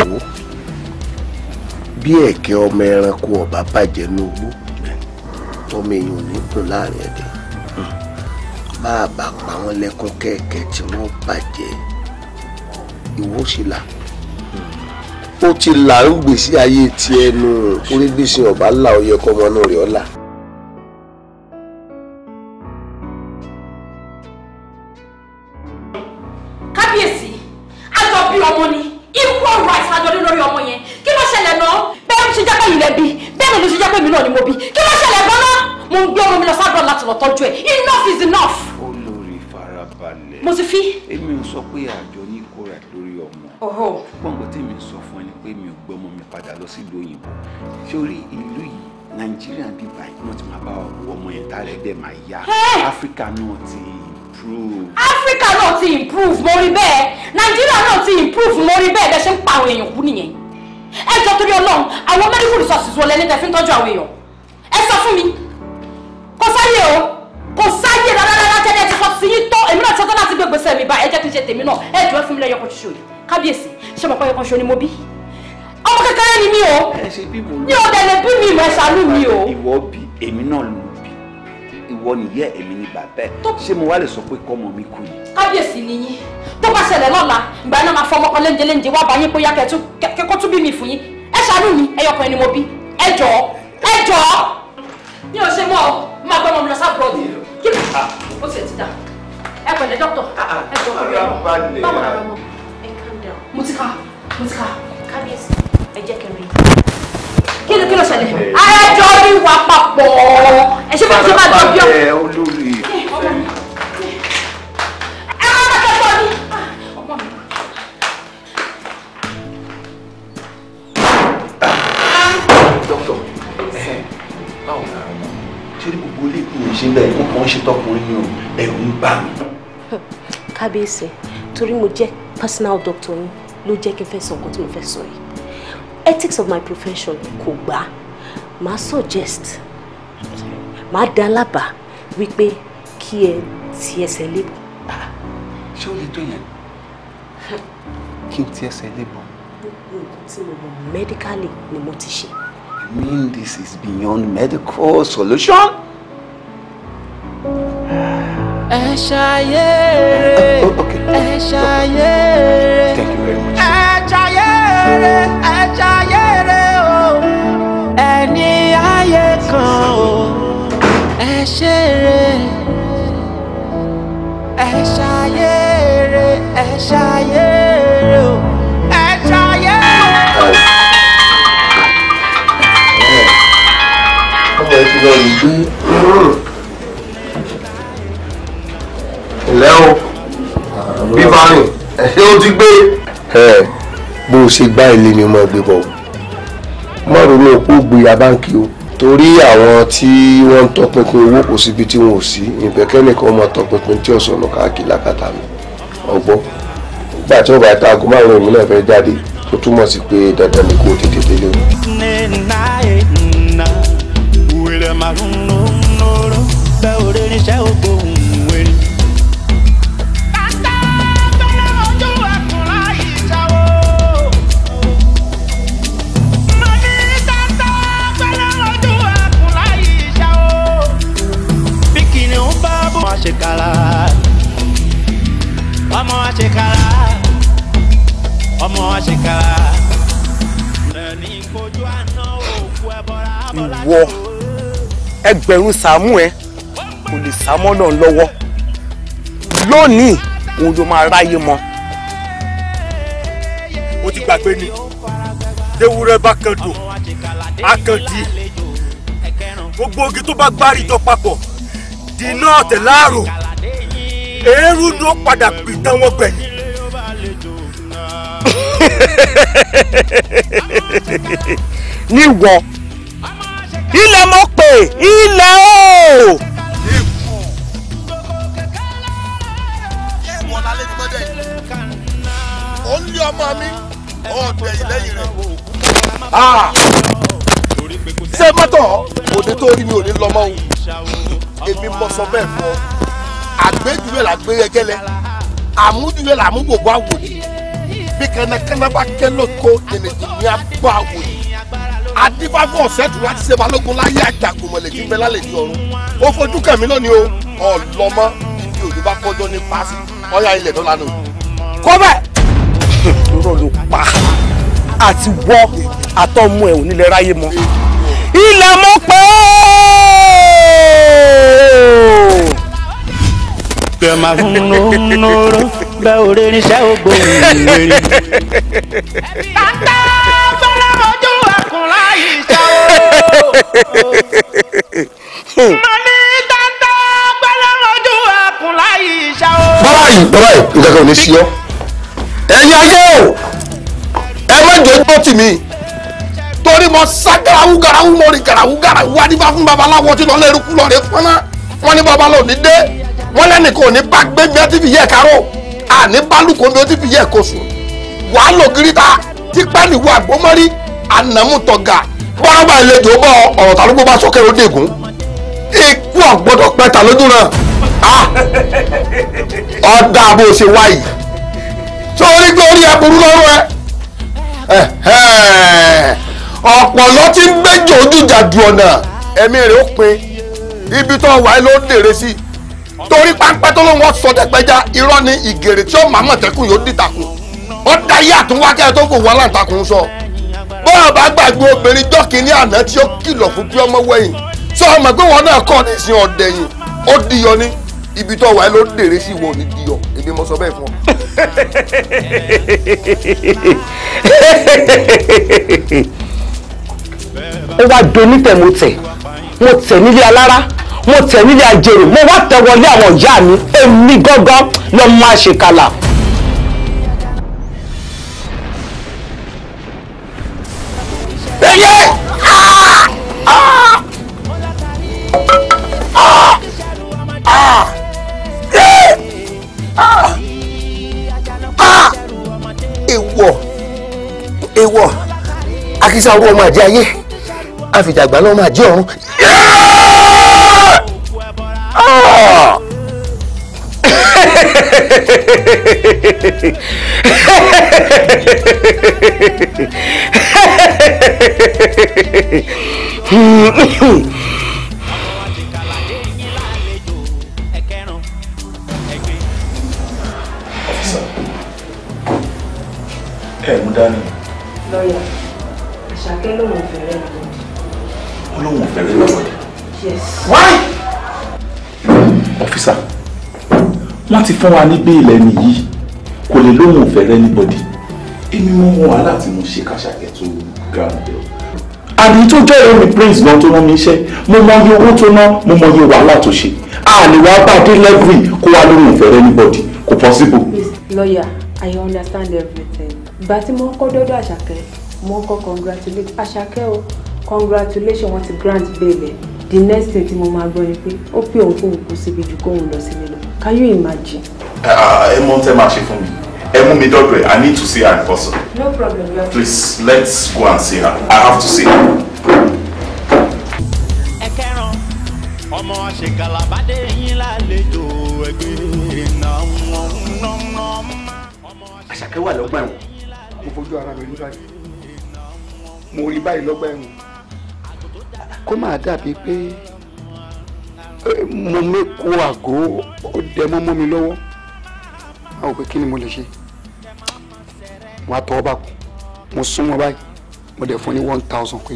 wo bí ẹ̀kẹ́ ọmọ ẹranko ọba bàjẹ́ ní ogbó ọmọ èèyàn ò ní dùn láàrin ẹ̀dẹ̀ bá a bá pa wọn lẹ́kún kẹ̀kẹ́ tí wọ́n bàjẹ́ ìwọ sì là ó ti là ń gbèsè ayé tiẹ̀ nù orí gbèsè ọ̀bá là ó yẹ náà rí ọ́ là. Oho. Pọ́ǹgọ̀ tèmi sọ fún ẹni pé mi ò gbé ọmọ mi padà lọ sílùú òyìnbó. Sórí ìlú yìí, Nàìjíríà bí báyìí náà ti máa bá ọmọ yẹn tá rẹ̀ dẹ̀ máa yá. Áfíríkà náà ti improve. Áfíríkà náà ti improve mo rí bẹ́ẹ̀. Nàìjíríà náà ti improve mo rí bẹ́ẹ̀ bẹ́ẹ̀ ṣe ń pa àwọn èèyàn kú nìyẹn. Ẹ jọ torí Ọlọ́run, àwọn medical resources wọlé ní tẹ̀fí ń tọ́jú àwọn èèyàn. Ẹ sọ fún mi, kò sáyé o, kò sáyé rárá rárá tẹ́lẹ̀ ti sọ sí yín tó, èmi náà ti sọ́tọ́ láti gbé gbèsè mi bá ẹ jẹ́ kí n ṣe tèmi náà, ẹ jọ ẹ fún mi lẹ́yọ̀ kọ́ ṣoṣo yìí kábíyèsí ṣé mo pẹ́ kan ṣo ni mo bí ọmọ kékeré ni mí o ní ọdẹ lè bí mi ìmọ̀ ẹ̀ ṣàánú mi o. ìwọ bí èmi náà ló bí ìwọ nìyẹ èmi ni bàbá ẹ ṣé mo wá lè sọ pé kọ́mọ mi kú ni. kábíyèsí ni yín tó bá ṣẹlẹ̀ lọ́la ìgbà náà máa fọmọ kan léńjẹ léńjẹ wá bá yín bóyá kẹ́kọ́ tún bí mi fún yín ẹ ṣàánú mi ẹyọkùnrin ni mo bí ẹ jọ̀ọ́ ẹ jọ̀ọ́ mi ò ṣe mọ́ ọ máa gbọ́ ọmọ mi lọ sábúrò mi kí ló ó sì ti ẹ pẹ̀lẹ́ dókítà ah, ah. ẹ jọ̀ọ́ kúrò mo ti ka mo ti ka. kábíyèsí ẹ jẹ́ kẹrin. kí ló kí ló ṣẹlẹ̀. ara jọ rí wa papọ̀ ẹ ṣe fẹ́ẹ́ ṣe máa jọ bí ọ. ẹ olórí ìfẹ́. ẹ má bàtà fún mi. dókítà báwo ni àwọn ṣé ní gbogbo kábíyèsí torí mo jẹ́ personal doctor yín ló jẹ́ kí n fẹ́ sọ nǹkan tí mo fẹ́ sọ yìí ethics of my profession kò gbà máa suggest máa dá lábàá wípé kí ẹ ti ẹsẹ̀ lébọ̀. ṣé o lè tó yẹn kí n ti ẹsẹ̀ lébọ̀. nǹkan tí mo mọ̀ medically ni mo ti ṣe. I mean this is beyond medical solution. ẹ ṣayé oh, ẹ ṣayé rere ẹja ayé rẹ o ẹni ayé kan o ẹ ṣe rè ẹ ṣayé rè ẹ ṣayé rè o ẹ ṣayé o. ọmọ ẹ ti lọ rí bí ìlẹ́ o bí bá rìn ẹ̀ ṣé o ti gbé bó o ṣe gbá ilé ni mo gbé bọ̀ má ronú òkú gbéya báńkì o torí àwọn tí wọ́n ń tọpinpin owó kò síbi tí wọn ò sí ìbẹ̀kẹ́nìkan ọmọ tọpinpin tí ọ̀sán ọ̀nà káàkiri lákàtà mi ọgbọ́ nígbà tí wọ́n bá ta aago márùn-ún èmi fẹ́ jáde tó túmọ̀ sí pé dandan ni kò tètè délé o. bẹ́ẹ̀ ò lè ògbó ẹgbẹ̀rún sàmú ẹ kò lè sàmọ́ náà lọ́wọ́ lónìí òun ló máa ráyè mọ́. mo ti gbàgbé ni déwúrẹ́ bá kan dò á kan di gbogbo ogi tó bá gbárí jọ papọ̀ dínà ọ̀tẹ̀ láàrò eérú ló padà pìtàn wọn gbẹ̀yìn. (laughs) níwọ̀ ilẹ̀ mọ́ ilẹ̀ o. ó ń lé ọmọ mi ọ̀dẹ̀ ìlẹ́yìn rẹ̀. ṣé mọ́tò òde tó rí mi ò ní lọ mọ́ o èmi mọ sọ bẹ́ẹ̀ fún ọ àgbéjúwe làgbéyẹgẹlẹ àmújúwe làmúgbògbò àwòrán bí kẹnẹkẹnẹ bá kẹ lóko jẹnẹjẹ ní abọ àwòrán adífáfọ́ ọ̀sẹ́tù láti ṣe balógun láyé àjàgùnmọ̀lẹ̀ tí ń bẹ lálẹ́ di ọ̀run ó fojú kẹ̀mí lónìí o ọ̀lọ́mọ ibi òjò bá kọjọ́ ní paasi ọ̀yà ilẹ̀ dọ́là nù. kọ́ bẹ́ẹ̀. (laughs) irọ́ ló pa àti wọ́ àtọ́mú ẹ̀ onílẹ̀ ráyé mọ́ ilẹ̀ mọ́ pé gbẹ̀mà ńnóró bẹ́ẹ̀ òrèrìnsẹ́ ògbóhùn ìrìn mami tata gbẹlẹ lọjọ àkùnlá yìí ṣá o. bàbá yìí bàbá yìí nǹkan kan ò ayé o ẹ má jòjó tì mí torí mo sá garawu garawu mo rí garawu garawu wá nípa fún babaláwo tí lọ́lẹ́ eruku lọ́ọ̀rẹ́ pọ́nà wọ́n ní babaláwo ní dé wọ́n lẹ́nìkan ò ní bá gbé mi ọtí fi yẹ kárọ̀ àní bálùkù mi ọtí fi yẹ kóso wàá lò gíríta tí pẹ́ẹ́lì wo àgbọ́mọ́rí ànàmútọ̀gà wọ́n wá ìlejò bọ́ ọ̀rọ̀ tàbí gbogbo asọ́kẹ́ ló dégùn ikú àgbọ̀dọ̀ pẹ́ta lójú náà ọ̀dà bó ṣe wá yìí tó rí pé orí aburú ẹ ọ̀pọ̀lọ́ ti ń ojújà du ọ̀nà ẹ̀mí rẹ̀ ó pin ibi tó wà ló ń dèrè sí torí pápá tó ló ń wọ́n sọ dẹ́gbẹ́já irọ́ ni ìgèrè tí ó màmá tẹ́kùn yóò dìtàkùn ó dá yé àtúnwákẹ́ tó kò wọ́n láǹtakùn sọ. So ọ bá gbàgbé obìnrin jọ́kìnní àná tí ó kìlọ̀ fún kí ọmọ wẹ̀yìn sọ ọmọ pé wọn náà kọ́ ní ìsìn ọ̀dẹ̀yìn ó dìyọ ní ibi tó wà ló dèrè sí ìwọ ní dìyọ èmi mo sọ bẹ́ẹ̀ fún ọ. ó wá donítẹ̀ mo tẹ̀ mo tẹ̀ nílé alára mo tẹ̀ nílé ajérò mo wá tẹ̀ wọlé àwọn ìyá mi èmi gángan lọ́mọ àṣekalà. Ah! Ah! Ah! Ah! Ah! Ah! Bẹ́ẹ̀ni! Ewọ̀ ewọ̀ akísà owó ọmọ àjẹ ayé àfìjàgbá lọ́mọ àjẹ ọ̀run. Hehehehe ọfisa ẹ mú dání. lọ́yà àṣàkẹ́ lòun fẹ́rẹ́ lọ́wọ́. ó lóun fẹ́rẹ́ lọ́wọ́ yẹn. yes. why. ọfisa wọ́n ti fún wa ní bẹ́ẹ̀lì ẹni yìí kò lè lóun fẹ́rẹ́ anybody èmi mọ wàhálà tí mo ṣe kàṣàkẹ́ tó ga o. àbí tó jẹ́ èmi prince gan tó rán mi iṣẹ́ mo mọ iye owó tó ná mo mọ iye wàhálà tó ṣe àlè bá dé lẹ́gùn kó wá lórí ìfẹ́ rẹ anybody kò possible. lọ́ọ̀yà I understand everything. ìgbà tí mo kọ́ dọ́dọ̀ àṣàkẹ́ mo kọ́ congratulate àṣàkẹ́ o congratulation wọn ti grant bail ẹ̀ the next thing tí mo máa gbọ́ ni pé ó pè òun kóun kú síbi ju kóun lọ sílé lọ can you imagine. ẹ mọ ohun tẹ máa ṣe fún mi ẹ mú mi I need to see her in person. no problem please let's go and see her I have to see her. ẹ kẹran ọmọ àṣekalabade yín lálejò ẹgbẹ́ àṣàkẹ́ wà lọ́gbà ẹ̀wọ̀n mo fojú ara mi rí báyìí mo rí báyìí lọ́gbà ẹ̀wọ̀n kó máa dàbí pé mo mẹ́kọ̀ọ́ àgọ́ ó dẹ mọ́mọ́ mi lọ́wọ́ àwọn pé kí ni mo lè ṣe wọn á tọ́ ọ bá kù mo súnmọ́ báyìí mo dẹ̀ fún ní one thousand pé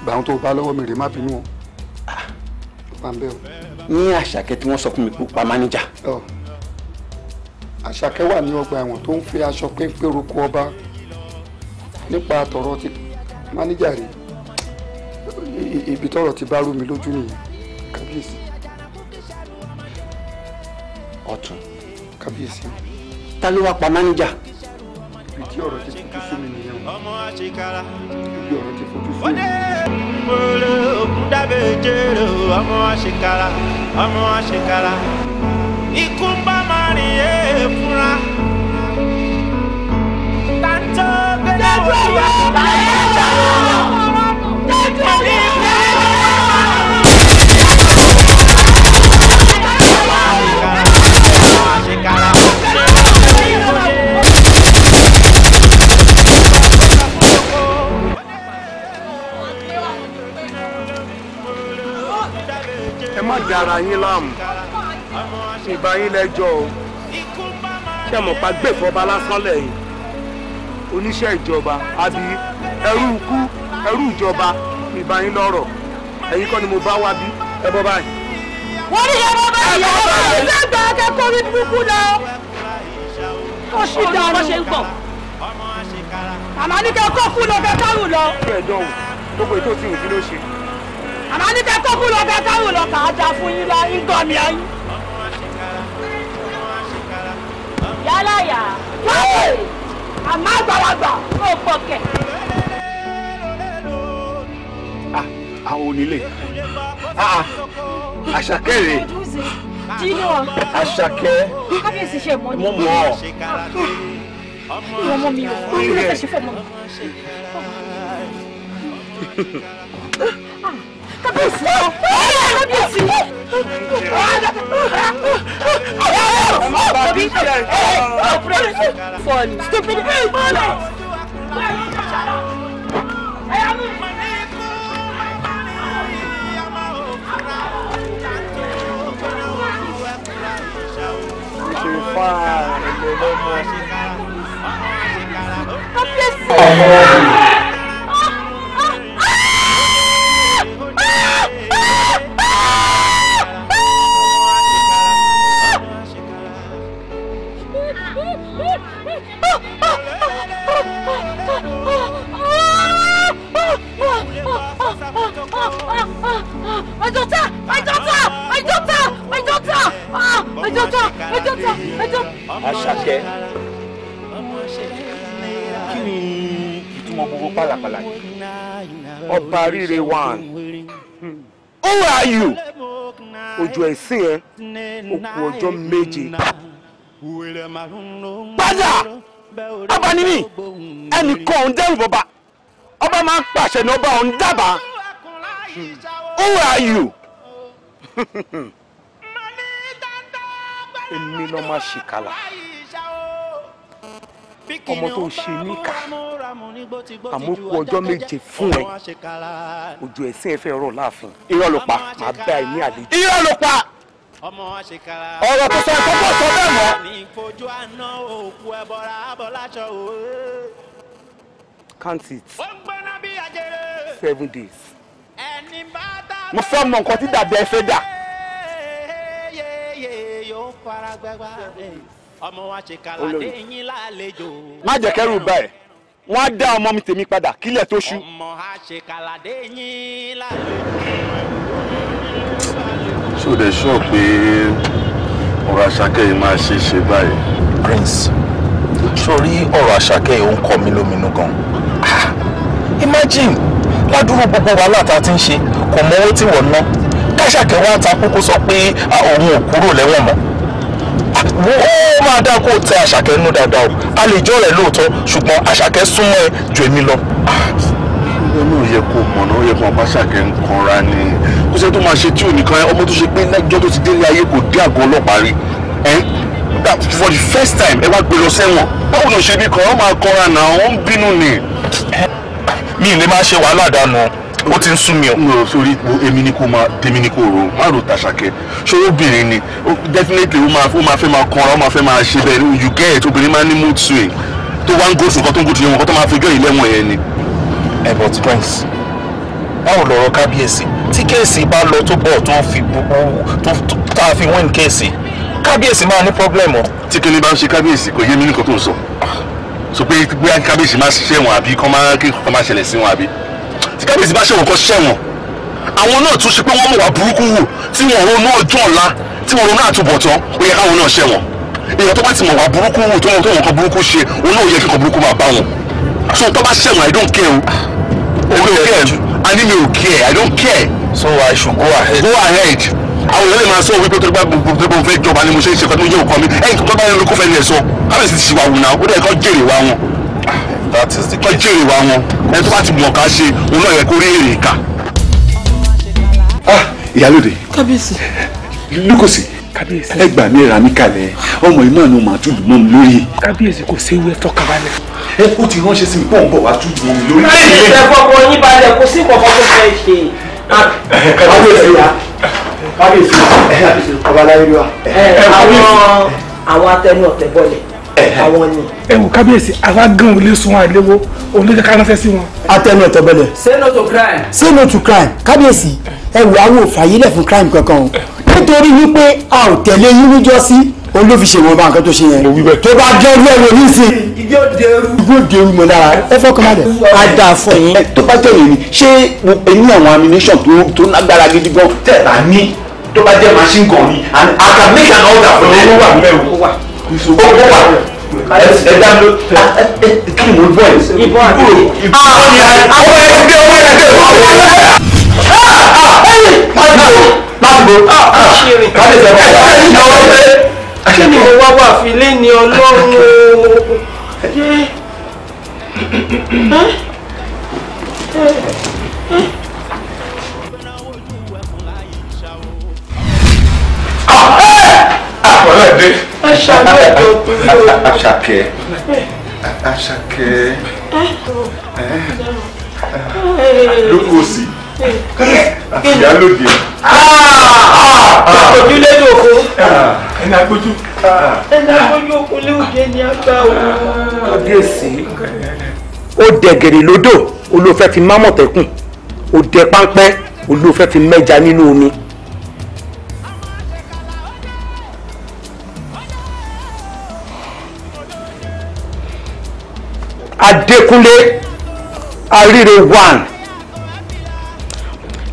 ìgbà àwọn tó bá lọ́wọ́ mi rè má bínú o bá ń bẹ́ o. ní àṣàkẹ́ tí wọ́n sọ fún mi pé pa mánéjà. àṣàkẹ́ wà ní ọgbà ẹ̀wọ̀n tó ń fi aṣọ péńpé roko ọba nípa àtọ̀rọ̀ ti mánéjà rè ibi tọ́rọ̀ ti bá rú mi lójú nìyẹn kábíyèsí. ọ̀tún. kábíyèsí. ta ló wá pa mánéjà ibi tí ọ̀rọ̀ ti fojú sú mi nìyẹn ọmọ àṣekára ibi ọ̀rọ̀ ti fojú sú mi. ọdẹ ìmọ̀lẹ̀ ògùn dábẹ́ jẹ́rẹ̀ ọmọ àṣekára ọmọ àṣekára ikú ń bá máa rìn é fúnra. tàǹtọ́ gbẹ́dẹ́ wò ó yá. tàǹtọ́ gbẹ́dẹ́ wò ó yá. dara yín láàmú ìbá yín lẹ́jọ́ o ṣé mọ̀ pa gbẹ̀fọ́ba lásán lẹ́yìn oníṣẹ́ ìjọba àbí ẹrú ikú ẹrú ìjọba ìbá yín lọ́rọ̀ ẹ̀yin kọ́ ni mo bá wá bí ẹ báyìí. wọ́n ní ìyàwó bá ìyàwó bá ìlú ẹgbẹ́ akẹ́kọ̀ọ́ rí burúkú lọ. ó sì dáa ló ṣe ń bọ̀. àmọ́ ní kẹ́kọ̀ọ́ kú lọ kẹ́kọ̀ọ́ rù lọ. gbogbo ètò tí ìwé ló ṣe àmọ́ ní kẹ́ kókú lọ kẹ́ káwọn lọ kà á da fún yín lọ ń gàn mí ayé. yálà yà àmọ́ àgbàlagbà ó pọ̀ kẹ̀. àwọn onílé àṣàkẹ́ rèé. Jino. Àṣàkẹ́. Kábíyèsí ṣe mọ́ ni. Mo mọ̀ ọ́. ọmọ mi ò. Kí ló fẹ́ ṣe fọ́ mi? Fone. Stupid. Hey, mano! Fala, meu Deus. my daughter, my daughter, my daughter, my daughter, ah, my daughter, my daughter, my daughter. Àṣàkẹ́, kí ni ìtumọ̀ gbogbo pálapàla yìí? Ọba rire one, hmm. who are you? Ojú ẹ̀sìn ẹ, òkú ọjọ́ méje. Padà, ọba ni mí, ẹnì kan ò ń dẹ́rù bọ́ba, ọba máa ń pàṣẹ ní ọba ò ń dábàá who are you. èmi ló máa ṣìkàlà ọmọ tó ń ṣe níkà àmọ́ kú ọjọ́ méje fún ẹ ojú ẹ̀sìn ẹ fẹ́ rọ̀ láàfin irọ́ ló pa màá bá ẹ ní àlejò. irọ́ ló pa ọ̀rọ̀ tó sọ ẹ̀kọ́ sọ bẹ́ẹ̀ mọ́. count it seven days mo fẹ́ mọ nǹkan tí dàdé ẹ fẹ́ dà. má jẹ́ kẹ́rù báyìí wọ́n á dá ọmọ mi tèmi padà kílẹ̀ tó ṣú. ṣé o lè pé ọ̀rọ̀ àṣàkẹ́ yìí máa ṣe é ṣe báyìí. prince sórí ọ̀rọ̀ àṣàkẹ́ yìí ó ń kọ mí lóminú gan ah, imagine ládùúgbò gbogbo wàhálà tá a ti ń ṣe kò mọ tí wọ́n ná káṣàkẹ́ wọn ta kókó sọ pé òun ò kúrò lẹ́wọ̀n mọ́ ó máa dá kó tẹ àṣàkẹ́ nú dáadáa o a lè jọ rẹ̀ lóòótọ́ ṣùgbọ́n àṣàkẹ́ súnmọ́ ẹ ju èmi lọ. inú yẹ kó mọ̀nà ó yẹ kó ọba ṣàkẹ́ ń ni kó sẹ́ tó máa ṣe tí ò nìkan ọmọ tó ṣe pé lẹ́jọ́ tó ti délé ayé kò dé àgọ́ ọlọ́pàá rí for the first time ẹ wá gbé lọ sẹ́wọ̀n báwo ló ṣe bí kan ọ máa kanra náà ó ń bínú ni mi le lè máa ṣe wàhálà dànù ó ti ń sún mi o. n ò sórí èmi ni kò máa tèmi ni kò rò má rò tàṣàkẹ́ ṣòro obìnrin ni definitely ó máa ó máa fẹ́ máa kanra ó ma fẹ́ máa ṣe bẹ́ẹ̀ you get obìnrin máa ní mood swing tó wá ń gòsùn kan tó ń gòsùn yẹn wọn kan tó máa fojú ẹ̀yìn lẹ́wọ̀n yẹn ni. ẹ̀bọ̀t eh, prince báwo lọ̀rọ̀ kábíyèsí tí kéèsì bá lọ tó bọ̀ tó fi gbogbo tá a fi win kéèsì kábíyèsí máa ní pọ́blẹ́mù. tí kinní bá ń ṣe kábíyèsí kò yé mi nǹkan tó ń sọ ah sọ pé bóyá kábíyèsí máa ṣiṣẹ́ wọn àbí kọ́ máa kí kọ́ máa ṣẹlẹ̀ sí wọn àbí tí kábíyèsí bá ṣẹ̀wọ̀n kọ́ ṣẹ̀wọ̀n àwọn náà tún ṣe pé wọ́n mọ̀ wá burúkú wù tí wọ́n ronú ọjọ́ ọ̀la tí wọ́n ronú àtúbọ̀tán ó yẹ káwọn náà ṣẹ̀wọ̀n èèyàn tó bá ti mọ̀ wá burúkú wù tó wọn kan burúkú ṣe òun náà yẹ kí kan burúkú máa I don't care o mi ò care care I don't care. so I should go ahead. go ahead àwọn èèyàn lè máa sọ wípé tó bá fẹ́ jọba ni mo ṣe ń ṣe kọ́ tó yẹ mi ẹ̀yìn tó bá yẹn lóko fẹ́ ni ẹ̀ kábíyèsí ti ṣìwà wù ó dẹ̀ kọ́ jèrè wa wọn. that is the kọ́ jèrè wa wọn ẹni tó bá ti mọ̀ ká ṣe òun náà yẹ kó rí èrè ká. Ah, ìyálóde. lukosi ẹ gbà mí ra mi kalẹ̀ ọmọ iná ni màá túlù mọ́ mi lórí. kábíyèsí kò séwu ẹ tọ́ka ẹ kó ti ránṣẹ́ sí mi pọ̀ ń bọ̀ wá túlù mọ́ mi lórí. kábíyèsí ẹ fọkàn yín balẹ̀ kò sí kọ̀ọ̀kan tó fẹ́ ṣe. kábíyèsí kábíyèsí ọba aláyélúwà. àwọn àwọn atẹnu ọ̀tẹ̀ bọ̀lẹ̀ àwọn ni. ẹ wò kábíyèsí àwa gan ò lè sun àìléwó òun ló jẹ ká ránṣẹ́ sí wọn. atẹnu ọ̀tẹ̀ bọ̀lẹ̀. say no to crime. say no to crime kábíyèsí ẹ wò àwọn òfàyílẹ̀ fún crime kankan o nítorí wípé a ò tẹ̀lé yín níjọ́ sí olófi ṣe ìwọ̀nba nǹkan tó ṣe yẹn tó bá jẹ́ orí ẹ̀rọ yìí sí. ìjọ dẹrù. ìjọ dẹrù mọ lára ẹ fọkàn balẹ̀. a dà fún yín. tó bá tẹ̀lé ni ṣé ẹni àwọn ammunition tó lágbára gidi gan tẹ̀ bá ní tó bá jẹ́ machine gun ni and I can make an order for them. owó wà mẹ́rin owó wà owó wà ẹ̀dá ló kí ni mo bọ̀ ẹ̀. ìbọn àti ìbọn ni àwọn ẹgbẹ́ owó ẹgbẹ́ owó kí ni mo wá wà fi lé ní ọlọ́run o. àpọ̀lọ́dé àṣàkẹ́ àṣàkẹ́ lókù òsì ìyálòdì àpọ̀jù lẹ́nu òkú ẹni agbójú ẹni agbójú òkú léwùjẹ ni a gbà ó. kábíyèsí ó dẹ̀gẹ̀rẹ̀ lódò olófẹ́ fi mámọ̀tẹ́kùn ó dẹ páńpẹ́ olófẹ́ fi mẹ́ja nínú omi. Adékúnlé Aríre one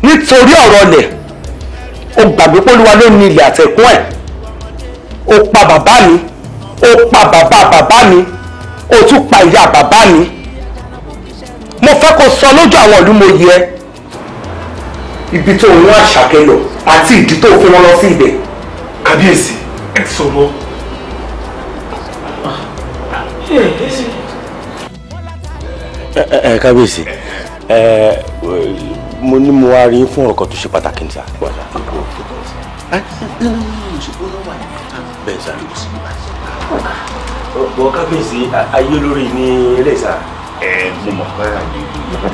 nítorí ọ̀rọ̀ ilẹ̀ ó gbàgbé pólúwa ló ní ilẹ̀ àtẹ̀kún ẹ̀ ó pa bàbá mi ó pa bàbá bàbá mi ó tún pa ìyá bàbá mi mo fẹ́ kó sọ lójú àwọn ìlú mo yẹ ibi tó ń wá àṣàkẹ́ àti ìdí tó fi wọn lọ sí ibẹ̀. kábíyèsí ẹ sọ mọ́. ẹ ẹ kábíyèsí ẹ mo ní mo wá rí fún ọ̀kan tó ṣe pàtàkì níta. bẹ́ẹ̀ sá bọ́ kábíyèsí ayé lórí ní ilé ìsà. ẹ mo mọ̀ pé ayé lórí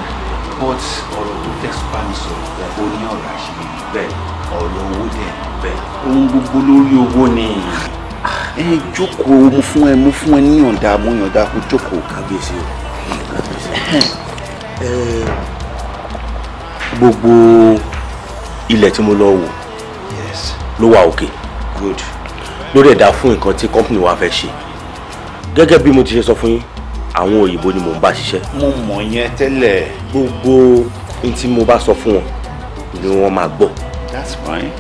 but ọ̀rọ̀ tó tẹ̀síwá mi sọ̀rọ̀ ó ní ọ̀rọ̀ àṣírí bẹ́ẹ̀ ọ̀rọ̀ owó dẹ̀ bẹ́ẹ̀ ohun gbogbo lórí owó ni ẹ jókòó mo fún ẹ mo fún ẹ níyànda mo yànda kó jókòó kábíyèsí o gbogbo ilẹ̀ tí mo lọ wò ló wà òkè good lórí ẹ̀dá fún nǹkan tí company wa fẹ́ ṣe gẹ́gẹ́ bí mo ti ṣe sọ fún yín àwọn òyìnbó ni mò ń bá ṣiṣẹ́. mo mọ̀ yẹn tẹ́lẹ̀. gbogbo n tí mo bá sọ fún wọn ni wọ́n máa gbọ́. that's fine.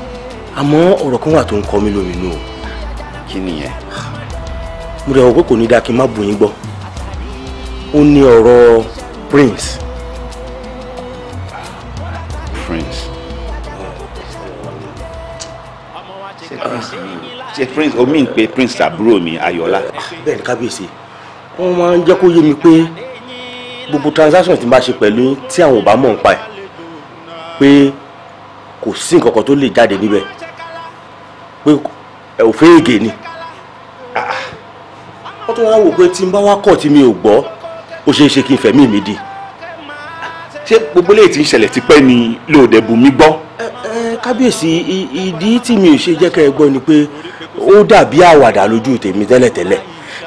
àmọ́ ọ̀rọ̀ kan wà tó ń kọ mí lóminú o. kí nìyẹn. mo rẹ̀ wọ́n pé kò ní dáa kí n má bù yín gbọ́ ó ní ọ̀rọ̀ prince. prince. ṣe ah. prince omi ń pe prince àbúrò mi ayọ̀lá. Ah, bẹ́ẹ̀ ni kábíyèsí wọ́n máa ń jẹ́ kó yé mi pé gbogbo transaction tí n bá ṣe pẹ̀lú tí àwọn ò bá mọ̀ ń pa ẹ̀ pé kò sí nǹkan kan tó lè jáde níbẹ̀ pé òfin ègè ni. Ah, wọ́n tún wá wò pé tí n bá wá kọ̀ tí mi ò gbọ́ ó ṣeé ṣe kí n fẹ̀mí mi di ṣé gbogbo lè ti ń ṣẹlẹ̀ tipẹ́ ni lóòdẹ bù mí gbọ́. kábíyèsí ìdí tí mi ò ṣe jẹ́ kẹ́ ẹ gbọ́ ni pé ó dàbí àwàdà lójú tèmi tẹ́lẹ̀tẹ́lẹ̀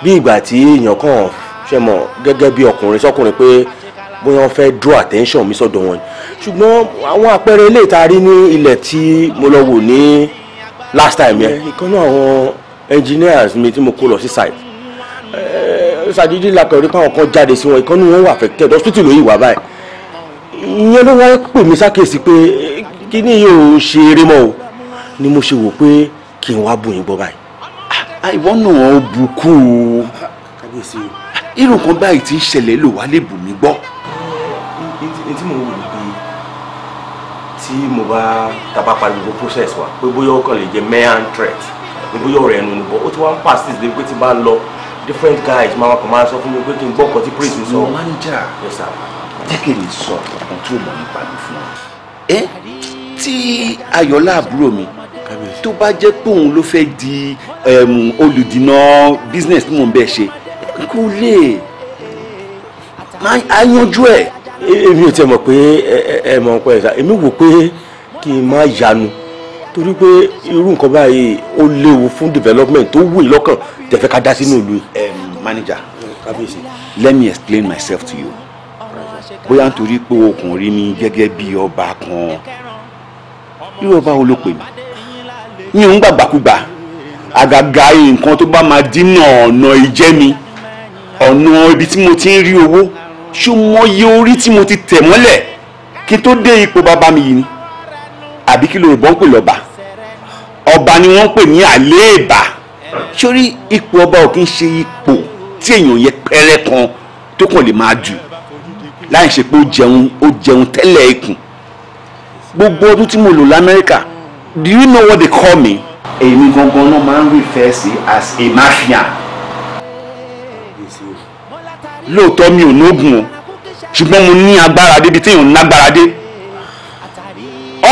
bí ìgbà tí èèyàn kàn ṣe mọ̀ gẹ́gẹ́ bí ọkùnrin sọkùnrin pé bóyá wọ́n fẹ́ draw attention mi sọ́dọ̀ wọn ṣùgbọ́n àwọn àpẹẹrẹ ilé ìta rí ní ilẹ̀ tí mo lọ wò ní last time yẹn ìkànnì àwọn engineers mi tí mo kó lọ sí site ṣàdédé làkàn rí pàwọn kan jáde sí wọn ìkànnì wọn wà affected hospital ló yìí wà báyìí ìyẹn ló wáá pè mí sákèsí pé kíní yìí ò ṣe eré mọ́ o ni mo ṣe wò pé kí n wá bu yín gbọ́ báyìí. Ah, ah, ìwọ náà ó bu o irun kan báyìí ti ń ṣẹlẹ̀ lò wá lè bù mí gbọ́. ní tí mo wò ní pé tí mo bá taba pariwo process wa pé bóyá ó kàn lè jẹ mayan threat bóyá ọ̀rọ̀ ẹnu ni bọ́ ó ti wá ń pass this pé ti bá ń lọ different guys Mama wá So máa sọ fún mi pé kí n gbọ́ praise mi manager yes sir. èmi it ọ̀kan tí ò mọ̀ nípa mi fún ọ. ẹ tí ayọ̀lá àbúrò mi tó bá jẹ́ pé òun ló fẹ́ di olùdínà business tí mò ń bẹ̀ ṣe kò lè máa yanjú ẹ̀. èmi e, e, ò tẹ́ mọ̀ pé ẹ mọ̀ pé èmi wò pé kí yanu torí pé irú nǹkan báyìí ó léwu fún development tó wù í lọ́kàn tẹ̀fẹ́ ká dá sínú ìlú manager let me explain myself to you bóyá nítorí pé o kàn rí mi gẹ́gẹ́ bí ọba kan irú ọba wo ló pè mí mi ò ń gbàgbàkúgbà àgàgà nǹkan tó bá máa dínà ọ̀nà ìjẹ́ mi ọ̀nà ibi tí mo ti ń rí owó ṣó mọyé orí tí mo ti tẹ̀ mọ́lẹ̀ kí n tó dé ipò bàbá mi yìí ni àbí kí lóòrùn bọ́n pè lọ́ba ọba ni wọ́n pè ní àléèbá sórí ipò ọba ò kí ń ṣe ipò tí èèyàn yẹ pẹ́rẹ́ kan tó kàn lè máa dù láì ṣe pé ó jẹun ó jẹun tẹ́lẹ̀ ikùn gbogbo ọdún tí mo lò lamẹ́ríkà do you know what they call me. èmi gangan náà máa ń refer sí as a mafia lóòótọ́ mi ò nógun o ṣùgbọ́n mo ní agbára débi téèyàn ń nágbára dé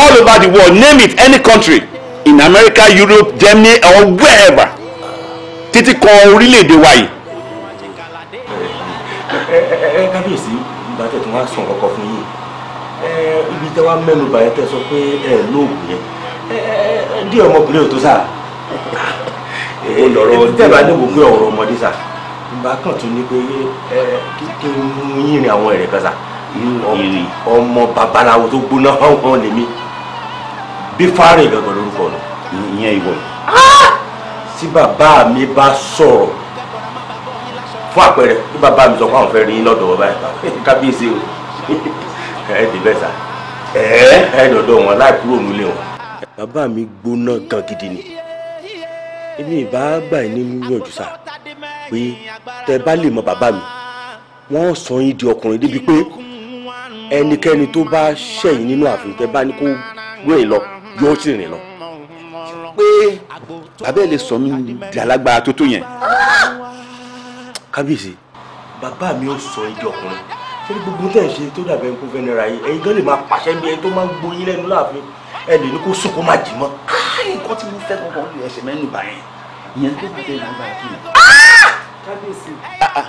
all over the world name it any country in America Europe Germany or wherever Titi kan orílẹ̀-èdè wa yìí. ẹ ẹ kábíyèsí ìgbà tẹ̀ tí wọ́n á sùn kọ̀kọ̀ fún yìí ibi tẹ́ wá mẹ́nu bà yẹn tẹ́ sọ pé ẹ lóògùn yẹn dí ọmọkùnrin ò tó sà ó lọ́rọ̀ ọdún tẹ́ bá níbo pé ọ̀rọ̀ ọmọdé sà ìgbà kan tún ní pé kí n yìnrìn àwọn ẹ̀rẹ̀ kan sà ọmọ babaláwo tó gbóná hàn hàn lèmi bí fárẹ̀ gangan lórúkọ rẹ̀ ìyẹn ìwọ yìí ah! tí bàbá mi bá sọ̀rọ̀ fún àpẹẹrẹ bí bàbá mi sọ fún àwọn fẹ́ rí lọ́dọ̀ ọba (laughs) ẹ̀ kábíyèsí o (laughs) ẹ̀ dì bẹ́ẹ̀ sà ẹ̀ ẹ̀ dọ̀dọ̀ wọn láì kúrò nílé wọn. bàbá mi gbóná gan gidi ni èmi ìbá gbà ní níyànjú sá pé tẹ bá lè mọ bàbá mi wọ́n sọ yín di ọkùnrin débi pé ẹnikẹ́ni tó bá ṣẹ̀yìn nínú ààfin tẹ bá ní kó wé e lọ yóò sì rìn lọ pé abẹ́ lè sọ mí di alágbára tó tó yẹn kábíyèsí bàbá mi ò sọ igi ọkùnrin ṣé gbogbo tẹ̀ ṣe tó dàbẹ̀ ń kó nira yìí ẹ̀yin gan lè máa pàṣẹ bí ẹni tó máa ń gbóyin lẹ́nu láàfin ẹ lè ní kó sùn kó má jì mọ́. nǹkan tí mo fẹ́ kankan lè ẹsẹ̀ mẹ́nu bà yẹn ìyẹn tó bá tẹ̀lé agbára tó yẹn. kábíyèsí. Ah, ah.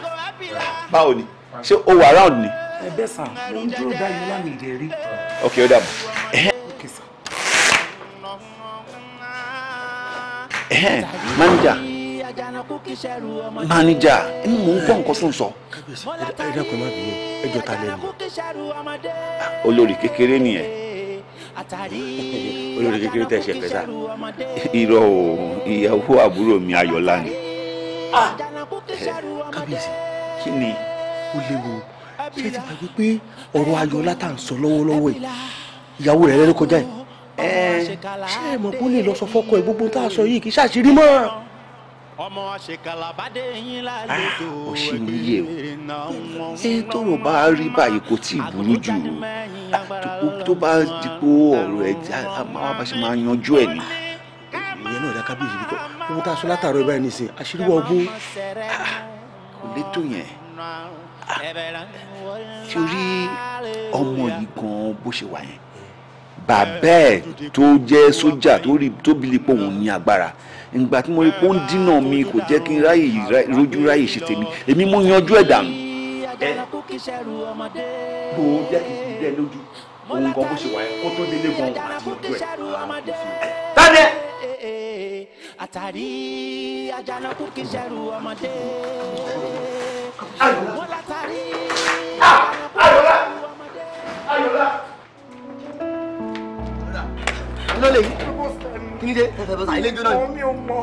báwo ni ṣé o wà round ni. ẹ bẹ́ẹ̀ sàn mo ń dúró dá yín lánàá ìdẹ́rí. ok ó dàbọ̀. Manager, manager, ẹni mò ń gbọ́ nǹkan tó ń sọ. ẹ dákun má bínú ẹ jọ ta lẹ́nu. Ah, olórí kékeré nìyẹn (laughs) olórí kékeré tẹ ṣe pẹ́sà irọ́ o ìyàwó àbúrò mi ayọ̀lá ni. Ah, kábíyèsí kí ni ó léwu ṣé ti gbàgbé pé ọ̀rọ̀ ayọ̀lá tá ń sọ lọ́wọ́lọ́wọ́ yìí ìyàwó rẹ̀ lẹ́nu kọjá yìí ṣé ẹ mọ̀ kó lè lọ sọ fọ́kọ ẹ̀ gbogbo tá a sọ yìí kì í ṣàṣírí mọ́ ọmọ àṣekalà ah, bá dé yín lálejò ẹgbẹ́ náà wọ́n. ṣé tọrọ bá rí báyìí kò tí ì burú jù ah, tó bá dìpọ̀ ọ̀rọ̀ ẹ̀ máa bá ṣe máa yanjú ẹ̀ ni. ìyẹn náà ìdá kábíyèsí bí kò ohun tá a sọ látàárọ̀ ẹ̀ báyìí nìsín àṣírí wọ ọgbọ́n ah, kò létò yẹn tí o rí ọmọ yìí gan bó ṣe wà yẹn bàbá ẹ̀ tó jẹ́ sójà tó bí lipo òun ní agbára ìgbà tí mo rí pé ó ń dínà mi kò jẹ́ kí n ráyè rojú ráyè ṣe tèmi èmi mo yanjú ẹ̀ dànù. ẹ gbòó jẹ́ kí n ti dẹ́ lójú òun gan bó ṣe wà yẹn kó tó délé gan àti ojú ẹ̀. tálẹ̀. àtàrí àjànàkú kì í ṣẹ̀rù ọmọdé ló lè yí kílídé ẹfẹ bọ́sà ilé jóná ni. mi ò mọ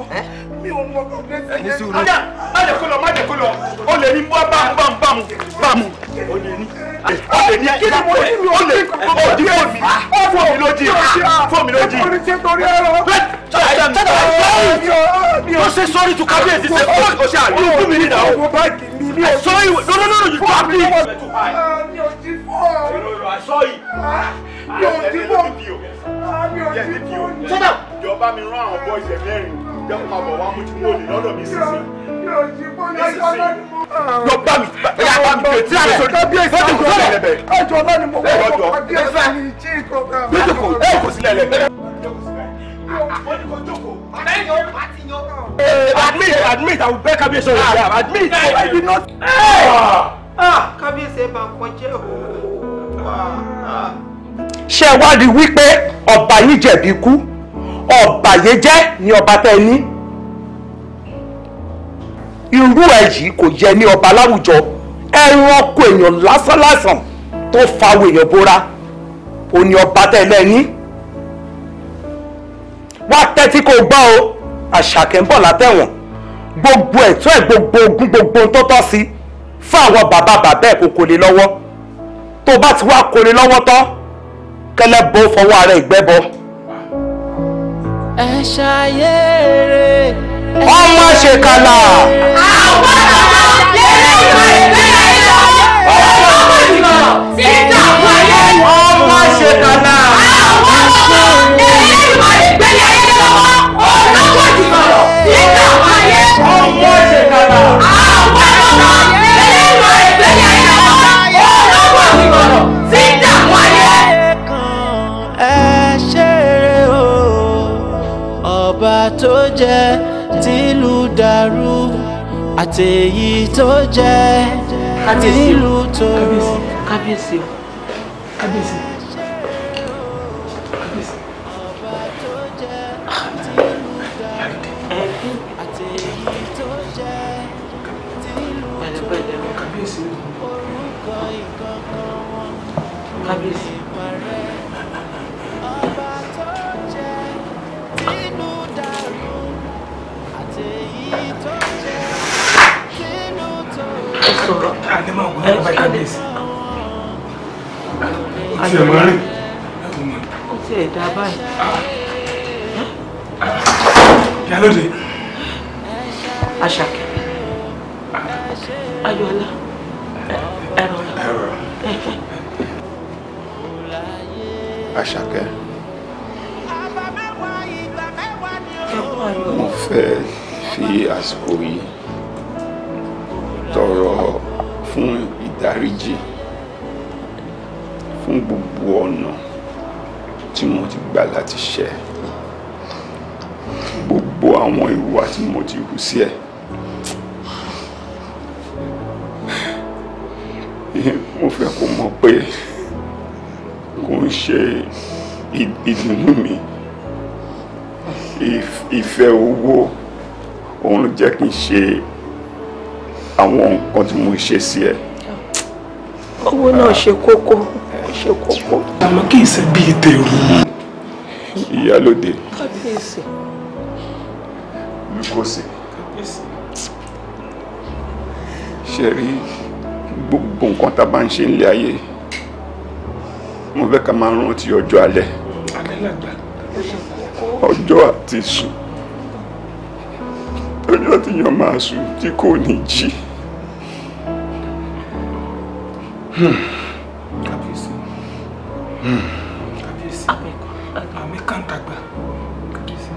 mi ò mọ kó lè ṣe. ẹni sùúrù. ọjà má jẹ kó lọ má jẹ kó lọ o lè ní bọ́ bámu bámu bámu bámu o lè ní o lè ní ẹ o lè o lè o di fóònù mi ah! fóònù mi ló di fóònù mi ló di. o ṣe sọ́ọ́rì ah, tu kábíyèsí ṣe o ṣe àlùkù mi nìyà o sọ́ọ́rì no no no you tap me. Ah, mi ò di fóònù mi ò di fóònù yẹmi bí o ìjọba mi rán àwọn bọ́ọ̀sì mẹ́rin jẹ́ kó máa bọ̀ wá mú ti wọlé lọ́dọ̀ mi sísìn lọ bá mi ẹ̀yà bá mi tẹ̀ tí a lẹ̀ kábíyèsí ọjọ́ ọ̀rẹ́ bẹ̀ ẹjọ́ náà ni mo wọ́n kọ́ kábíyèsí ni ìjì ìtọ́ka. jókòó ẹ kò sílẹ̀ lẹ̀. admit admit àwọn bẹ́ẹ̀ kábíyèsí ọ̀rẹ́ yà admit I did not. kábíyèsí ẹ bá ń kọjá o ṣé ẹ wá rí wípé ọba yìí jẹ̀bi ikú ọba yìí jẹ́ ni ọba tẹ́ ẹ ní irú ẹ yìí kò yẹ ní ọba láwùjọ ẹranko èèyàn lásánlásán tó fawọ èèyàn bóra ò ní ọba tẹ́ ẹ lẹ́ni wá tẹ́tí kó gbọ́ o àṣàkẹ́ ń bọ̀ látẹ̀wọ̀n gbogbo ẹ̀tọ́ ẹ̀ gbogbo ogun gbogbo tó tọ́ sí fún àwọn bàbá bàbá ẹ̀ kò kò lè lọ́wọ́ tó bá ti wá kò lè lọ́wọ́ tán kẹlẹ́ bó fọwọ́ ara ìgbẹ́ bọ. ọmọ ṣèkàlà. àwọn ọmọ ṣèkàlà. dàrú àtẹ̀yí tó jẹ́ nílùú tó. kábíyèsí kábíyèsí kábíyèsí. ti ẹ̀ máa rìn. ó ti ẹ̀ dá báyìí. ìyálóde. àṣàkẹ́ ayọ̀lá ẹ̀rọ àṣàkẹ́ mo fẹ́ fi àsìkò yìí tọrọ fún ìdáríjì fún gbogbo ọ̀nà tí mo ti gbà láti ṣẹ̀ gbogbo àwọn ìwà tí mo ti hù sí ẹ mo fẹ́ kó mọ̀ pé kò ń ṣe ìdùnnú mi ìfẹ́ owó òun jẹ́ kí n ṣe àwọn nǹkan tí mo ṣe sí ẹ owó náà ṣe kókó ṣe kókó. àmọ́ kì í ṣe bíi tèrú. ìyálòde. kábíyèsí. lukosi. kábíyèsí. ṣe rí gbogbo nǹkan tá a bá ń ṣe nílé ayé mo fẹ́ ká máa rántí ọjọ́ alẹ́ ọjọ́ àti sùn ọjọ́ tí yàn máa sùn tí kò ní jí. kábíyèsí kábíyèsí àmì kan dàgbà kábíyèsí.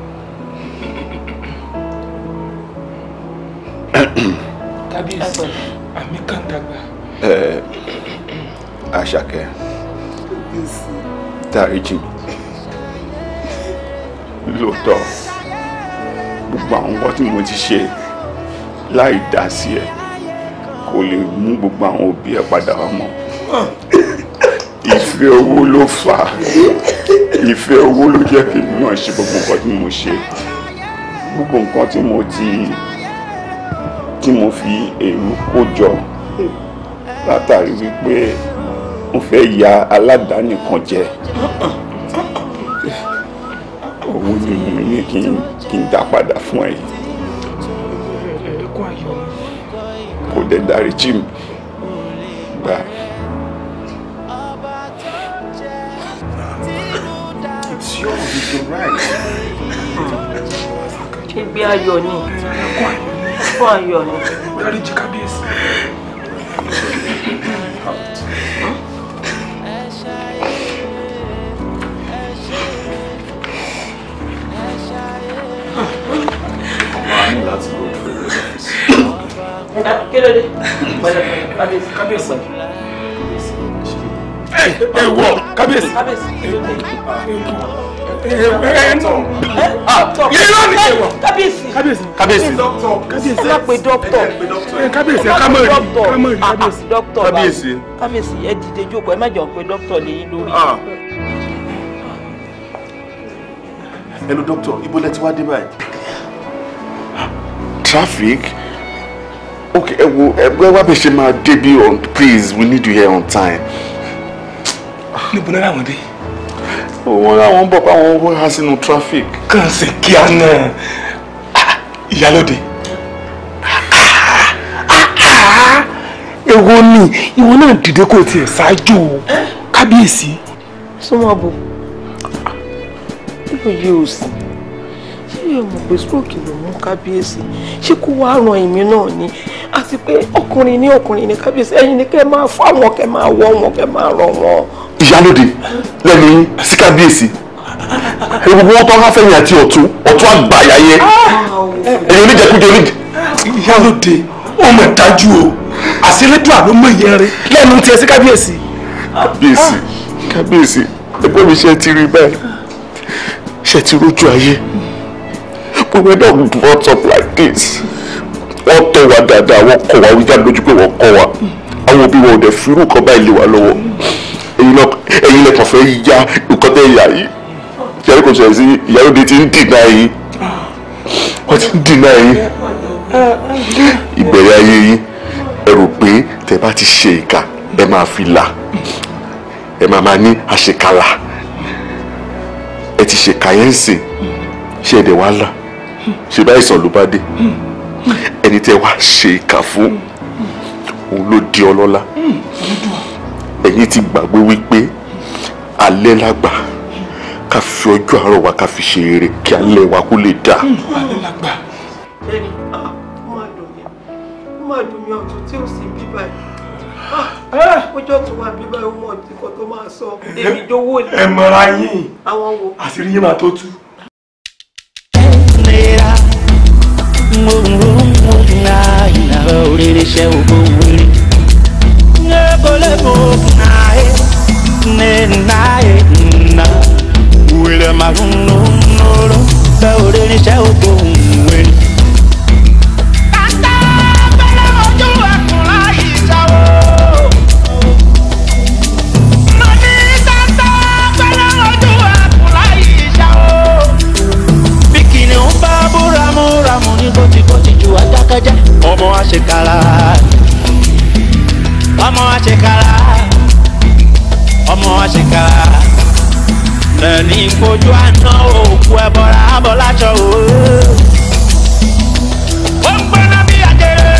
kábíyèsí àmì kan dàgbà. àṣàkẹ́ dáríjì mi lóòótọ́ gbogbo àwọn nǹkan tí mo ti ṣe láì dá sí ẹ kò lè mú gbogbo àwọn òbí ẹ̀ padà wá mọ́ ìfẹ́ owó ló fà á ìfẹ́ owó ló jẹ́ kí mi náà ṣe gbogbo nǹkan tí mo ṣe gbogbo nǹkan tí mo ti tí mo fi èrú kó jọ látàrí wípé mo fẹ́ ya aládàáni kan jẹ owó ni mo ní kí n dá padà fún ẹ yìí. dẹ̀ dáríjì mi gbà. It's your right. Ìgbé ayọ̀ ni. Fún ayọ̀ ni. Dáríjì kábíyèsí. kí ló dé kábíyèsí kábíyèsí ẹ wọ kábíyèsí kábíyèsí ẹ nọ yíyọ ni ẹ wọ kábíyèsí kábíyèsí kábíyèsí kábíyèsí ẹ pe dókítà kábíyèsí ẹ kámọ rí kámọ rí kábíyèsí kábíyèsí kábíyèsí ẹ dìde jókòó ẹ má jọ pé dókítà lè yín lórí. hello dókítà ibo lẹ ti wá dé báyìí. traffic okay ẹ wo ẹ wá bẹ ṣe máa débi on please we need you here on time. níbo náírà oh, wọn dé. wọn láwọn bọ pé àwọn wá sínú traffic. kàn sí kíá náà ah, ìyálóde. èwo ni ìwọ náà dìde kò tiẹ̀ ṣáájú kábíyèsí. súnmọ́ bò ó yóò sí yóò mọ̀ pé stroke ló mú kábíyèsí ṣé kó wá ran èmi náà ni àti pé ọkùnrin ní ọkùnrin ní kábíyèsí ẹ̀yin ni kẹ́ máa fọ́ àwọn kẹ́ máa wọ́ wọn kẹ́ máa ràn wọn. ìyálòde lẹ́nu yín sí kábíyèsí egungun wọn tó wá fẹ́yìn àti ọ̀tún ọ̀tún àgbàyà yẹn èyí ah! oníjẹkújẹ oníjẹ. ìyálòde ó mọ̀ dájú o àṣírídùn àló mọ̀ ìyẹn rẹ lẹ́nu tiẹ̀ sí kábíyèsí. kábíyèsí kábíyèsí ẹgbẹ́ mi ṣe ti rí báyìí ṣe ti rójú ayé we were not brought up like this wọ́n tọ́ wa dáadáa wọ́n kọ́ wa wí dá lójú pé wọ́n kọ́ wa àwọn òbí wọn ò dẹ̀ fi nǹkan báyìí lé wa lọ́wọ́ ẹ̀yin lẹ́kàn fẹ́ yá nǹkan tẹ́ ìyá yìí ìyàwó kò sọ̀rọ̀ sí ìyàwó de ti ń dìnnà yìí wọ́n ti ń dìnnà yìí ìbẹ̀rẹ̀ ayé yìí ẹ rò pé tẹ bá ti ṣe ìka ẹ máa fi là ẹ máa máa ní àṣekalà ẹ ti ṣèkà yẹn ń sè ṣe ẹ̀dẹ̀ wá là ṣe báyìí sàn ló bá dé ẹni tẹ́ wá ṣe ìkà fún òun ló di ọlọ́lá ẹ̀yin ti gbàgbé wípé alẹ́ lágbà ká fi ọjọ́ àárọ̀ wa ká fi ṣe eré kí alẹ́ wa kó lè dáa. alẹ́ lágbà. bẹ́ẹ̀ni ó ah, máa dùn mí ó máa dùn mí ọ̀tún tí ó sì bí báyìí ah, eh! ọjọ́ tó wà bíbá ìwọ̀n tí kò ẹ mọ̀ra yín àṣírí yín máa tó tú. oríṣẹ́ ògbó wírí. Nyekolebo nae ne nae na wílẹ̀ màrún nínú ló ń bẹ oríṣẹ́ ògbó wírí. ramúramù ní kòtìkòtì ju ajákẹ́jẹ́ ọmọ àṣekára ọmọ àṣekára ọmọ àṣekára lẹ́ni ìfojú àná òkú ẹ̀bọ̀ra abọ́lájọ òó. ó ń gbóná bí àjẹrè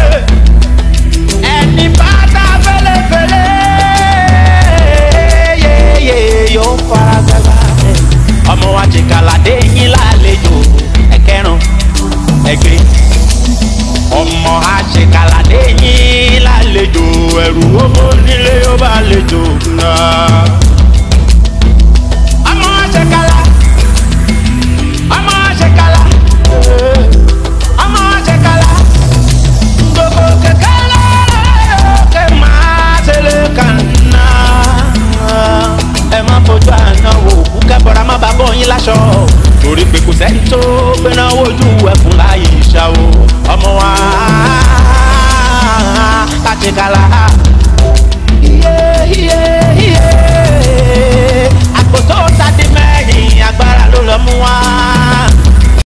ẹni bá dá fẹ́lẹ́fẹ́lẹ́ yóò fara gbẹgbà ọmọ ẹgbẹ́ ọmọ àṣekàlàdé yín lálejò ẹrù owó nílé ó bá lejò náà. ọmọ àṣekàlà ọmọ àṣekàlà ọmọ àṣekàlà gbogbo kẹkẹ lọ́lọ́kẹ máa ṣẹlẹ̀ kàná torí pé kò sẹ́ni tó fẹ́ràn ojú ẹkùn láyé ìṣá o ọmọ wa kàtíkàlà. àpò tó ta di mẹ́rin agbára ló lọ mú wa.